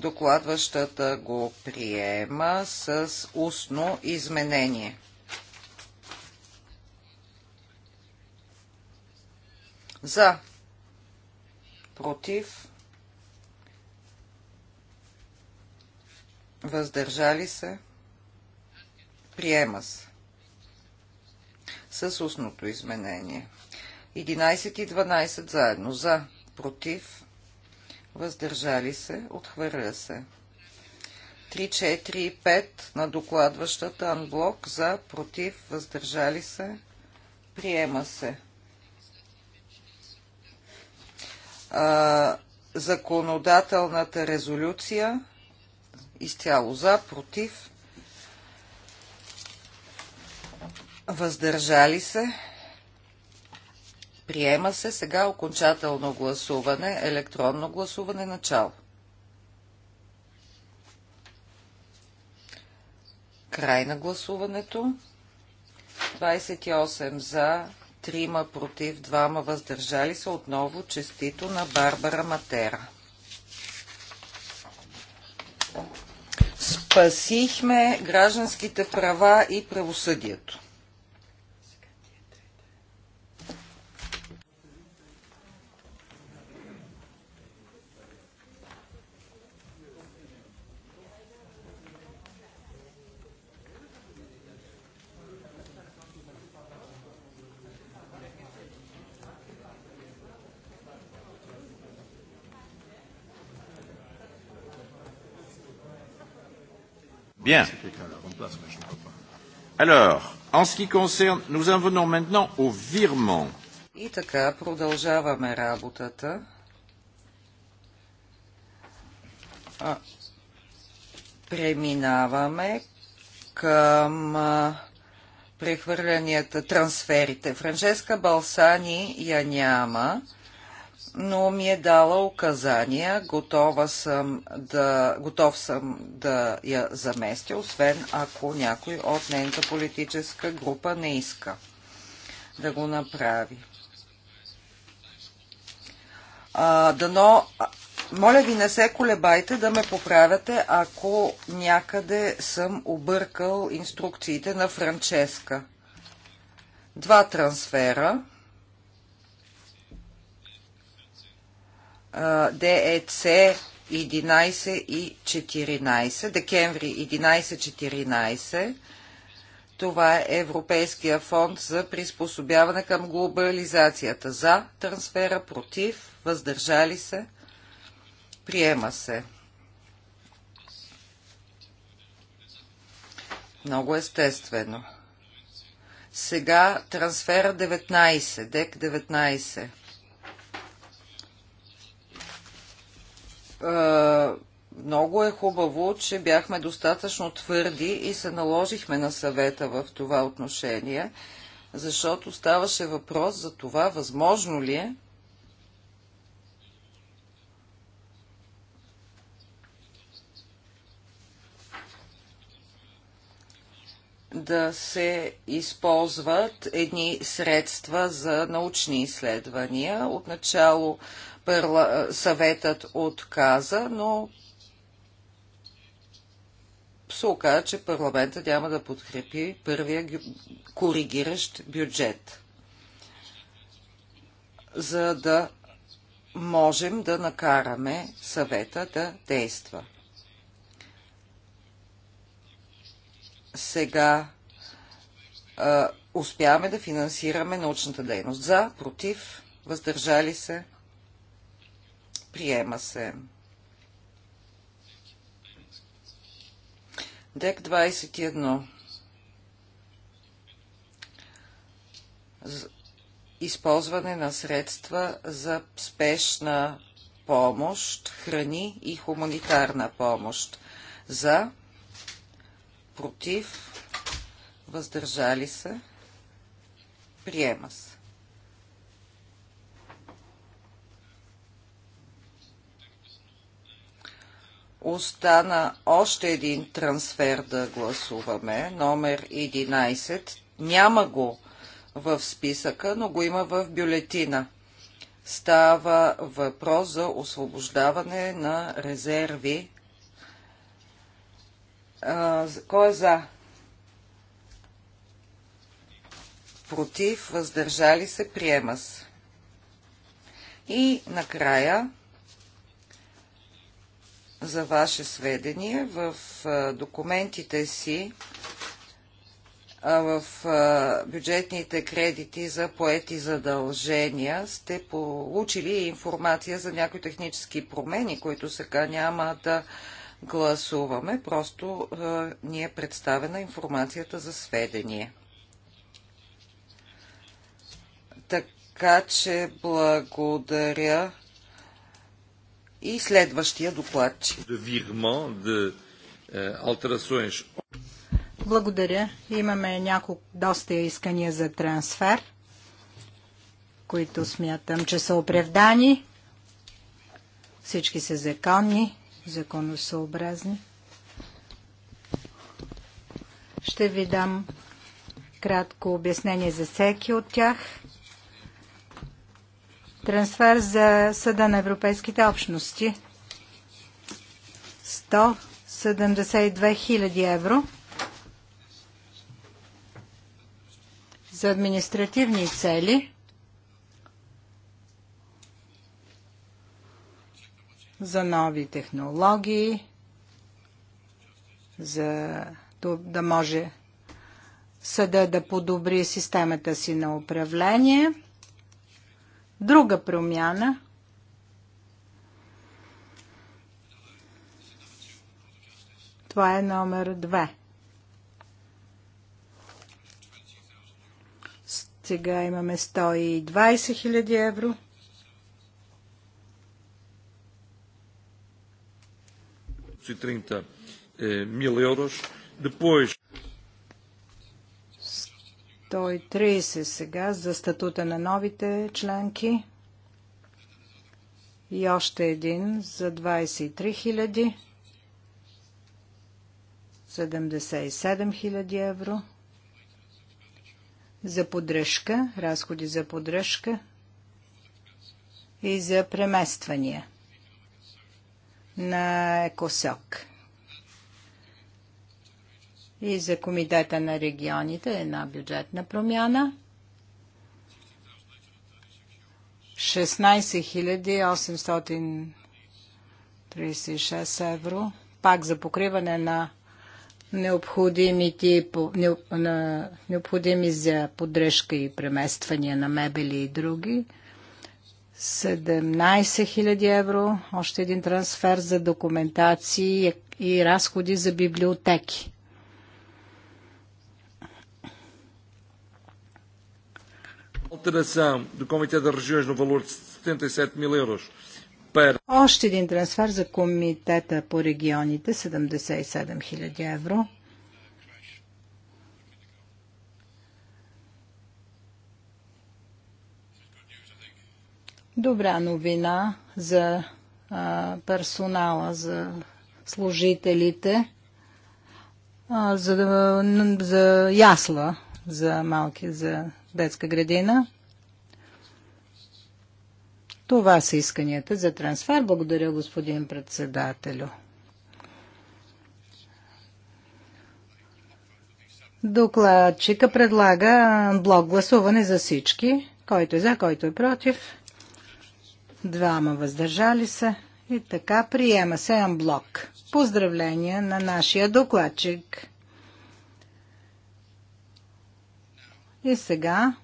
Докладващата го приема с устно изменение. За. Против. Въздържали се. Приема се. С устното изменение. 11 и 12 заедно. За. Против въздържали се, отхвърля се. 3, 4 и 5 на докладващата анблок за, против, въздържали се, приема се. А, законодателната резолюция изцяло за, против, въздържали се. Приема се сега окончателно гласуване, електронно гласуване начало. Край на гласуването. 28 за, 3 против, 2 въздържали се. Отново честито на Барбара Матера. Спасихме гражданските права и правосъдието. Bien. Alors, en ce qui concerne, nous en venons maintenant au virement. И така, продължаваме работата. А, преминаваме към а, прехвърлянията, трансферите. Франческа Балсани я няма но ми е дала указания. Готова съм да, готов съм да я заместя, освен ако някой от нейната политическа група не иска да го направи. А, дано, моля ви, не се колебайте да ме поправяте, ако някъде съм объркал инструкциите на Франческа. Два трансфера – ДЕЦ 11 и 14, декември 11-14. Това е Европейския фонд за приспособяване към глобализацията. За трансфера, против, въздържали се, приема се. Много естествено. Сега трансфера 19, ДЕК 19. Е, много е хубаво, че бяхме достатъчно твърди и се наложихме на съвета в това отношение, защото ставаше въпрос за това, възможно ли е да се използват едни средства за научни изследвания. Отначало парла... Е, съветът отказа, но се оказа, че парламента няма да подкрепи първия коригиращ бюджет, за да можем да накараме съвета да действа. Сега а, е, успяваме да финансираме научната дейност. За, против, въздържали се. Приема се. Дек 21. Използване на средства за спешна помощ, храни и хуманитарна помощ. За, против, въздържали се, приема се. Остана още един трансфер да гласуваме, номер 11. Няма го в списъка, но го има в бюлетина. Става въпрос за освобождаване на резерви. А, кой е за? Против, въздържали се, приема се. И накрая за ваше сведение, в документите си в бюджетните кредити за поети задължения сте получили информация за някои технически промени, които сега няма да гласуваме, просто ни е представена информацията за сведение. Така че благодаря и следващия доклад. Eh, Благодаря. Имаме няколко доста искания за трансфер, които смятам, че са оправдани. Всички са законни, законосъобразни. Ще ви дам кратко обяснение за всеки от тях трансфер за Съда на Европейските общности. 172 000 евро за административни цели за нови технологии, за да може съда да подобри системата си на управление – друга промяна. Това е номер 2. Сега имаме 120 000 евро. e 30 mil euros. Depois, 130 сега за статута на новите членки и още един за 23 000 77 000 евро за поддръжка, разходи за поддръжка и за премествания на екосок и за Комитета на регионите е една бюджетна промяна. 16 евро, пак за покриване на необходимите, на, необходими за поддръжка и премествания на мебели и други. 17 000 евро, още един трансфер за документации и разходи за библиотеки. Alteração do Comitê das Regiões no valor de 77 e mil euros Още един трансфер за Комитета по регионите 77 000 евро. Добра новина за а, персонала, за служителите, а, за, за ясла, за малки, за детска градина. Това са исканията за трансфер. Благодаря, господин председателю. Докладчика предлага блок гласуване за всички, който е за, който е против. Двама въздържали се. И така приема се блок. Поздравления на нашия докладчик. И сега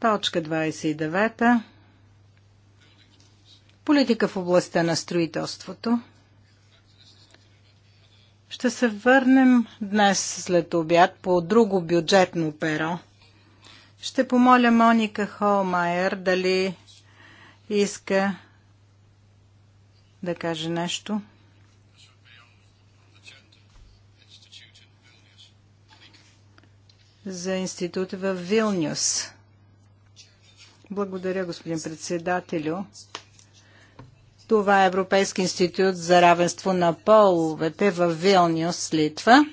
точка 29. Политика в областта на строителството. Ще се върнем днес след обяд по друго бюджетно перо. Ще помоля Моника Холмайер дали иска да каже нещо. за институт в Вилнюс. Благодаря, господин председателю. Това е Европейски институт за равенство на половете в Вилнюс, Литва.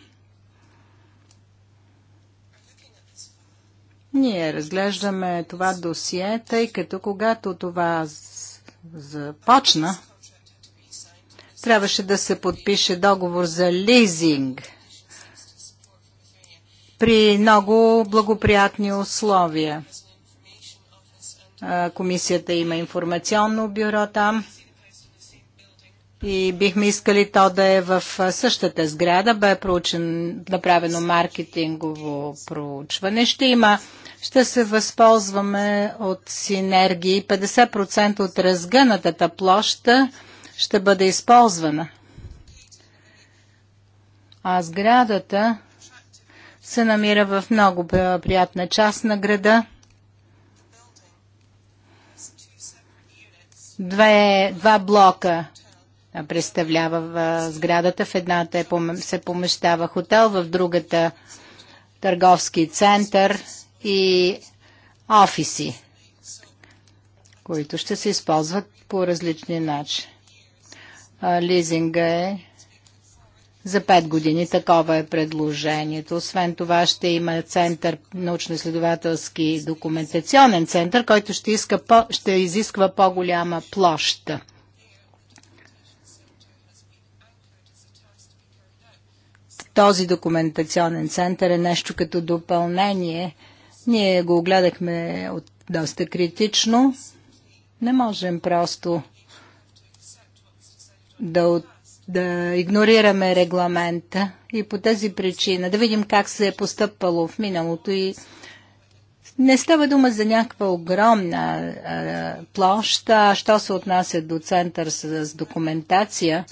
Ние разглеждаме това досие, тъй като когато това започна, трябваше да се подпише договор за лизинг – при много благоприятни условия. Комисията има информационно бюро там и бихме искали то да е в същата сграда. Бе проучен, направено маркетингово проучване. Ще има ще се възползваме от синергии. 50% от разгънатата площа ще бъде използвана. А сградата се намира в много приятна част на града. Две, два блока представлява в сградата. В едната е, се помещава хотел, в другата търговски център и офиси, които ще се използват по различни начини. Лизинга е за 5 години такова е предложението. Освен това ще има център, научно следователски документационен център, който ще, иска по, ще изисква по-голяма площа. Този документационен център е нещо като допълнение. Ние го огледахме от доста критично. Не можем просто да от да игнорираме регламента и по тази причина да видим как се е постъпало в миналото и не става дума за някаква огромна а, площа, що се отнася до център с, с документация.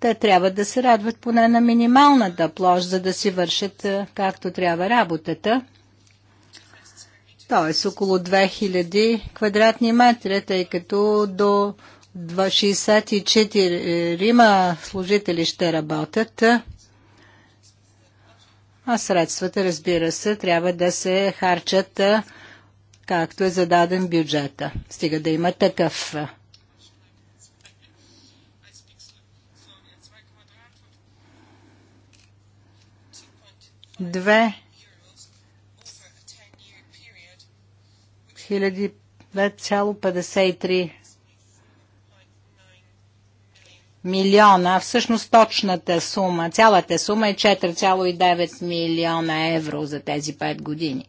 Те трябва да се радват поне на минималната площ, за да си вършат а, както трябва работата. Тоест около 2000 квадратни метра, тъй като до 64 служители ще работят, а средствата, разбира се, трябва да се харчат както е зададен бюджета. Стига да има такъв. Две хиляди милиона, всъщност точната сума, цялата сума е 4,9 милиона евро за тези 5 години.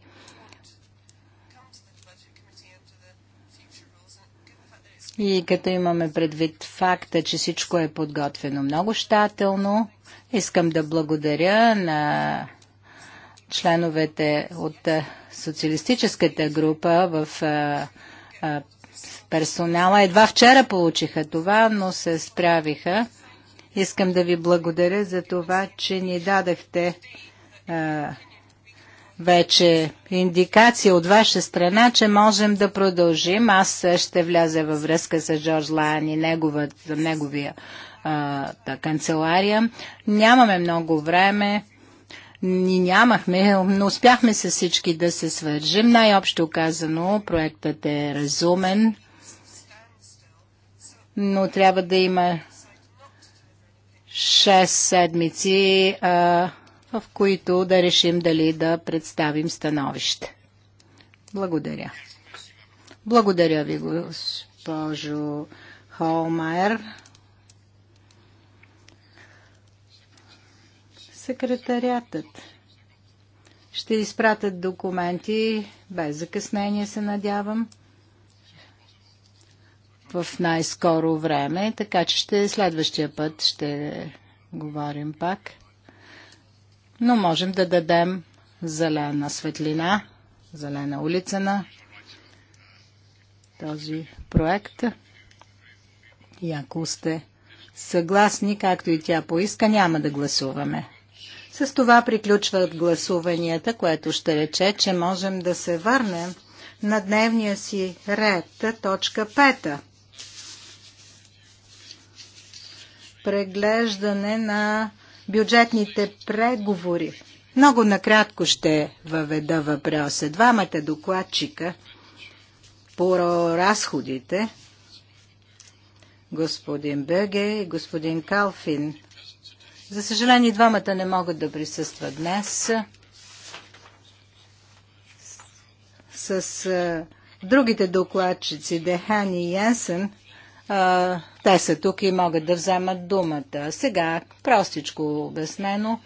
И като имаме предвид факта, че всичко е подготвено много щателно, искам да благодаря на членовете от социалистическата група в персонала. Едва вчера получиха това, но се справиха. Искам да ви благодаря за това, че ни дадахте а, вече индикация от ваша страна, че можем да продължим. Аз ще вляза във връзка с Джордж Лайан и неговия канцелария. Нямаме много време ни нямахме, но успяхме с всички да се свържем. Най-общо казано, проектът е разумен, но трябва да има 6 седмици, а, в които да решим дали да представим становище. Благодаря. Благодаря ви, госпожо Холмайер. секретариатът. Ще изпратят документи без закъснение, се надявам, в най-скоро време, така че ще, следващия път ще говорим пак. Но можем да дадем зелена светлина, зелена улица на този проект. И ако сте съгласни, както и тя поиска, няма да гласуваме. С това приключват гласуванията, което ще рече, че можем да се върнем на дневния си ред, точка 5. Преглеждане на бюджетните преговори. Много накратко ще въведа въпроса. Двамата докладчика по разходите, господин Беге и господин Калфин, за съжаление, двамата не могат да присъстват днес. С, с другите докладчици, Дехан и Янсен, те са тук и могат да вземат думата. Сега, простичко обяснено,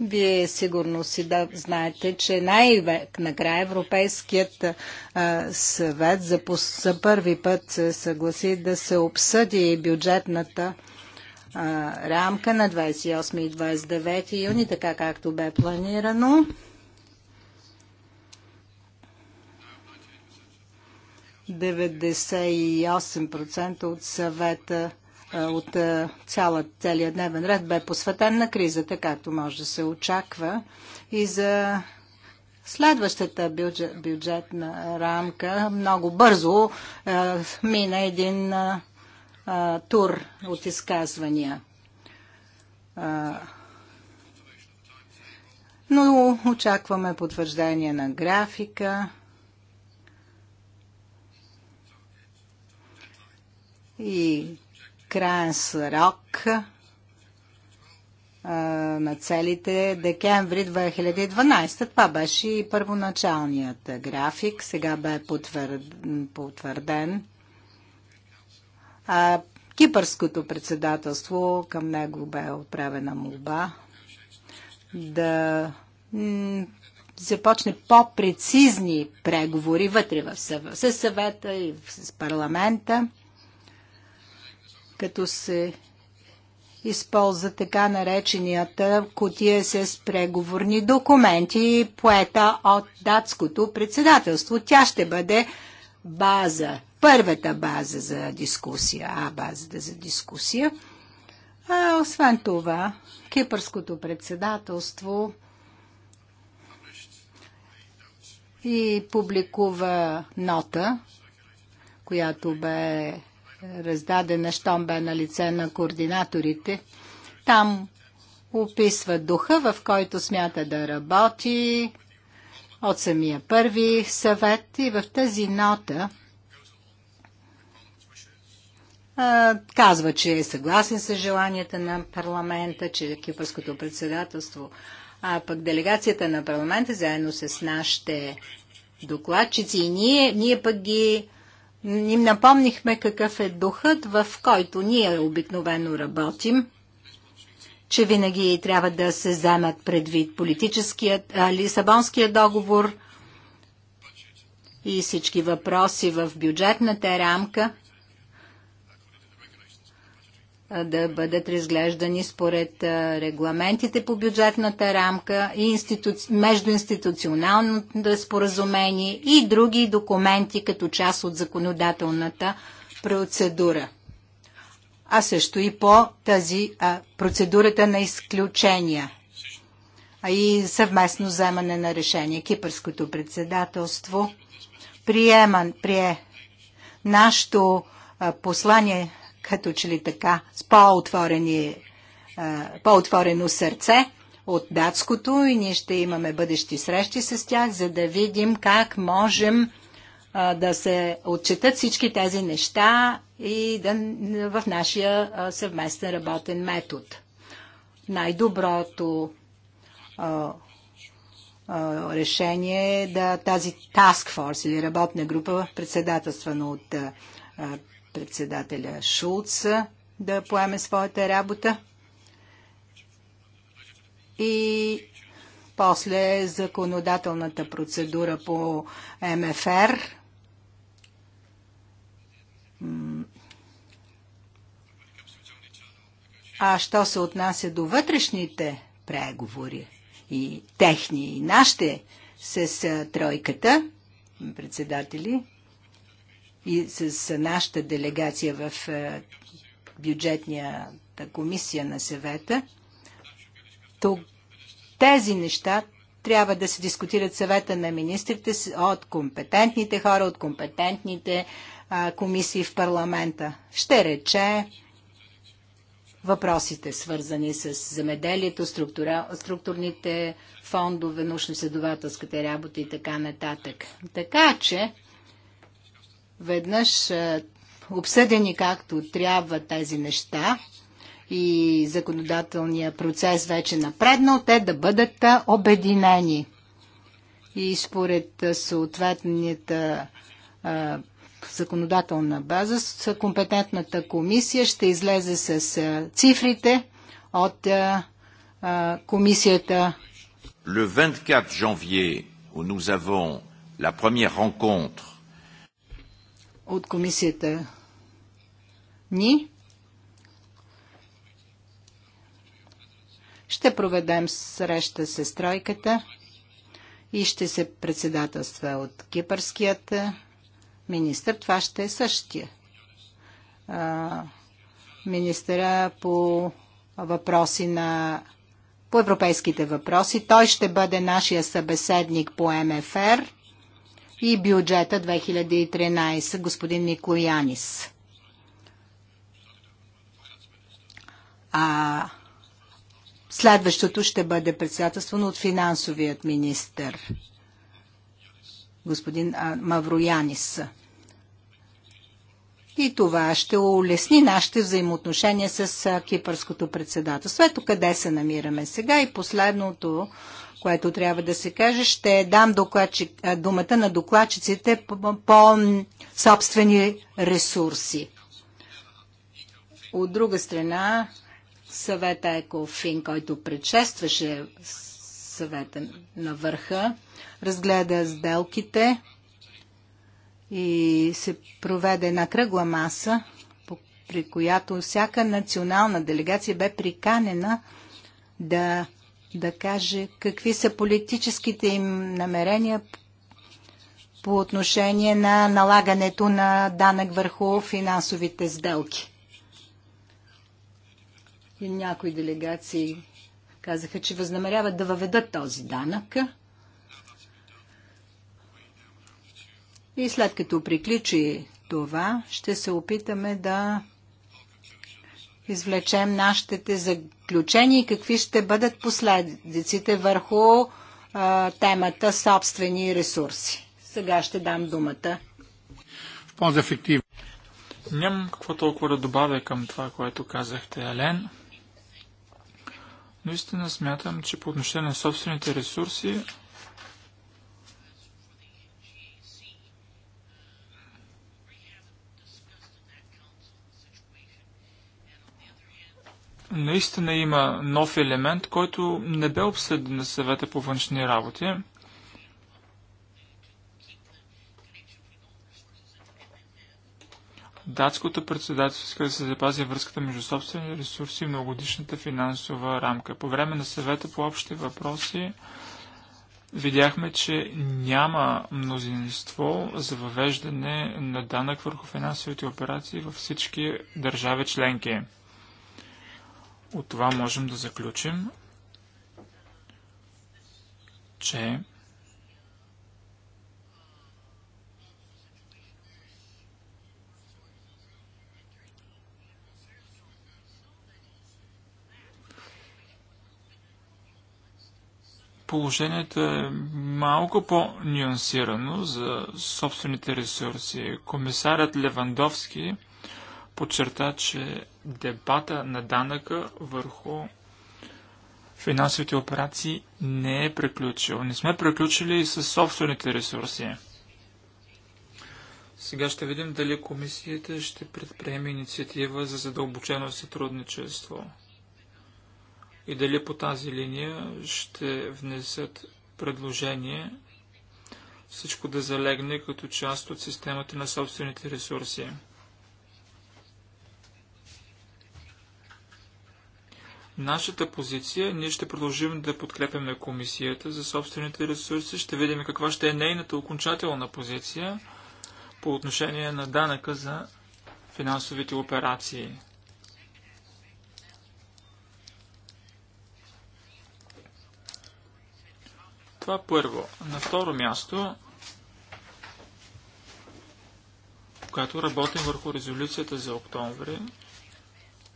вие сигурно си да знаете, че най-накрая Европейският съвет за, за първи път се съгласи да се обсъди бюджетната а, рамка на 28 и 29 юни, така както бе планирано. процента от съвета от цяла, целият дневен ред бе посветен на кризата, както може да се очаква. И за следващата бюджет, бюджетна рамка много бързо е, мина един е, тур от изказвания. но очакваме потвърждение на графика. И краен срок на целите декември 2012. Това беше и първоначалният график. Сега бе потвърден, потвърден а, кипърското председателство, към него бе отправена молба да започне по-прецизни преговори вътре в съв... с съвета и с парламента, като се използва така нареченията котия с преговорни документи, поета от датското председателство. Тя ще бъде база първата база за дискусия, а базата за дискусия. А, освен това, кипърското председателство и публикува нота, която бе раздадена, щом бе на лице на координаторите. Там описва духа, в който смята да работи от самия първи съвет и в тази нота казва, че е съгласен с желанията на парламента, че е кипърското председателство, а пък делегацията на парламента заедно с нашите докладчици и ние, ние пък ги им напомнихме какъв е духът, в който ние обикновено работим, че винаги трябва да се вземат предвид политическият, а, Лисабонския договор и всички въпроси в бюджетната рамка – да бъдат разглеждани според регламентите по бюджетната рамка и институ... междуинституционалното споразумение и други документи като част от законодателната процедура. А също и по тази а, процедурата на изключения а и съвместно вземане на решение. Кипърското председателство приема, прие нашето послание като че ли така с по-отворени, е, по-отворено сърце от датското и ние ще имаме бъдещи срещи с тях, за да видим как можем да се отчетат всички тези неща и да, в нашия съвместен работен метод. Най-доброто решение е да тази task force или работна група, председателствана от председателя Шулц да поеме своята работа и после законодателната процедура по МФР. А що се отнася до вътрешните преговори и техни и нашите с тройката председатели, и с нашата делегация в е, бюджетната комисия на съвета, то тези неща трябва да се дискутират съвета на министрите от компетентните хора, от компетентните комисии в парламента. Ще рече въпросите, свързани с земеделието, структура, структурните фондове, научно-следователската работа и така нататък. Така че, веднъж обсъдени както трябва тези неща и законодателния процес вече напреднал, те да бъдат обединени. И според съответната законодателна база, компетентната комисия ще излезе с цифрите от комисията. Le 24 janvier, nous avons la première rencontre от комисията ни ще проведем среща с тройката и ще се председателства от кипърският министр. Това ще е същия. А, министъра по въпроси на по европейските въпроси. Той ще бъде нашия събеседник по МФР и бюджета 2013, господин Никоянис. А следващото ще бъде председателствано от финансовият министр, господин Мавроянис. И това ще улесни нашите взаимоотношения с кипърското председателство. Ето къде се намираме сега и последното което трябва да се каже. Ще дам докладчик, думата на докладчиците по, по собствени ресурси. От друга страна, съвета Екофин, който предшестваше съвета на върха, разгледа сделките и се проведе една кръгла маса, при която всяка национална делегация бе приканена да да каже какви са политическите им намерения по отношение на налагането на данък върху финансовите сделки. И някои делегации казаха, че възнамеряват да въведат този данък. И след като приключи това, ще се опитаме да извлечем нашите заключения изключение и какви ще бъдат последиците върху а, темата собствени ресурси. Сега ще дам думата. В ефективно Нямам какво толкова да добавя към това, което казахте, Ален. Наистина смятам, че по отношение на собствените ресурси наистина има нов елемент, който не бе обсъден на съвета по външни работи. Датското председателство иска да се запази връзката между собствени ресурси и многогодишната финансова рамка. По време на съвета по общи въпроси видяхме, че няма мнозинство за въвеждане на данък върху финансовите операции във всички държави членки. От това можем да заключим, че положението е малко по-нюансирано за собствените ресурси. Комисарят Левандовски подчерта, че дебата на данъка върху финансовите операции не е приключил. Не сме приключили и със собствените ресурси. Сега ще видим дали комисията ще предприеме инициатива за задълбочено сътрудничество и дали по тази линия ще внесат предложение всичко да залегне като част от системата на собствените ресурси. Нашата позиция, ние ще продължим да подкрепяме комисията за собствените ресурси, ще видим каква ще е нейната окончателна позиция по отношение на данъка за финансовите операции. Това първо. На второ място, когато работим върху резолюцията за октомври,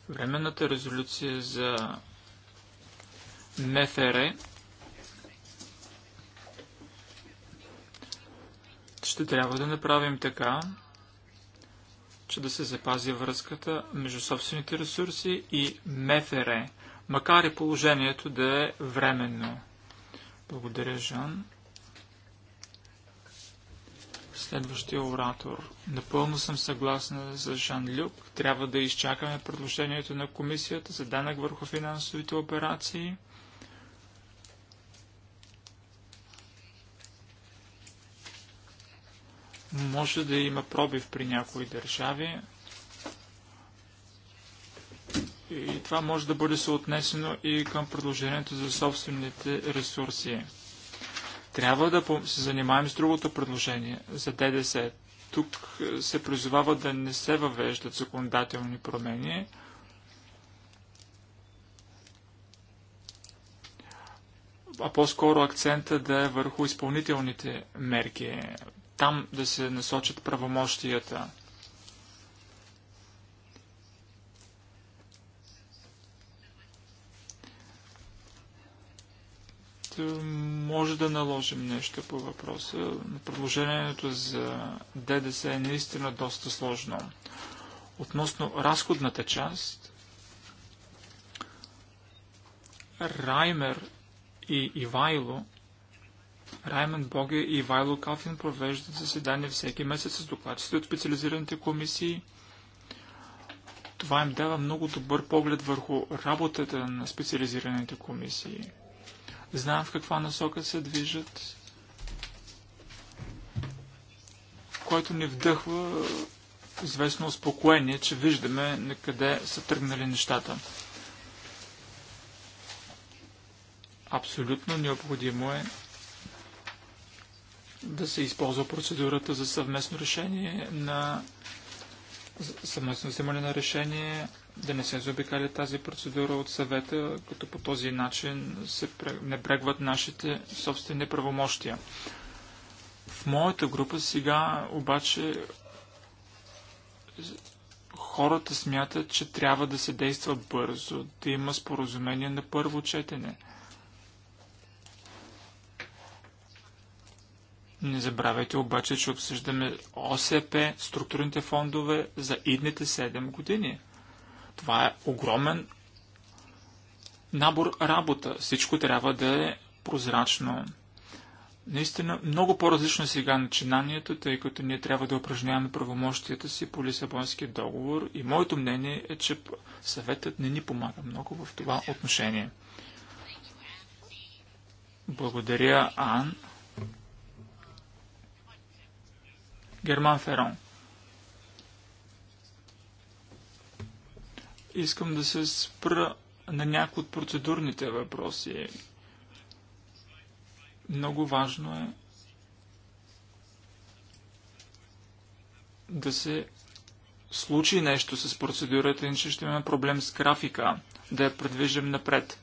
Временната резолюция за МФР ще трябва да направим така, че да се запази връзката между собствените ресурси и МФР, макар и положението да е временно. Благодаря, Жан. Следващия оратор. Напълно съм съгласна с Жан Люк. Трябва да изчакаме предложението на комисията за данък върху финансовите операции. Може да има пробив при някои държави. И това може да бъде съотнесено и към предложението за собствените ресурси. Трябва да се занимаем с другото предложение за ДДС. Тук е, се призовава да не се въвеждат законодателни промени. а по-скоро акцента да е върху изпълнителните мерки. Там да се насочат правомощията. може да наложим нещо по въпроса. Предложението за ДДС е наистина доста сложно. Относно разходната част, Раймер и Ивайло, Раймен Боге и Ивайло Калфин провеждат заседания всеки месец с докладчите от специализираните комисии. Това им дава много добър поглед върху работата на специализираните комисии – знаем в каква насока се движат, което ни вдъхва известно успокоение, че виждаме на къде са тръгнали нещата. Абсолютно необходимо е да се използва процедурата за съвместно решение на съвместно вземане на решение да не се заобикаля тази процедура от съвета, като по този начин се небрегват нашите собствени правомощия. В моята група сега обаче хората смятат, че трябва да се действа бързо, да има споразумение на първо четене. Не забравяйте обаче, че обсъждаме ОСП, структурните фондове за идните 7 години – това е огромен набор работа. Всичко трябва да е прозрачно. Наистина, много по-различно е сега начинанието, тъй като ние трябва да упражняваме правомощията си по Лисабонския договор и моето мнение е, че съветът не ни помага много в това отношение. Благодаря, Ан. Герман Ферон. Искам да се спра на някои от процедурните въпроси. Много важно е да се случи нещо с процедурата, иначе ще имаме проблем с графика, да я предвижим напред.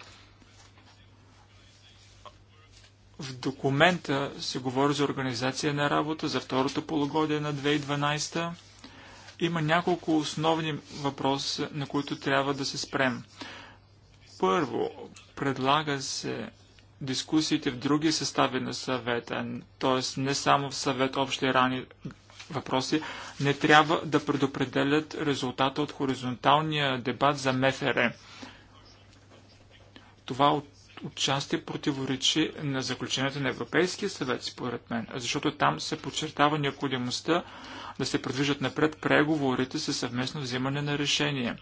В документа се говори за организация на работа за второто полугодие на 2012 има няколко основни въпроса, на които трябва да се спрем. Първо, предлага се дискусиите в други състави на съвета, т.е. не само в съвет общи рани въпроси, не трябва да предопределят резултата от хоризонталния дебат за МФР. Това от отчасти противоречи на заключението на Европейския съвет, според мен, защото там се подчертава необходимостта да се предвижат напред преговорите със съвместно взимане на решение.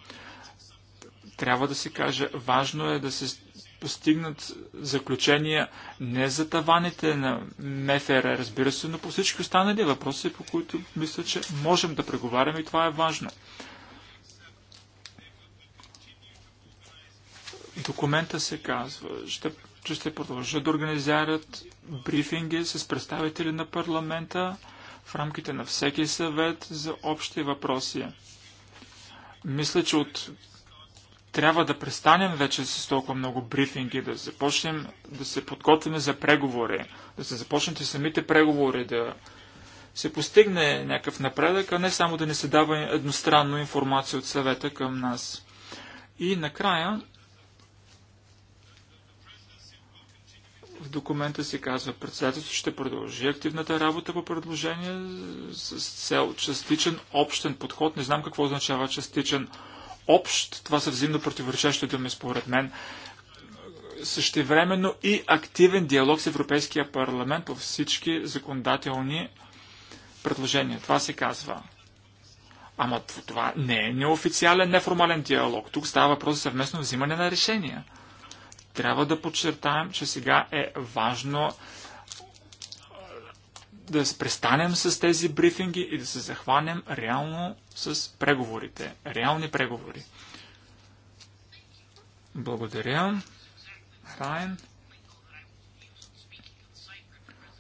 Трябва да се каже, важно е да се постигнат заключения не за таваните на МФР, разбира се, но по всички останали въпроси, по които мисля, че можем да преговаряме и това е важно. документа се казва, ще, че ще продължат да организират брифинги с представители на парламента, в рамките на всеки съвет за общи въпроси. Мисля, че от... трябва да престанем вече с толкова много брифинги, да започнем да се подготвим за преговори, да се започнете самите преговори, да се постигне някакъв напредък, а не само да не се дава едностранно информация от съвета към нас. И накрая В документа си казва, председателството ще продължи активната работа по предложение с цел частичен общен подход. Не знам какво означава частичен общ. Това са взаимно противоречащи думи според мен. Същевременно и активен диалог с Европейския парламент по всички законодателни предложения. Това се казва. Ама това не е неофициален, неформален диалог. Тук става въпрос за съвместно взимане на решения. Трябва да подчертаем, че сега е важно да се престанем с тези брифинги и да се захванем реално с преговорите. Реални преговори. Благодаря. Райан.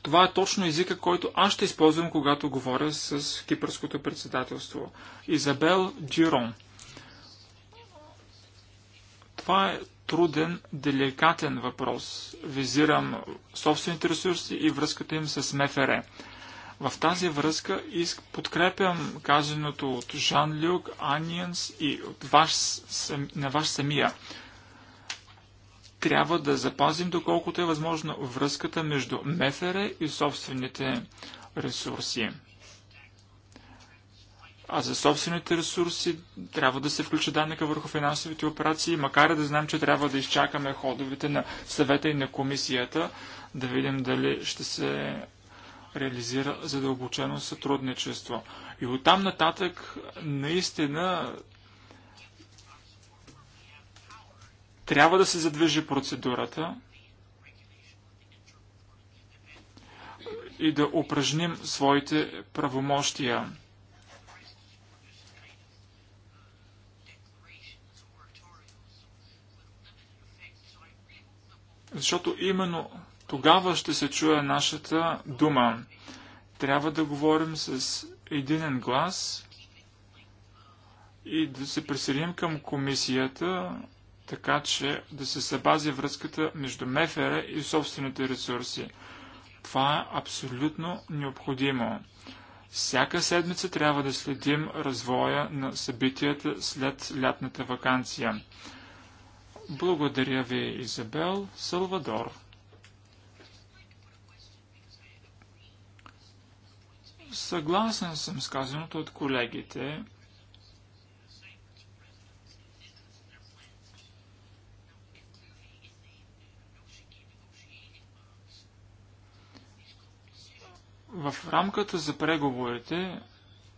Това е точно езика, който аз ще използвам, когато говоря с кипърското председателство. Изабел Джирон. Това е труден, деликатен въпрос. Визирам собствените ресурси и връзката им с МФР. В тази връзка подкрепям казаното от Жан Люк, Аниенс и от ваш, на ваш самия. Трябва да запазим доколкото е възможно връзката между МФР и собствените ресурси. А за собствените ресурси трябва да се включи данъка върху финансовите операции, макар да знаем, че трябва да изчакаме ходовете на съвета и на комисията, да видим дали ще се реализира задълбочено сътрудничество. И оттам нататък наистина трябва да се задвижи процедурата и да упражним своите правомощия. Защото именно тогава ще се чуе нашата дума. Трябва да говорим с единен глас и да се присъединим към комисията, така че да се събази връзката между Мефера и собствените ресурси. Това е абсолютно необходимо. Всяка седмица трябва да следим развоя на събитията след лятната вакансия. Благодаря ви, Изабел. Салвадор. Съгласен съм с казаното от колегите. В рамката за преговорите,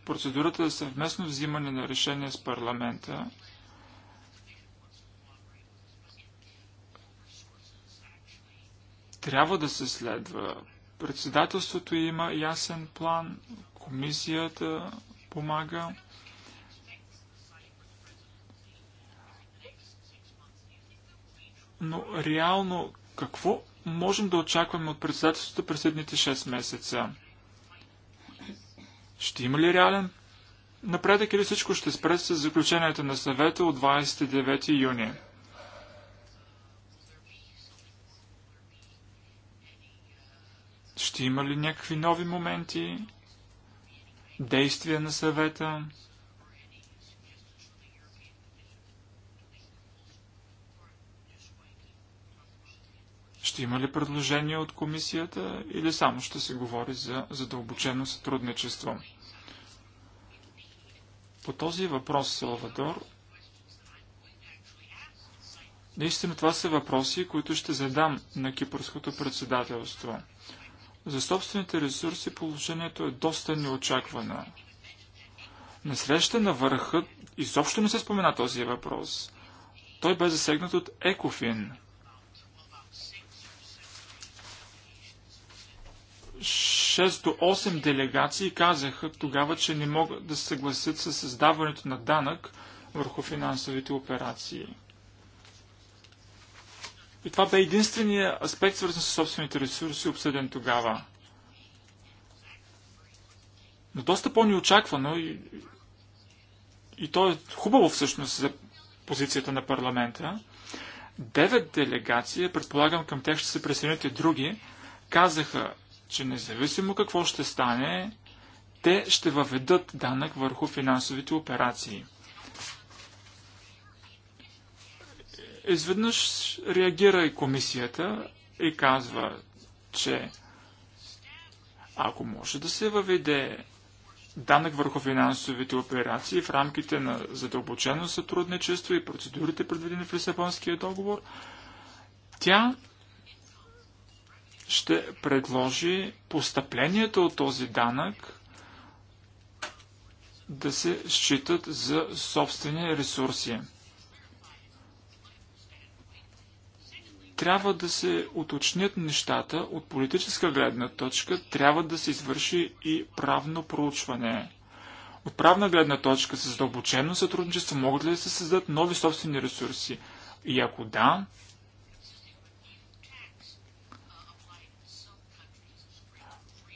процедурата за съвместно взимане на решение с парламента трябва да се следва. Председателството има ясен план, комисията помага. Но реално какво можем да очакваме от председателството през следните 6 месеца? Ще има ли реален напредък или всичко ще спре с заключението на съвета от 29 юни? Ще има ли някакви нови моменти, действия на съвета? Ще има ли предложение от комисията или само ще се говори за задълбочено сътрудничество? По този въпрос, Салвадор, наистина това са въпроси, които ще задам на кипърското председателство. За собствените ресурси положението е доста неочаквано. На среща на върха изобщо не се спомена този въпрос. Той бе засегнат от Екофин. 6 до 8 делегации казаха тогава, че не могат да се съгласят с създаването на данък върху финансовите операции. И това бе единствения аспект, свързан с собствените ресурси, обсъден тогава. Но доста по-неочаквано и, и то е хубаво всъщност за позицията на парламента. Девет делегации, предполагам към тях ще се присъединят и други, казаха, че независимо какво ще стане, те ще въведат данък върху финансовите операции – Изведнъж реагира и комисията и казва, че ако може да се въведе данък върху финансовите операции в рамките на задълбочено сътрудничество и процедурите, предвидени в Лисабонския договор, тя ще предложи постъплението от този данък да се считат за собствени ресурси. трябва да се уточнят нещата от политическа гледна точка, трябва да се извърши и правно проучване. От правна гледна точка с дълбочено сътрудничество могат ли да се създадат нови собствени ресурси? И ако да,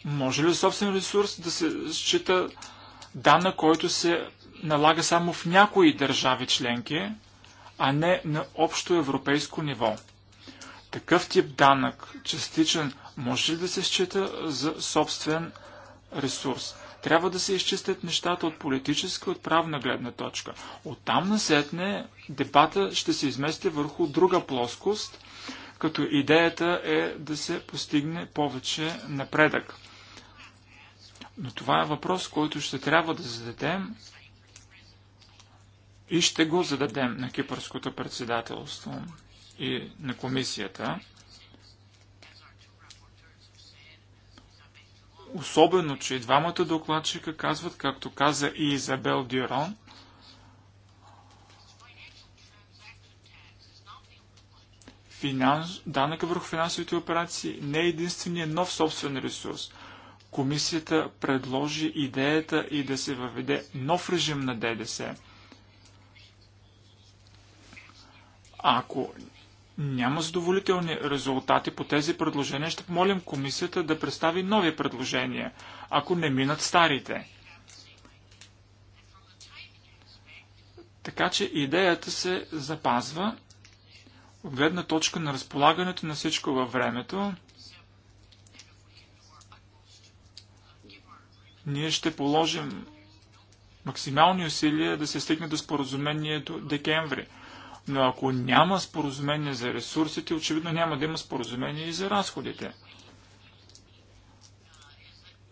може ли собствен ресурс да се счита дана, който се налага само в някои държави членки, а не на общо европейско ниво? такъв тип данък, частичен, може ли да се счита за собствен ресурс? Трябва да се изчистят нещата от политическа, от правна гледна точка. От там насетне дебата ще се измести върху друга плоскост, като идеята е да се постигне повече напредък. Но това е въпрос, който ще трябва да зададем и ще го зададем на кипърското председателство и на комисията. Особено, че и двамата докладчика казват, както каза и Изабел Дюрон, финанс... данъка върху финансовите операции не е единствения нов собствен ресурс. Комисията предложи идеята и да се въведе нов режим на ДДС. Ако няма задоволителни резултати по тези предложения, ще помолим комисията да представи нови предложения, ако не минат старите. Така че идеята се запазва от гледна точка на разполагането на всичко във времето. Ние ще положим максимални усилия да се стигне до споразумението декември. Но ако няма споразумение за ресурсите, очевидно няма да има споразумение и за разходите.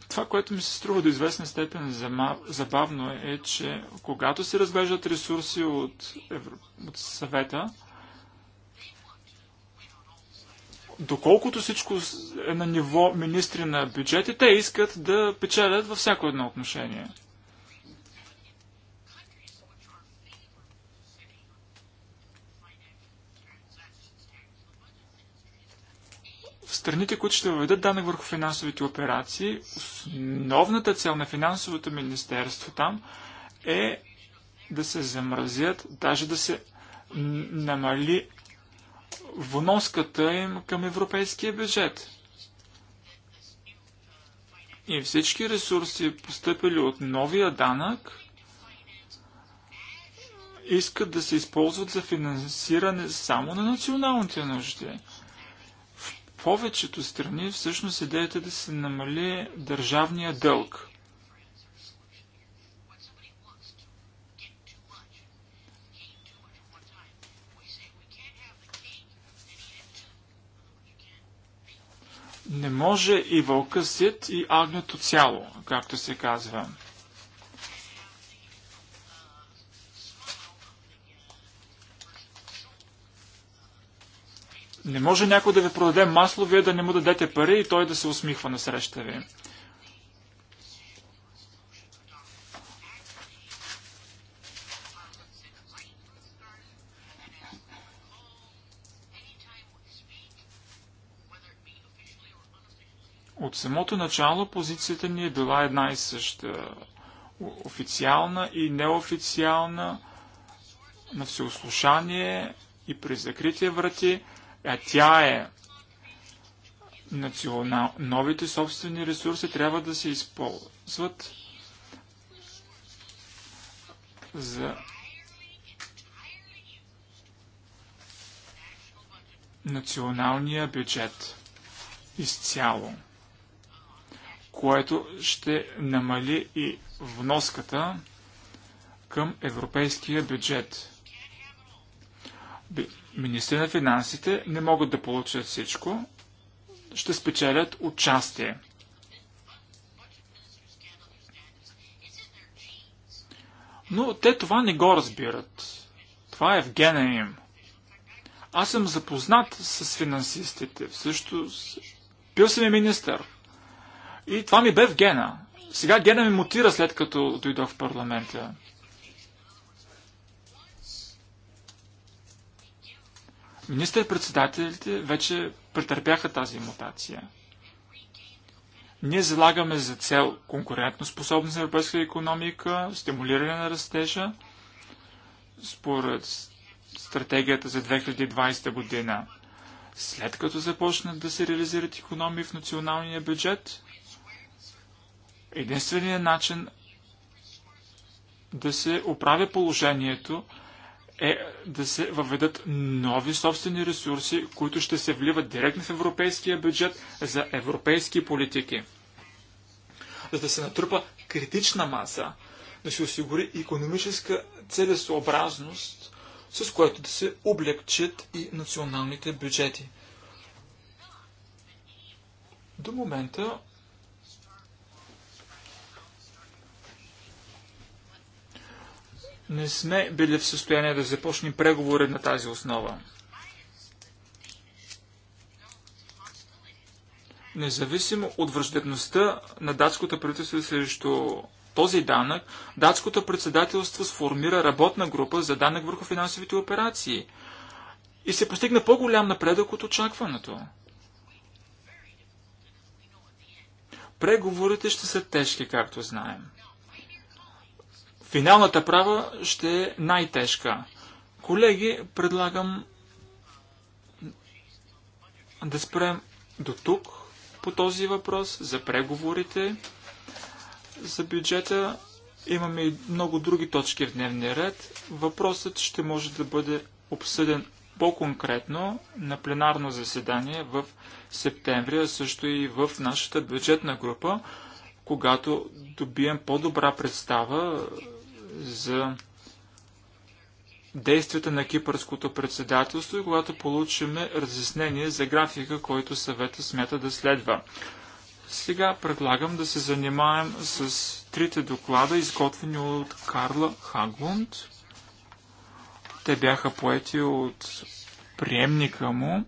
Това, което ми се струва до известна степен забавно е, че когато се разглеждат ресурси от, Евро... от съвета, доколкото всичко е на ниво министри на бюджети, те искат да печелят във всяко едно отношение – Страните, които ще въведат данък върху финансовите операции, основната цел на финансовото министерство там е да се замразят, даже да се намали вноската им към европейския бюджет. И всички ресурси, постъпили от новия данък, искат да се използват за финансиране само на националните нужди повечето страни всъщност идеята да се намали държавния дълг. Не може и вълка сит, и агнето цяло, както се казва. Не може някой да ви продаде масло, вие да не му дадете пари и той да се усмихва на среща ви. От самото начало позицията ни е била една и съща. Официална и неофициална, на всеослушание и при закрития врати. А тя е национал... новите собствени ресурси трябва да се използват за националния бюджет изцяло, което ще намали и вноската към европейския бюджет. Министри на финансите не могат да получат всичко, ще спечелят участие. Но те това не го разбират. Това е в гена им. Аз съм запознат с финансистите. Също бил съм и министър. И това ми бе в гена. Сега гена ми мутира след като дойдох в парламента. Министър-председателите вече претърпяха тази мутация. Ние залагаме за цел конкурентно способност на европейска економика, стимулиране на растежа, според стратегията за 2020 година. След като започнат да се реализират економии в националния бюджет, единственият начин да се оправя положението е да се въведат нови собствени ресурси, които ще се вливат директно в европейския бюджет за европейски политики. За да се натрупа критична маса, да се осигури економическа целесообразност, с което да се облегчат и националните бюджети. До момента не сме били в състояние да започнем преговори на тази основа. Независимо от връждебността на датското правителство срещу този данък, датското председателство сформира работна група за данък върху финансовите операции и се постигна по-голям напредък от очакването. Преговорите ще са тежки, както знаем. Финалната права ще е най-тежка. Колеги, предлагам да спрем до тук по този въпрос за преговорите за бюджета. Имаме и много други точки в дневния ред. Въпросът ще може да бъде обсъден по-конкретно на пленарно заседание в септември, а също и в нашата бюджетна група, когато добием по-добра представа за действията на кипърското председателство и когато получим разяснение за графика, който съвета смята да следва. Сега предлагам да се занимаем с трите доклада, изготвени от Карла Хаглунд. Те бяха поети от приемника му.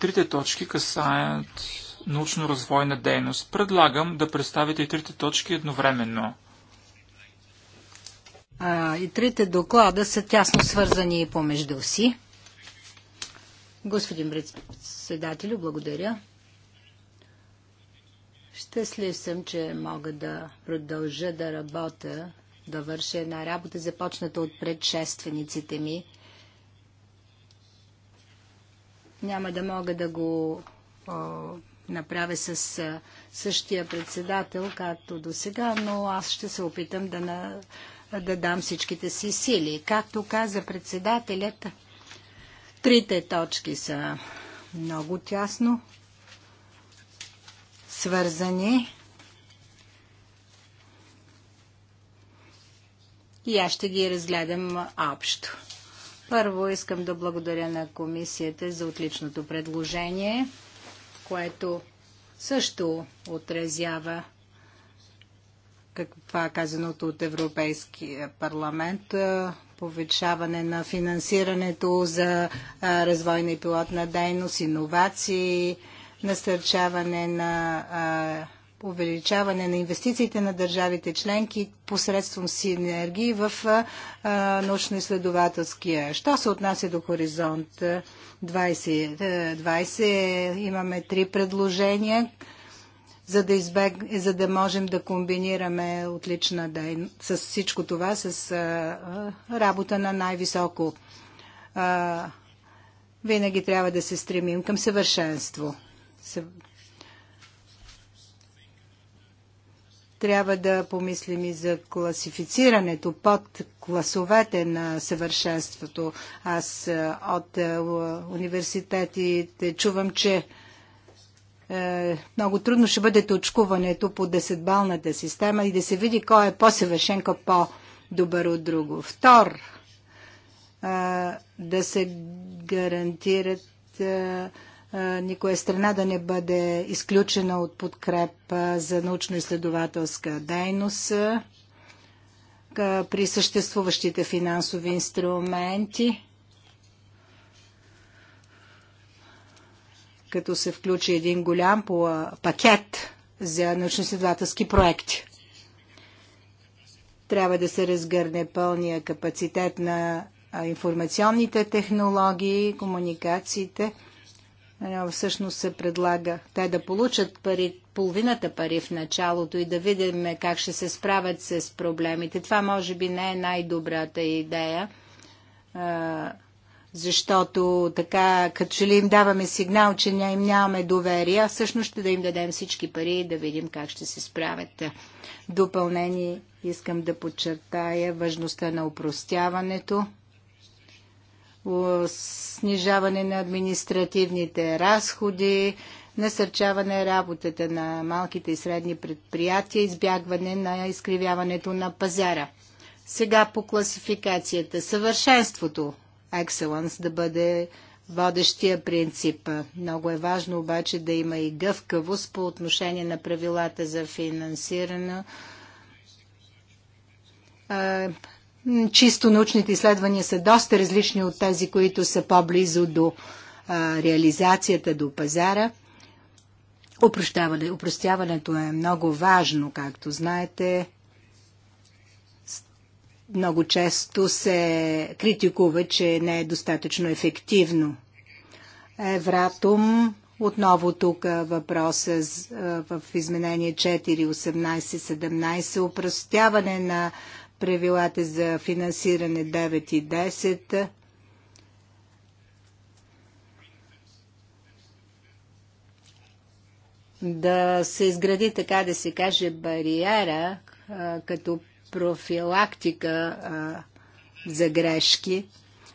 Трите точки касаят научно-развойна дейност. Предлагам да представите и трите точки едновременно. А, и трите доклада са тясно свързани и помежду си. Господин председателю, благодаря. Щастлив съм, че мога да продължа да работя, да върша една работа, започната от предшествениците ми. Няма да мога да го направя с същия председател, както до сега, но аз ще се опитам да, на, да дам всичките си сили. Както каза председателят, трите точки са много тясно свързани. И аз ще ги разгледам общо. Първо искам да благодаря на комисията за отличното предложение което също отразява каква е казаното от Европейския парламент повечаване на финансирането за развойна и пилотна дейност, иновации, насърчаване на увеличаване на инвестициите на държавите членки посредством синергии в научно-изследователския. Що се отнася до хоризонт 2020? имаме три предложения, за да, избег, за да можем да комбинираме отлична дейност с всичко това, с а, работа на най-високо. винаги трябва да се стремим към съвършенство трябва да помислим и за класифицирането под класовете на съвършенството. Аз е, от е, университетите чувам, че е, много трудно ще бъде точкуването по десетбалната система и да се види кой е по-съвършен, кой по-добър от друго. Втор, да се гарантират никоя страна да не бъде изключена от подкрепа за научно-изследователска дейност при съществуващите финансови инструменти, като се включи един голям пакет за научно-изследователски проекти. Трябва да се разгърне пълния капацитет на информационните технологии, комуникациите – е, всъщност се предлага те да получат пари, половината пари в началото и да видим как ще се справят с проблемите. Това може би не е най-добрата идея, е, защото така, като ли им даваме сигнал, че ня им нямаме доверие, всъщност ще да им дадем всички пари и да видим как ще се справят. Допълнение искам да подчертая важността на упростяването снижаване на административните разходи, насърчаване работата на малките и средни предприятия, избягване на изкривяването на пазара. Сега по класификацията. Съвършенството, excellence, да бъде водещия принцип. Много е важно обаче да има и гъвкавост по отношение на правилата за финансиране Чисто научните изследвания са доста различни от тези, които са по-близо до а, реализацията, до пазара. Упрощаване, упростяването е много важно, както знаете. Много често се критикува, че не е достатъчно ефективно. Евратум, отново тук въпроса в изменение 4, 18, 17, упростяване на правилата за финансиране 9 и 10. Да се изгради, така да се каже, бариера а, като профилактика а, за грешки,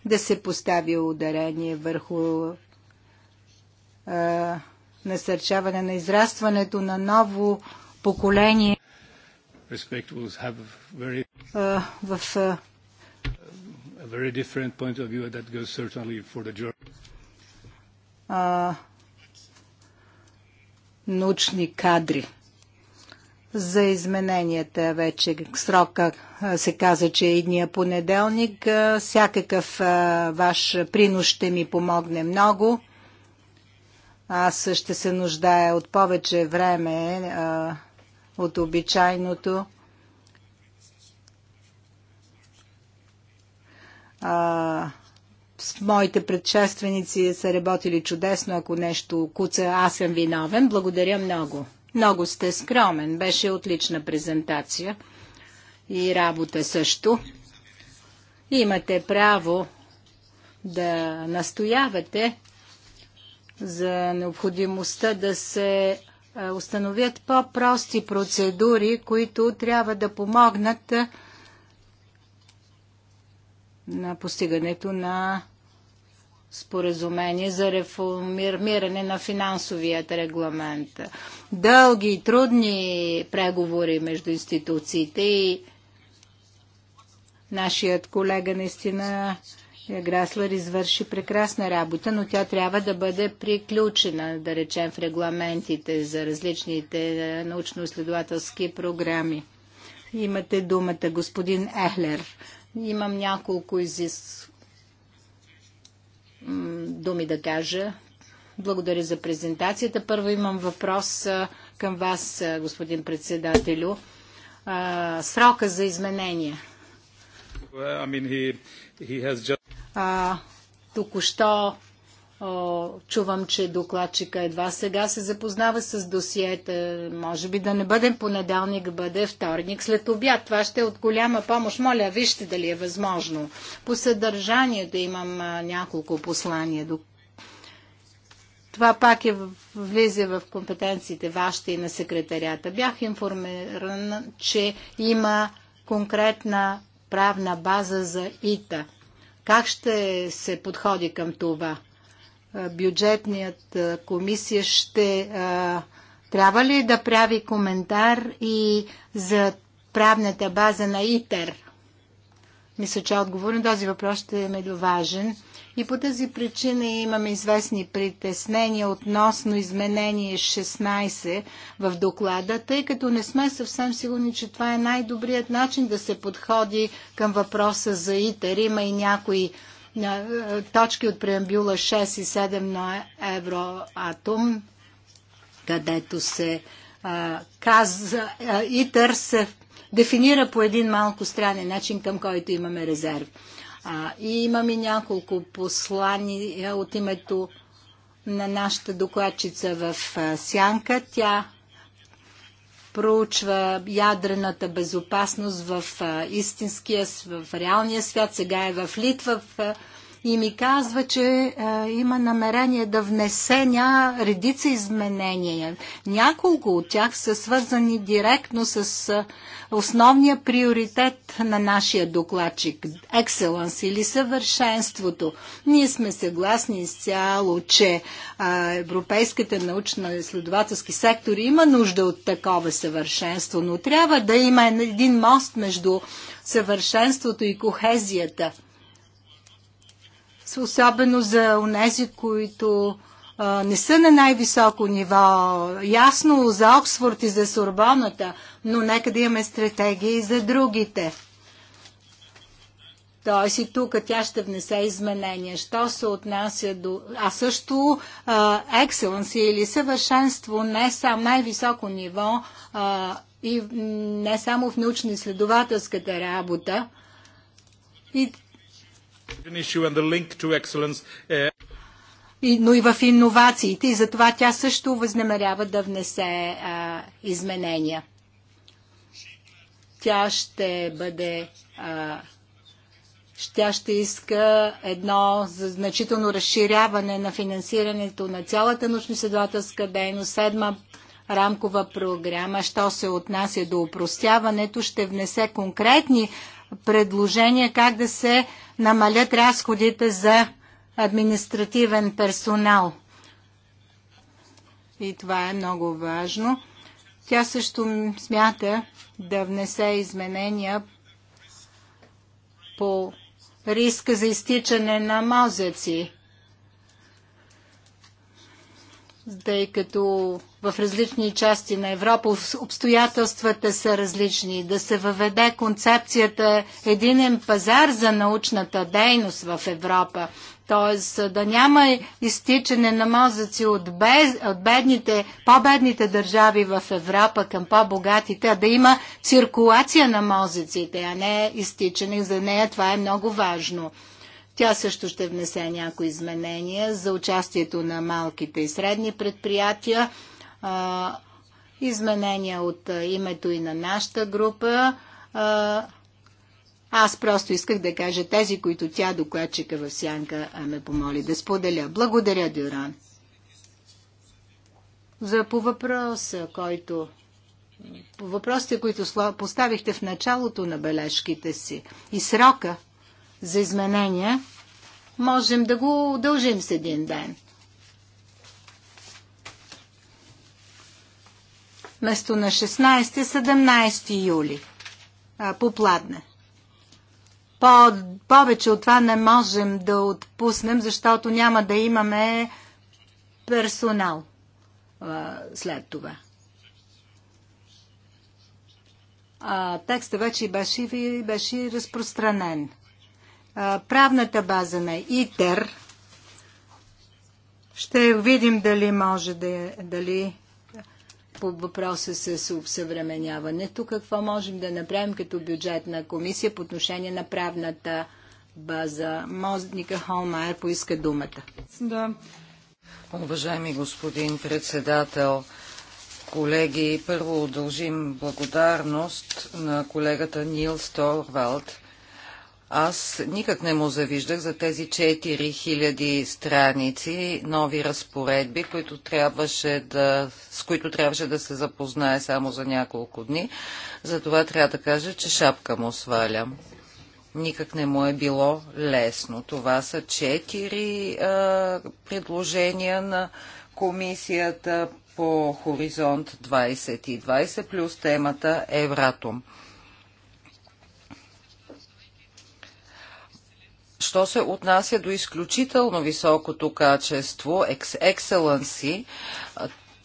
да се постави ударение върху а, насърчаване на израстването на ново поколение в научни кадри. За измененията вече срока се каза, че е едния понеделник. Всякакъв ваш принос ще ми помогне много. Аз ще се нуждая от повече време от обичайното а, моите предшественици са работили чудесно, ако нещо куца, аз съм виновен. Благодаря много. Много сте скромен. Беше отлична презентация и работа също. Имате право да настоявате за необходимостта да се установят по-прости процедури, които трябва да помогнат на постигането на споразумение за реформиране на финансовият регламент. Дълги и трудни преговори между институциите и нашият колега наистина е, Граслер извърши прекрасна работа, но тя трябва да бъде приключена, да речем, в регламентите за различните е, научно-изследователски програми. Имате думата, господин Ехлер. Имам няколко изис... думи да кажа. Благодаря за презентацията. Първо имам въпрос към вас, господин председателю. Срока за изменение. Well, I mean, he, he just... Току-що чувам, че докладчика едва сега се запознава с досиета. Може би да не бъде понеделник, бъде вторник след обяд. Това ще е от голяма помощ. Моля, вижте дали е възможно. По съдържанието имам няколко послания. Това пак е влиза в компетенциите вашите и на секретарията. Бях информиран, че има конкретна правна база за ИТА. Как ще се подходи към това? бюджетният комисия ще трябва ли да прави коментар и за правната база на ИТЕР? Мисля, че отговор на този въпрос ще е медоважен. И по тази причина имаме известни притеснения относно изменение 16 в доклада, тъй като не сме съвсем сигурни, че това е най-добрият начин да се подходи към въпроса за ИТЕР. Има и някои е, точки от преамбюла 6 и 7 на Евроатом, където се а, е, каза, а, е, ИТър се дефинира по един малко странен начин, към който имаме резерв. А, и имаме няколко послани от името на нашата докладчица в Сянка. Тя проучва ядрената безопасност в истинския, в реалния свят. Сега е в Литва, в и ми казва, че а, е, има намерение да внесе ня редица изменения. Няколко от тях са свързани директно с а, е, основния приоритет на нашия докладчик – екселанс или съвършенството. Ние сме съгласни изцяло, че а, е, европейските научно-изследователски сектори има нужда от такова съвършенство, но трябва да има един мост между съвършенството и кохезията – особено за онези, които а, не са на най-високо ниво. Ясно за Оксфорд и за Сорбоната, но нека да имаме стратегии за другите. Тоест и тук тя ще внесе изменения. Що се отнася до... А също екселенси или съвършенство не сам най-високо ниво а, и не само в научно-изследователската работа. И но и в иновациите и затова тя също възнамерява да внесе а, изменения. Тя ще бъде а, тя ще иска едно значително разширяване на финансирането на цялата научно-изследователска дейност, седма рамкова програма, що се отнася до упростяването, ще внесе конкретни предложения как да се намалят разходите за административен персонал. И това е много важно. Тя също смята да внесе изменения по риска за изтичане на мозъци, тъй като в различни части на Европа обстоятелствата са различни, да се въведе концепцията единен пазар за научната дейност в Европа, т.е. да няма изтичане на мозъци от, без, от бедните, по-бедните държави в Европа към по-богатите, а да има циркулация на мозъците, а не изтичане. За нея това е много важно. Тя също ще внесе някои изменения за участието на малките и средни предприятия а, изменения от а, името и на нашата група. А, аз просто исках да кажа тези, които тя, докладчика в сянка, ме помоли да споделя. Благодаря, Дюран. За по въпроса, който... По въпросите, които поставихте в началото на бележките си и срока за изменения, можем да го удължим с един ден. вместо на 16-17 юли а, попладне. По, повече от това не можем да отпуснем, защото няма да имаме персонал а, след това. А, текста вече беше, беше разпространен. А, правната база на ИТЕР ще видим дали може да, дали по въпроса с обсъвременяването, какво можем да направим като бюджетна комисия по отношение на правната база. Мозника Холмайер поиска думата. Да. Уважаеми господин председател, колеги, първо удължим благодарност на колегата Нил Сторвалд аз никак не му завиждах за тези 4000 страници нови разпоредби, които трябваше да, с които трябваше да се запознае само за няколко дни. Затова трябва да кажа, че шапка му свалям. Никак не му е било лесно. Това са 4 е, предложения на комисията по Хоризонт 2020 плюс темата Евратум. Що се отнася до изключително високото качество, excellency,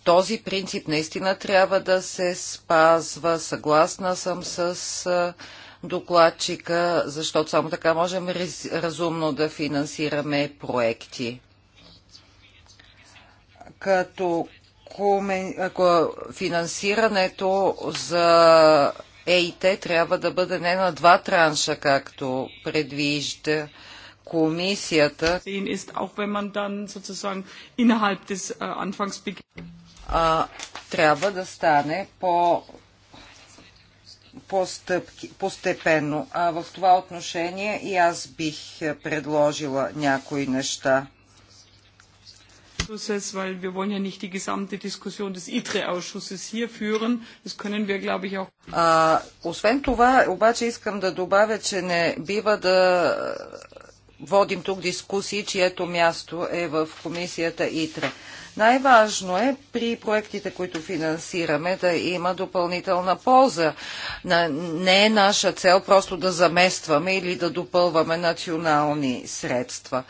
този принцип наистина трябва да се спазва. Съгласна съм с докладчика, защото само така можем разумно да финансираме проекти. Като финансирането за ЕИТ трябва да бъде не на два транша, както предвижда комисията äh, трябва да стане по постепенно. А в това отношение и аз бих е, предложила някои неща. weil wir wollen ja nicht die gesamte Diskussion des ITRE-Ausschusses hier führen. Das können wir, glaube ich, auch. освен това, обаче искам да добавя, че не бива да водим тук дискусии, чието място е в комисията ИТРА. Най-важно е при проектите, които финансираме, да има допълнителна полза. Не е наша цел просто да заместваме или да допълваме национални средства.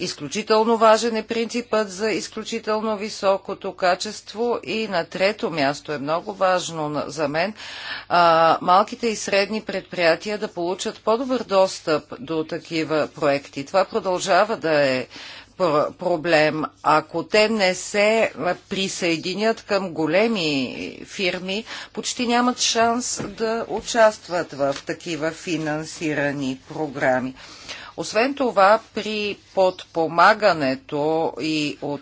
Изключително важен е принципът за изключително високото качество и на трето място е много важно за мен а, малките и средни предприятия да получат по-добър достъп до такива проекти. Това продължава да е проблем. Ако те не се присъединят към големи фирми, почти нямат шанс да участват в такива финансирани програми. Освен това, при подпомагането и от,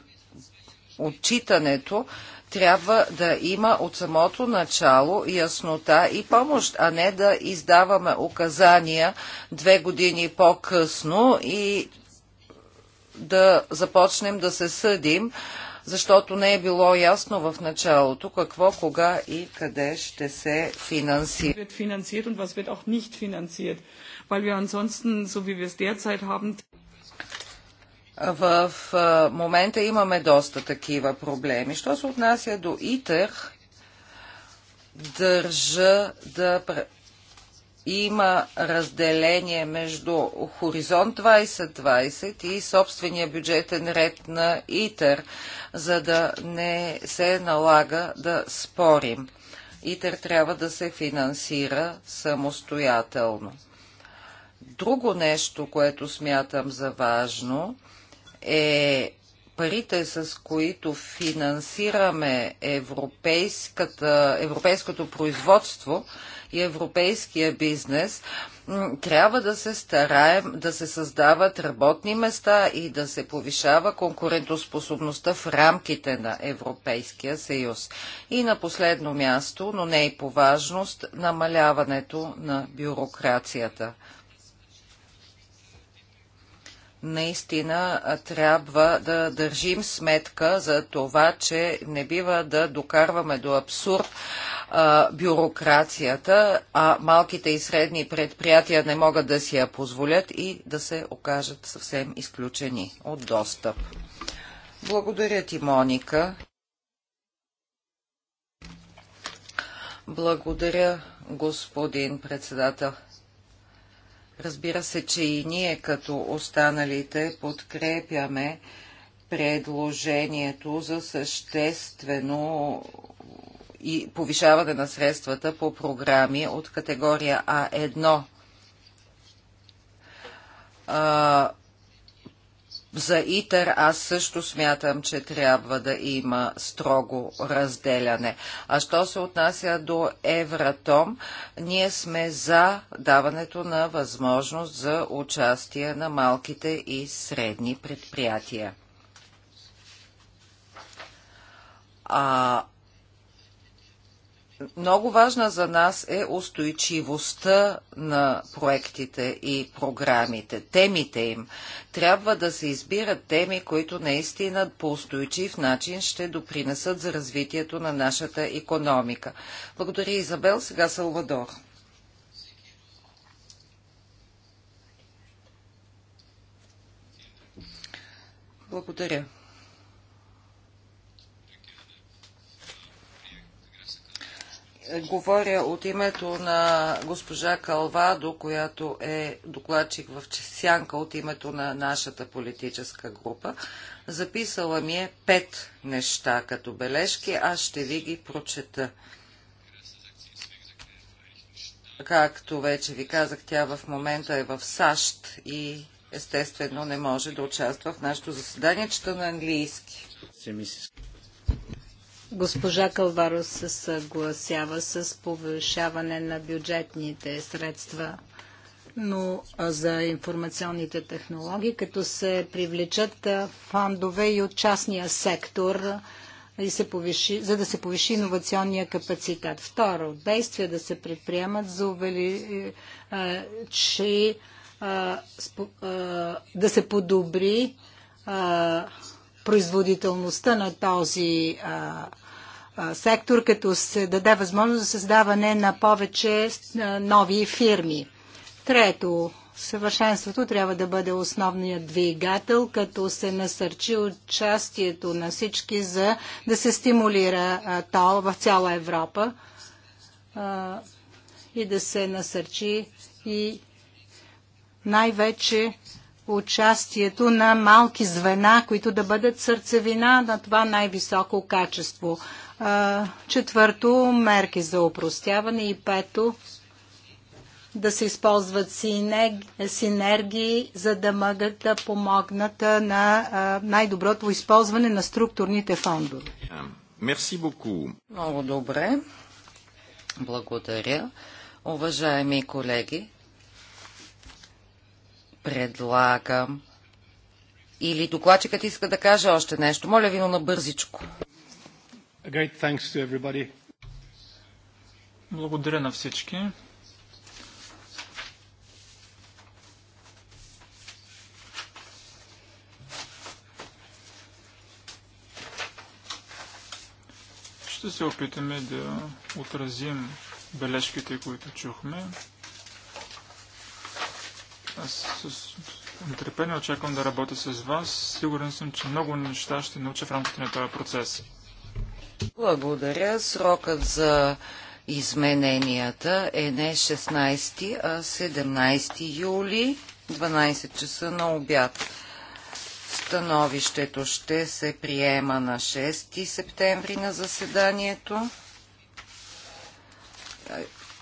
отчитането, трябва да има от самото начало яснота и помощ, а не да издаваме указания две години по-късно и да започнем да се съдим, защото не е било ясно в началото какво, кога и къде ще се финансира weil wir ansonsten, so wie wir es derzeit haben, в момента имаме доста такива проблеми. Що се отнася до ИТЕР, държа да има разделение между Хоризонт 2020 и собствения бюджетен ред на ИТЕР, за да не се налага да спорим. ИТЕР трябва да се финансира самостоятелно. Друго нещо, което смятам за важно, е парите, с които финансираме европейското производство и европейския бизнес, трябва да се стараем да се създават работни места и да се повишава конкурентоспособността в рамките на Европейския съюз. И на последно място, но не и по важност, намаляването на бюрокрацията наистина трябва да държим сметка за това, че не бива да докарваме до абсурд а, бюрокрацията, а малките и средни предприятия не могат да си я позволят и да се окажат съвсем изключени от достъп. Благодаря ти, Моника. Благодаря, господин председател. Разбира се, че и ние като останалите подкрепяме предложението за съществено и повишаване на средствата по програми от категория А1. За ИТЕР аз също смятам, че трябва да има строго разделяне. А що се отнася до Евратом, ние сме за даването на възможност за участие на малките и средни предприятия. А много важна за нас е устойчивостта на проектите и програмите, темите им. Трябва да се избират теми, които наистина по устойчив начин ще допринесат за развитието на нашата економика. Благодаря, Изабел. Сега Салвадор. Благодаря. Говоря от името на госпожа Калвадо, която е докладчик в Сянка от името на нашата политическа група. Записала ми е пет неща като бележки. Аз ще ви ги прочета. Както вече ви казах, тя в момента е в САЩ и естествено не може да участва в нашето заседание, чета на английски. Госпожа Калваро се съгласява с повишаване на бюджетните средства, но за информационните технологии, като се привлечат фондове и от частния сектор, и се повиши, за да се повиши иновационния капацитет. Второ, действия да се предприемат за увели, е, а, че а, спо, а, да се подобри а, производителността на този а, а, сектор, като се даде възможност за създаване на повече а, нови фирми. Трето, съвършенството трябва да бъде основният двигател, като се насърчи участието на всички за да се стимулира а, то в цяла Европа а, и да се насърчи и най-вече участието на малки звена, които да бъдат сърцевина на това най-високо качество. Четвърто, мерки за упростяване и пето, да се използват синергии, за да могат да помогнат на най-доброто използване на структурните фондове. Мерси боку. Много добре. Благодаря. Уважаеми колеги, Предлагам. Или докладчикът иска да каже още нещо. Моля ви, но на бързичко. Благодаря на всички. Ще се опитаме да отразим бележките, които чухме. Аз с нетърпение очаквам да работя с вас. Сигурен съм, че много неща ще науча в рамките на този процес. Благодаря. Срокът за измененията е не 16, а 17 юли, 12 часа на обяд. Становището ще се приема на 6 септември на заседанието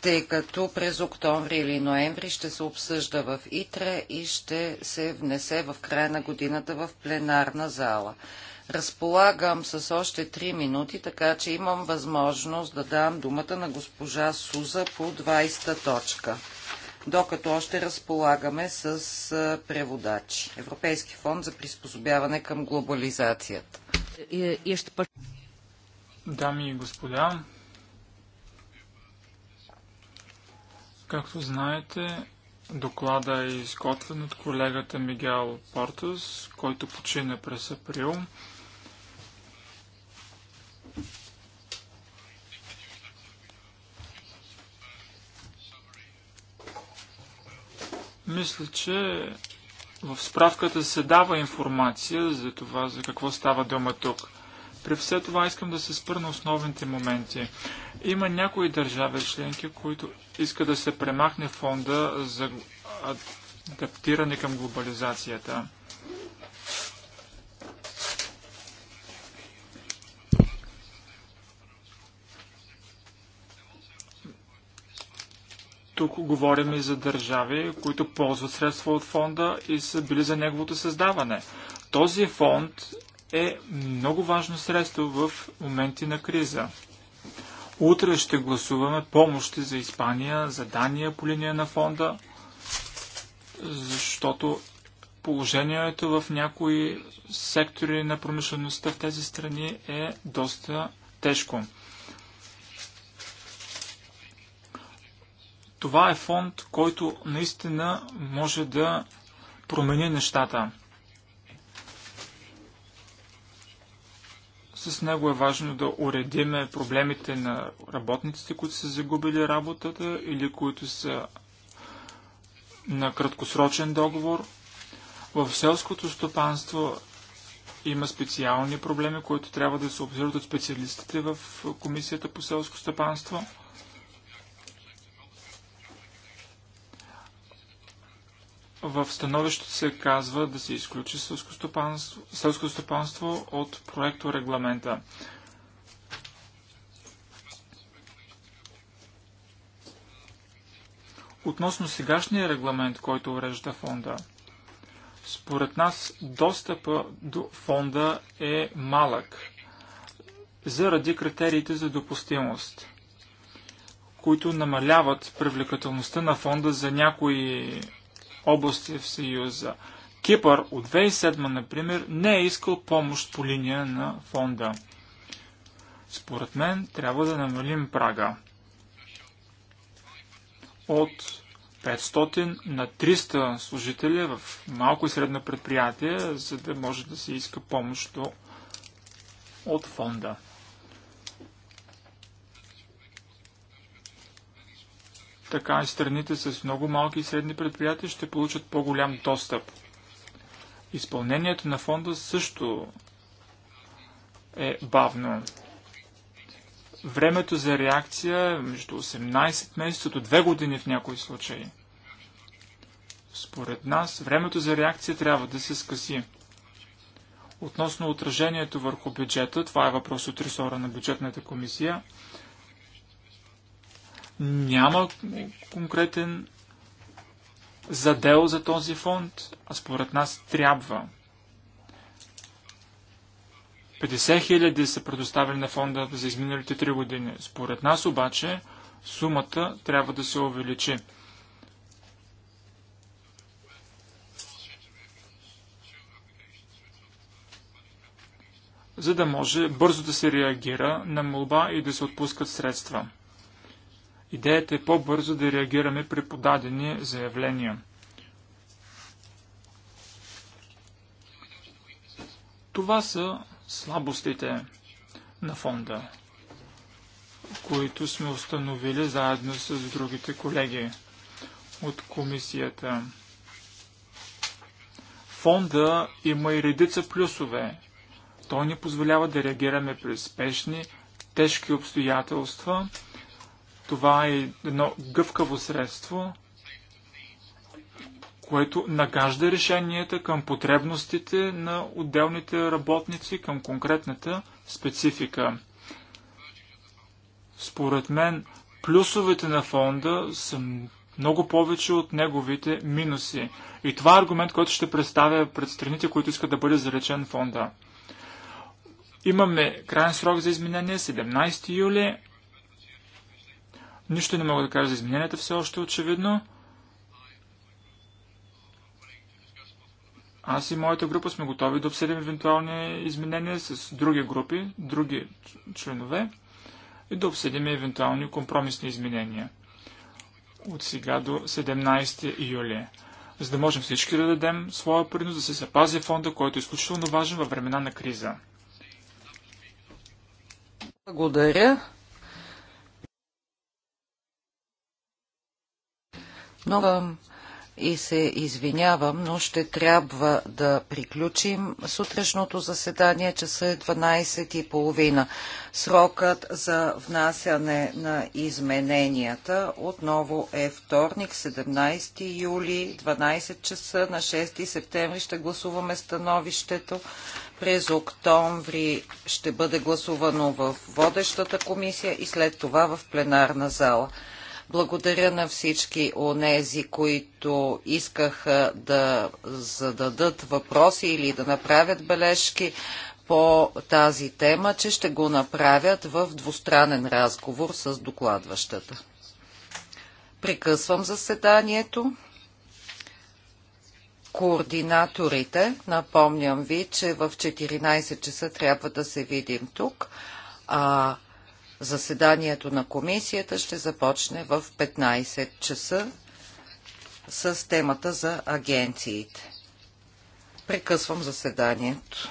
тъй като през октомври или ноември ще се обсъжда в ИТРЕ и ще се внесе в края на годината в пленарна зала. Разполагам с още 3 минути, така че имам възможност да дам думата на госпожа Суза по 20-та точка, докато още разполагаме с преводачи. Европейски фонд за приспособяване към глобализацията. Е, е, е, Дами и господа, Както знаете, доклада е изготвен от колегата Мигел Портос, който почина през април. Мисля, че в справката се дава информация за това, за какво става дума тук. При все това искам да се спра на основните моменти. Има някои държави членки, които искат да се премахне фонда за адаптиране към глобализацията. Тук говорим и за държави, които ползват средства от фонда и са били за неговото създаване. Този фонд е много важно средство в моменти на криза. Утре ще гласуваме помощи за Испания, за Дания по линия на фонда, защото положението в някои сектори на промишлеността в тези страни е доста тежко. Това е фонд, който наистина може да промени нещата. С него е важно да уредиме проблемите на работниците, които са загубили работата или които са на краткосрочен договор. В селското стопанство има специални проблеми, които трябва да се обсъждат от специалистите в Комисията по селско стопанство. В становището се казва да се изключи селско стопанство от проекто регламента. Относно сегашния регламент, който урежда фонда, според нас достъпа до фонда е малък заради критериите за допустимост, които намаляват привлекателността на фонда за някои области в Съюза. Кипър от 2007, например, не е искал помощ по линия на фонда. Според мен трябва да намалим прага от 500 на 300 служители в малко и средно предприятие, за да може да се иска помощ от фонда. така и страните с много малки и средни предприятия ще получат по-голям достъп. Изпълнението на фонда също е бавно. Времето за реакция е между 18 месеца до 2 години в някои случаи. Според нас, времето за реакция трябва да се скъси. Относно отражението върху бюджета, това е въпрос от ресора на бюджетната комисия, няма конкретен задел за този фонд, а според нас трябва. 50 хиляди са предоставени на фонда за изминалите 3 години. Според нас обаче сумата трябва да се увеличи. за да може бързо да се реагира на молба и да се отпускат средства. Идеята е по-бързо да реагираме при подадени заявления. Това са слабостите на фонда, които сме установили заедно с другите колеги от комисията. Фонда има и редица плюсове. Той ни позволява да реагираме при спешни, тежки обстоятелства – това е едно гъвкаво средство, което нагажда решенията към потребностите на отделните работници, към конкретната специфика. Според мен, плюсовете на фонда са много повече от неговите минуси. И това е аргумент, който ще представя пред страните, които искат да бъде заречен фонда. Имаме крайен срок за изменение 17 юли. Нищо не мога да кажа за измененията все още, е очевидно. Аз и моята група сме готови да обсъдим евентуални изменения с други групи, други членове и да обсъдим евентуални компромисни изменения от сега до 17 юли, за да можем всички да дадем своя принос да се запази фонда, който е изключително важен във времена на криза. Благодаря. Много и се извинявам, но ще трябва да приключим сутрешното заседание, часа е 12.30. Срокът за внасяне на измененията отново е вторник, 17 юли, 12 часа. На 6 септември ще гласуваме становището. През октомври ще бъде гласувано в водещата комисия и след това в пленарна зала. Благодаря на всички онези, които искаха да зададат въпроси или да направят бележки по тази тема, че ще го направят в двустранен разговор с докладващата. Прекъсвам заседанието. Координаторите, напомням ви, че в 14 часа трябва да се видим тук. А Заседанието на комисията ще започне в 15 часа с темата за агенциите. Прекъсвам заседанието.